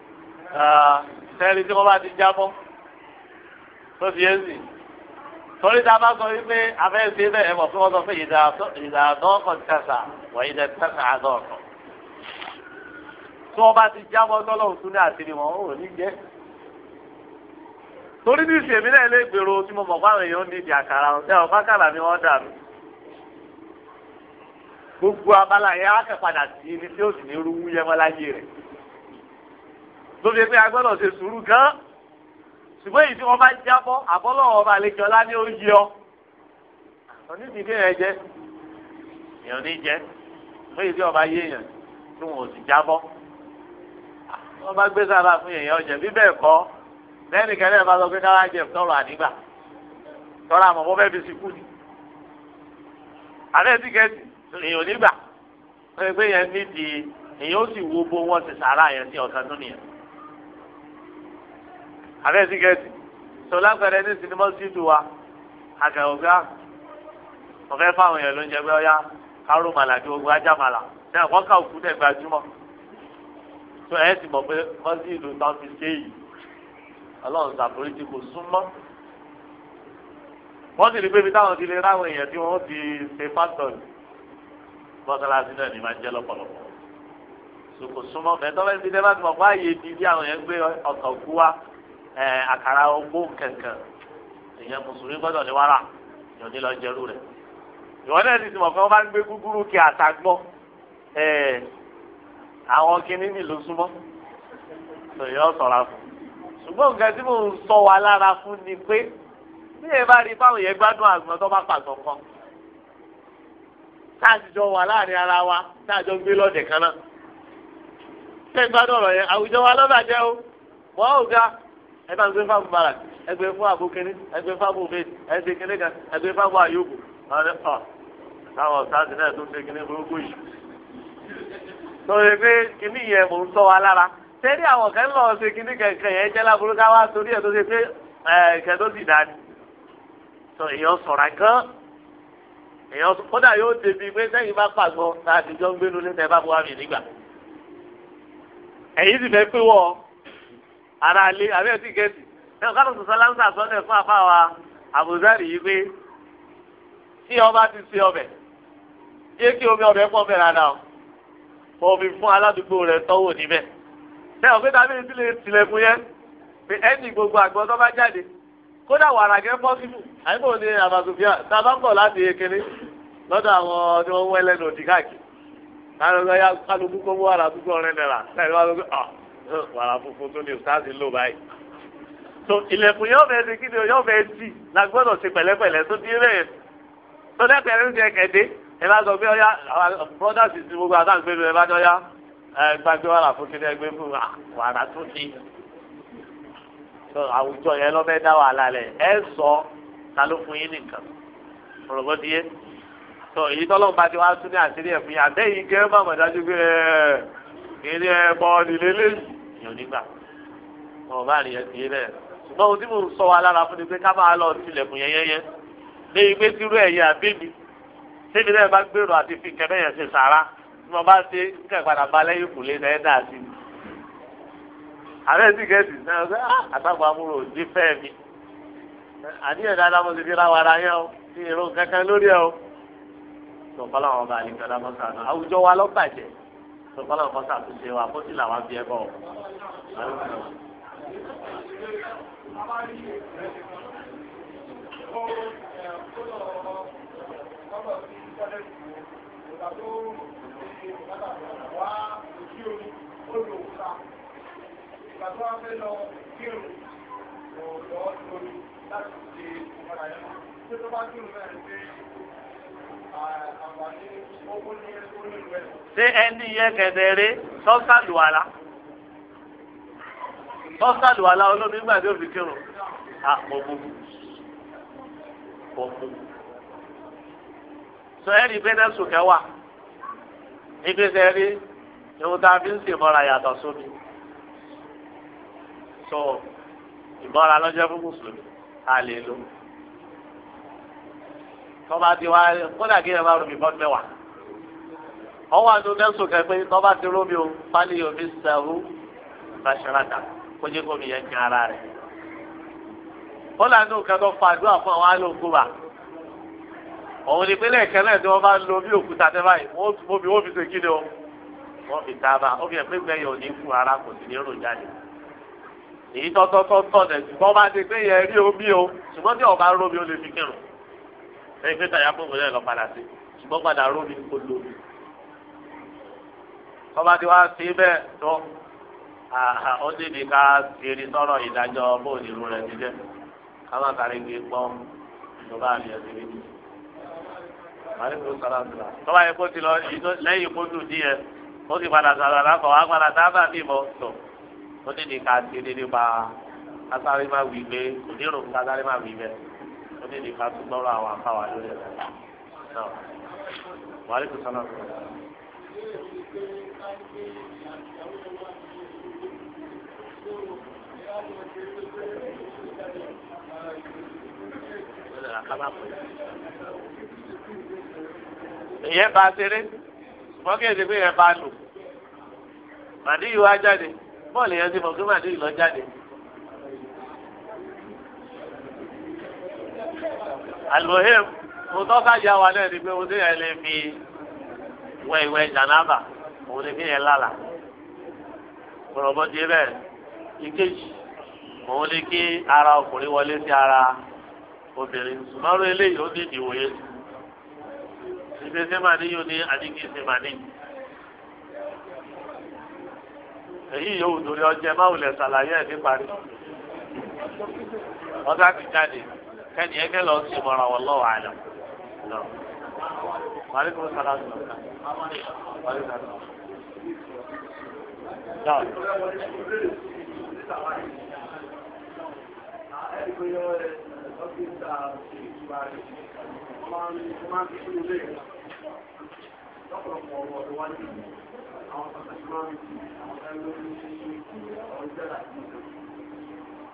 sẹ́ẹ̀rì tí wọ́n bá ti jábọ́ tó fi é sì torí tá bá sọ wípé afẹ́sẹ̀ bẹ́ẹ̀ mọ̀ fún wọn sọ pé ìdàdọ́kọ̀ tẹ̀sà wọ̀ ìdẹ tẹ̀sà àdọ́kọ̀ tí wọ́n bá ti jábọ́ tọ́lọ́hùn tún ní àtìrí wọn ò ní jẹ́ torí ní ìsèmí náà lè gbèrò tí mo mọ̀ fáwọn èèyàn ní ìdí àkàrà ọ̀sẹ̀ ọ̀fà kàrà ni wọ́n dà gbogbo abala yẹn á padà sí ibi tí ó sì ní rú wúyẹ́mọ́láyé rẹ̀ ló fi pé a gbọ́dọ̀ ṣe sùúrù gan ṣùgbọ́n èyí tí wọ́n bá jábọ́ àbọ́lọ́wọ́ ọba àlejò ọlá ní oúnjẹ ọ onídìí kéèyàn jẹ èèyàn ní jẹ fún èyí tí ọba yé èèyàn tí wọn ò sì jábọ́ wọ́n bá gbé sára fún èèyàn ọjà bí bẹ́ẹ̀ kọ́ lẹ́nu kẹlẹ́ bá sọ pé káwá jẹ tọrọ àdígbà tọrọ àmọ́ bọ́ bẹ́ẹ̀ fi sìnkú ni àlẹ́ tíkẹ́ẹ̀tì èèyàn nígbà wọ́n pé yẹn ní èèyàn ó sì wo bó wọ́n ti sàrà yẹn sí ọ̀sán tó nìyẹn abẹ́ tíkẹ́ẹ̀tì sọlá pẹ̀lẹ́ ní sinimá síìtù wa àgàwọ̀ gbá ọ̀fẹ́ fáwọn èèyàn ló ń jẹ pé ọyá kárò màlà ju ogun ajá màlà náà wọ́n kà òkú dẹ̀ gbajúmọ̀ tó ẹ̀ sì mọ̀ pé mọ́síìlù tán fi ṣe yìí ọlọ́run ṣàforíjì kò súnmọ́ wọ́n sì rí pé ibi táwọn ti lè ráwọn èèyàn tí wọ́n ti ṣe fásitọ̀lì mọ́sálásí náà ni máa ń jẹ́ lọ́pọ̀lọpọ̀ sòkò súnmọ́ mẹ́tọ́ bẹ́ẹ̀ ti dẹ́ bá ti mọ̀ pé àyè ibi tí àwọn èèyàn gbé ọkọ̀ kú wa àkàrà ogbó kankan èèyàn mùsùlùmí gbọ́dọ̀ ní wàrà yóò ní lọ jẹrú rẹ̀ ìwọ náà ti mọ̀ pé wọ́n bá ń gbé gúgúrú kí àtàgbọ́ àwọn kinní nílùú súnmọ́ èèyàn sọ̀ra fún ṣùgbọ́n nǹkan tí mò ń sọ wa lára fún ni pé bí ẹ bá rí báwọn yẹn gbádùn àgbọn tó bá pàtó kan táàjọ wà láàrin ara wa táàjọ gbé lọ́dẹ̀ kan náà ṣé gbádùn ọ̀rọ̀ yẹn àwùjọ wa lọ́bàjẹ́ o mọ́ ọ̀gá ẹ bá ń gbé fáwọn barak ẹ gbé fún àbú kínní ẹ gbé fáwọn obed ẹ gbé kínní kan ẹ gbé fáwọn àyòkù ọ̀rẹ́ ọ̀ táwọn ọ̀sáàtì náà tó ń ṣe kínní burúkú yìí. sọ̀rọ̀ pé kínní yẹn mò ń sọ wa lára tẹ́lẹ̀ àwọn kan lọ ṣe kínní kankan yẹn jẹ́ láburú ká wá torí ẹ̀ tó ṣe pé ẹ̀ẹ́kẹ́ tó sì dání. sọ èèyàn sọ̀rọ̀ kan èèyàn kódà yóò débi pé ara ilé àbí ẹtí gẹ̀ẹ́sì náà kálọ̀ sọ̀sọ́ lámsà sọ́dẹ̀ fún apá wa àbùzárì yìí pé tí ọba ti ṣe ọbẹ̀ jẹ́ kí omi ọbẹ̀ pọ̀ bẹ̀rẹ̀ àdá o kọ omi fún aládùúgbò rẹ̀ tọ́wọ́ níbẹ̀ bẹ́ẹ̀ ọ̀gbẹ́ tàbí ti lè tilẹ̀kùn yẹn pé ẹnì gbogbo àgbọn tó bá jáde kódà wàrà gẹ́ pọ́sibù àyíkò ní àbàtúfíà tá a bá ń bọ̀ láti ekele lọ́dọ̀ àwọn tí wọ́n wẹ́lẹ́ òdì káàkiri kálukú kó wàrà dúgbò rẹ̀ nẹ̀rà wàrà funfun tó ní ìsáàsì lò báyìí so ilẹ̀kùn yóò fẹ́ di kíni yóò fẹ́ di la gbọ́dọ̀ ṣe pẹ̀lẹ́pẹ̀lẹ́ tó dín rẹ̀ tó dẹ́pẹ̀rẹ́ ń jẹ kẹ̀dé ẹ bá sọ pé ọyá brothers ti gbogbo àtàgbé lu ẹ bá dọ́yà ẹ gbàgbé wàrà fún kíni ẹgbẹ́ fún wàrà tó ní àwùjọ yẹn lọ́fẹ́ dá wàhálà lẹ̀ ẹ sọ ta ló fún yín nìkan ọ̀rọ̀gbọ́n ti yé tọ èyí tọ́lọ́mù bá ti wá tún ẹ̀ fún yín ni èèyàn nígbà wọn bá rìn yẹn kì í bẹ́ẹ̀ ṣùgbọ́n ohun tí mò ń sọ wa lára fún ni pé ká máa lọ tilẹ̀kùn yẹn yẹn yẹn lé igbe tírú ẹ̀yẹ àbí mi tèmi náà bá gbèrò àti fi kẹ́ bẹ́yẹn ṣe sàrà tí mo bá ṣe kẹ́ padà bá lẹ́yìn kù lé náà dà sí i. àbẹ́ sì kẹ́sì náà ṣe àtàkùn amúrò òdì fẹ́ mi àníyàn dáadáa mo ti fi ra wàrà yẹn o ti èrò kankan lórí ẹ o. sọ̀kọ́lá wọn bá àlejò sọkọlọ kọ sàtúnṣe wa kó sì làwọn bí ẹ bọ. Thank you ṣé ẹni yẹ kẹdẹrẹ sọsàlùwàlà sọsàlùwàlà olómi nígbà tí ó fi kírun àpòmù pòmù sọ ẹni gbẹdẹ sùkẹ wà ìgbésẹ̀ rí ìhun tá a fi ń sè mọ́ra yàtọ̀ sómi sọ ìmọ̀ra lọ́jọ́ fún mùsùlùmí a lè lò tọ́ba ti wá kódà kí ẹ bá rúbi fọ́n mẹ́wàá. ọwọ́ àti mẹ́sùn kẹfẹ́ tọ́ba ti rúbi o pálí omi sẹ́hu bàṣẹ́ràtà kó jẹ́ kó mi yẹ kí ara rẹ̀. kódà ní òkè tó fa àdúrà fún àwọn alókùbà. òun ni pínlẹ̀ kẹlẹ́ tí wọ́n bá lo bí òkúta tẹ́ báyìí wọ́n fi wọ́n fi ṣe kíni o wọ́n fi ta bá ó fi hàn pé gbẹ̀yìn òní fún ara kò sì ní rò jáde èyí tọ́tọ́tọ́ tọ̀ nẹ̀ o ṣùgbọ́n tí ọba rómi ó ẹni pé tàyà bò wọlé lọ padà sí ṣùgbọ́n padà rú mi kó lò mí. kọ́ba tí wàá sí bẹ́ẹ̀ tó ó sì ní ká kiri sọ̀rọ̀ ìdájọ́ bóòlù irú rẹ̀ ti jẹ́ ká má kárí gbé pọ́n tó bá mi ẹ̀sìn mi. tọ́ba yẹ kó ti lọ lẹ́yìn kó dùn díẹ̀ ó sì padà sọ̀rọ̀ lákọ̀ wá padà sábà bí mo sọ ó sì ká kiri nípa kásáré má wí pé kò ní rò má wí bẹ́ẹ̀ ó ní ìdíkà tó gbọ́rọ̀ àwọn akáwà lórí ẹ̀ náà wàhálà tó sọ́nà tó. ìyẹn bá ṣeré ṣùgbọ́n kí ẹ̀sìn pé ìyẹn bá lò màdí yìí wá jáde bọ́ọ̀lù yẹn ti mọ̀ kí màdí lọ jáde. alùhìm mo tọ́ ká yà wà náà ni pé mo ti yẹn lè fi wẹ ìwẹ̀ òun ni fi yẹn lálà pọ̀rọ̀bọ̀dé bẹ́ẹ̀ ìkejì òun ni kí ara ọkùnrin wọlé sí ara obìnrin sùmọ́rọ́ eléyìí ó ní ìwòye ìgbésẹ̀ màní yóò ní àdínkìsẹ̀ màní. èyí yóò dòrí ọjẹ́ máwùlẹ̀ sàlàyé ẹ̀ kẹ́ni ẹgbẹ́ lọ sí ìmọ̀ràn wọn lọ́wọ́ àlọ́ lọ. maaleykum salaam lọ. lọ́pọ̀lọpọ̀ ọ̀rọ̀ ọ̀rọ̀ wáyé àwọn pàtàkì máa ń fi àwọn ẹgbẹ́ lórí ọjọ́ àti ìgbà.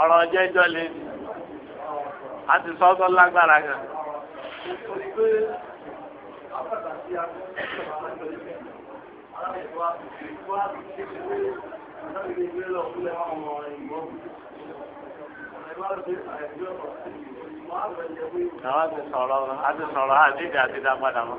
ọ̀rọ̀ jẹ́jọ́ lé ní a ti sọ sọ lágbára gan. Àwọn ti sọ̀rọ̀ àti sọ̀rọ̀ àti ìdí àti ìdá padà mọ́.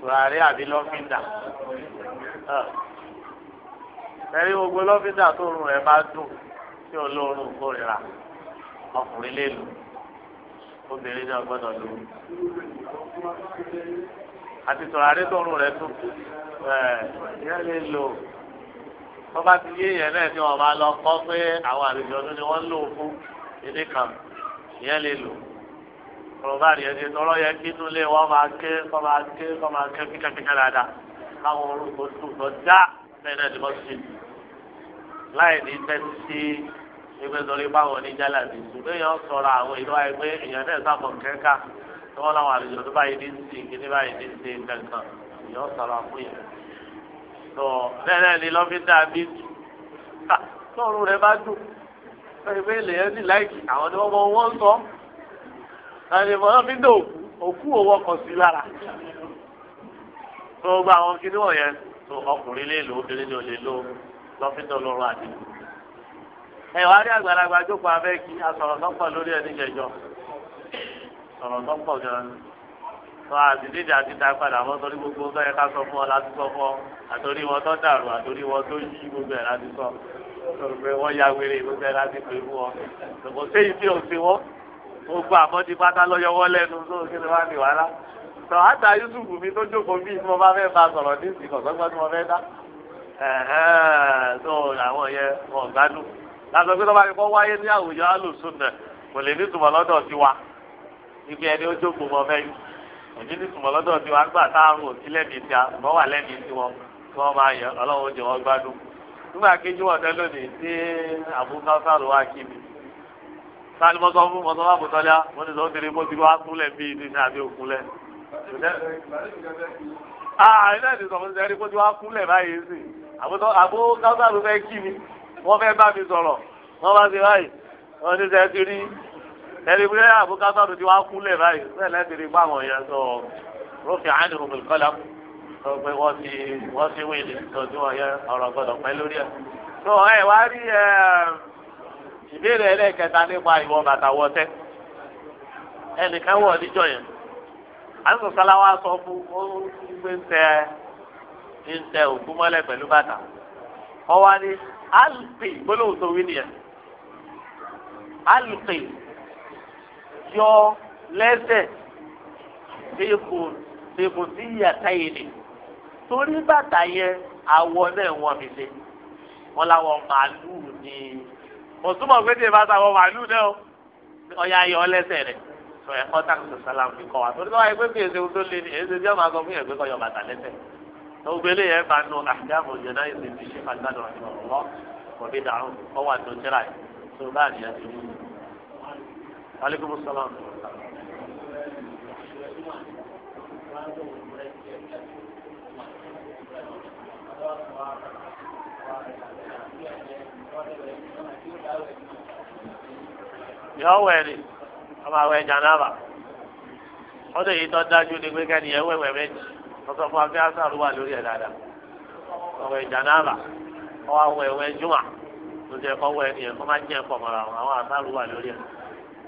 tùràrí àbí lọ́fíńdà ẹ̀rí gbogbo lọ́fíńdà tó rùn rẹ̀ bá dùn tí olóorun kórìíra ọkùnrin lè lù obìnrin náà gbọ́dọ̀ lù ú àti tùràrí tó rùn rẹ̀ tó ẹ̀ lè lò wọ́n bá ti yé yẹn náà tí wọ́n máa lọ kọ́ pé àwọn àlejò ọdún ni wọ́n lò fún ilé kan ìyẹn lè lò ó kọlọba rẹ ti tọrọ yẹ kí inú ilé wa máa ké kọ máa ké kọ máa ké kíkàkíkà dáadáa káwọn orúkọ tó lọ dá bẹ́ẹ̀ náà ni wọn sì láì ní tẹsí sí ẹgbẹ́ sọrí báwọn oníjàlá ti sùn lóyún sọ̀rọ̀ àwọn ìlú àìpé èèyàn náà sábọ kẹka tí wọn làwọn àlejò tó báyìí ní sí kíní báyìí ní sí kankan èèyàn sọ̀rọ̀ àpò yẹn tó bẹ́ẹ̀ náà ni lọfíńdà bí tọrù rẹ bá dùn ẹgbẹ́ ilẹ̀ yẹn sì láìkì àlèmọ́ fi dé òkú òkú òwò ọkọ̀ sí lára tó gba àwọn kí ni wọ́n yẹn tó ọkùnrin lè lò obìnrin lè lè lò lọ́fíńdọ̀ lọ́rọ̀ àdìgbò. ẹ wàá rí àgbàlagbà jókòó abẹ́ kí asọ̀rọ̀ sọ́pọ̀ lórí ẹni jẹjọ sọ̀rọ̀ sọ́pọ̀ gan-an sọ àtìdídì àtìdá padà mọ́ torí gbogbo bẹ́ẹ̀ ká sọ fún ọ láti sọ fún ọ àtòrí wọn tó dàrú àtòrí wọn tó yí gbogbo ẹ̀ láti sọ sọ̀rọ̀ pé wọ́n gbogbo ẹ̀ láti pè fún ọ kò séyìí tí ò wọn. ogun àmọ́dé pátá lọ́yọ́wọ́ lẹ́nu tó kí ni wá ní wàhálà tọ́ àtà Yusuf mi tó jókòó bí mo bá fẹ́ bá sọ̀rọ̀ ní ìsìn kọ̀sọ́gbọ́n tí mo fẹ́ dá tó àwọn yẹn gbádùn láti ọgbẹ́ tó bá yẹ kó wáyé ní àwùjọ alùsùn kò lè ní tùmọ̀ lọ́dọ̀ sí wa ibi ẹni ó mọ fẹ́ òjì ní tùmọ̀ lọ́dọ̀ sí wa gbà táàrùn òsì sáàlì mọ́tò fún mọ́tò wà fún tọ́lá wọ́n ti sọ tẹ̀lé mọ́ ti wá kúnlẹ̀ bíi ní sàbí òkúnlẹ̀. àà iná ti sọ fún sẹ́rí kó ti wá kúnlẹ̀ báyìí sí àbótọ́ àbó káńtà ló fẹ́ kí mi wọ́n fẹ́ bá mi sọ̀rọ̀ wọ́n bá ti báyìí wọ́n ti sẹ́ ti rí ẹni pé àbó káńtà ló ti wá kúnlẹ̀ báyìí bẹ́ẹ̀ lẹ́sìn ní ti wọ́n ti ìbéèrè ẹlẹ́ẹ̀kẹta nípa ìwọ bàtà wọtẹ́ ẹnìkan wọ̀ níjọ yẹn àtúntò sáláwá sọ fún ó gbé ń tẹ ń tẹ pẹ̀lú bàtà ni alùpè gbólóhùn tó wí nìyẹn alùpè yọ sí yàtá torí bàtà yẹn awọ náà fi ṣe kò túmọ̀ pé tí ìbá ta wọ màálù náà ọ̀yà ayọ̀ lẹ́sẹ̀ rẹ̀ sọ ẹ̀kọ́ táàkì sàlám fi kọ́ wa torí wọ́n yẹ pé bí èsè tó lé ní èsè tí wọ́n máa sọ fún yẹn pé kọ́ yọ bàtà lẹ́sẹ̀ gbogbo eléyẹ bá nu àdáàbò jẹ̀dá ìsìn fi ṣe fàgbàdo ọ̀rọ̀ kọ̀bí dàrú ọ wà tó jẹ́ra ẹ̀ tó bá àdìyà ti wú. aleykum Thank you. yọ wẹ̀ ni ọmọ àwẹ̀ jàǹdàbà ọdún yìí tó dájú ni pé kẹ́ni yẹn wẹ̀wẹ̀ méjì ọsọ fún afẹ́ àṣàrò wà lórí ẹ̀ dáadáa ọwẹ̀ jàǹdàbà ọwọ́ àwẹ̀ ẹ̀wẹ̀ jùmọ̀ tó jẹ́ kọ́ wẹ̀ ni wà lórí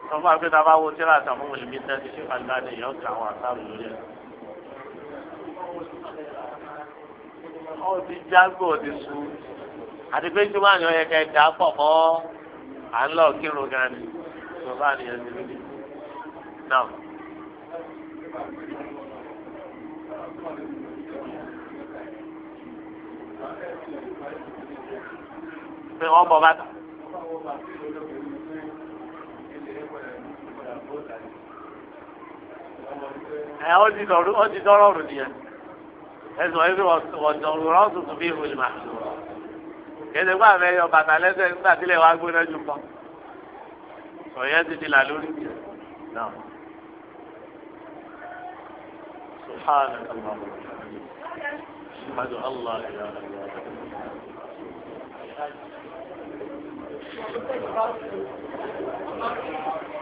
sọ fún wo tíra àtàwọn lórí àti pé jùmọ̀ àná yẹ kẹ́ dà pọ̀ mọ́ à ń lọ kírun gan ni tó bá nìyẹn ti rí náà. pé wọ́n bọ̀ bàtà. ẹ ọ ti dọ̀rọ̀ ọ ti dọ̀rọ̀ ọ̀rọ̀ nìyẹn ẹ sọ ẹ bí wọ́n tuntun bí ìwé ìmọ̀ àti ìwọ̀ kéde fún àmì ẹyọ bàtà lẹ́sẹ̀ nígbà tí ilẹ̀ wa gbóná jù pọ̀ ọ̀yẹ́ ti di là lórí náà. سبحانك اللهم وبحمدك اشهد لا اله الا انت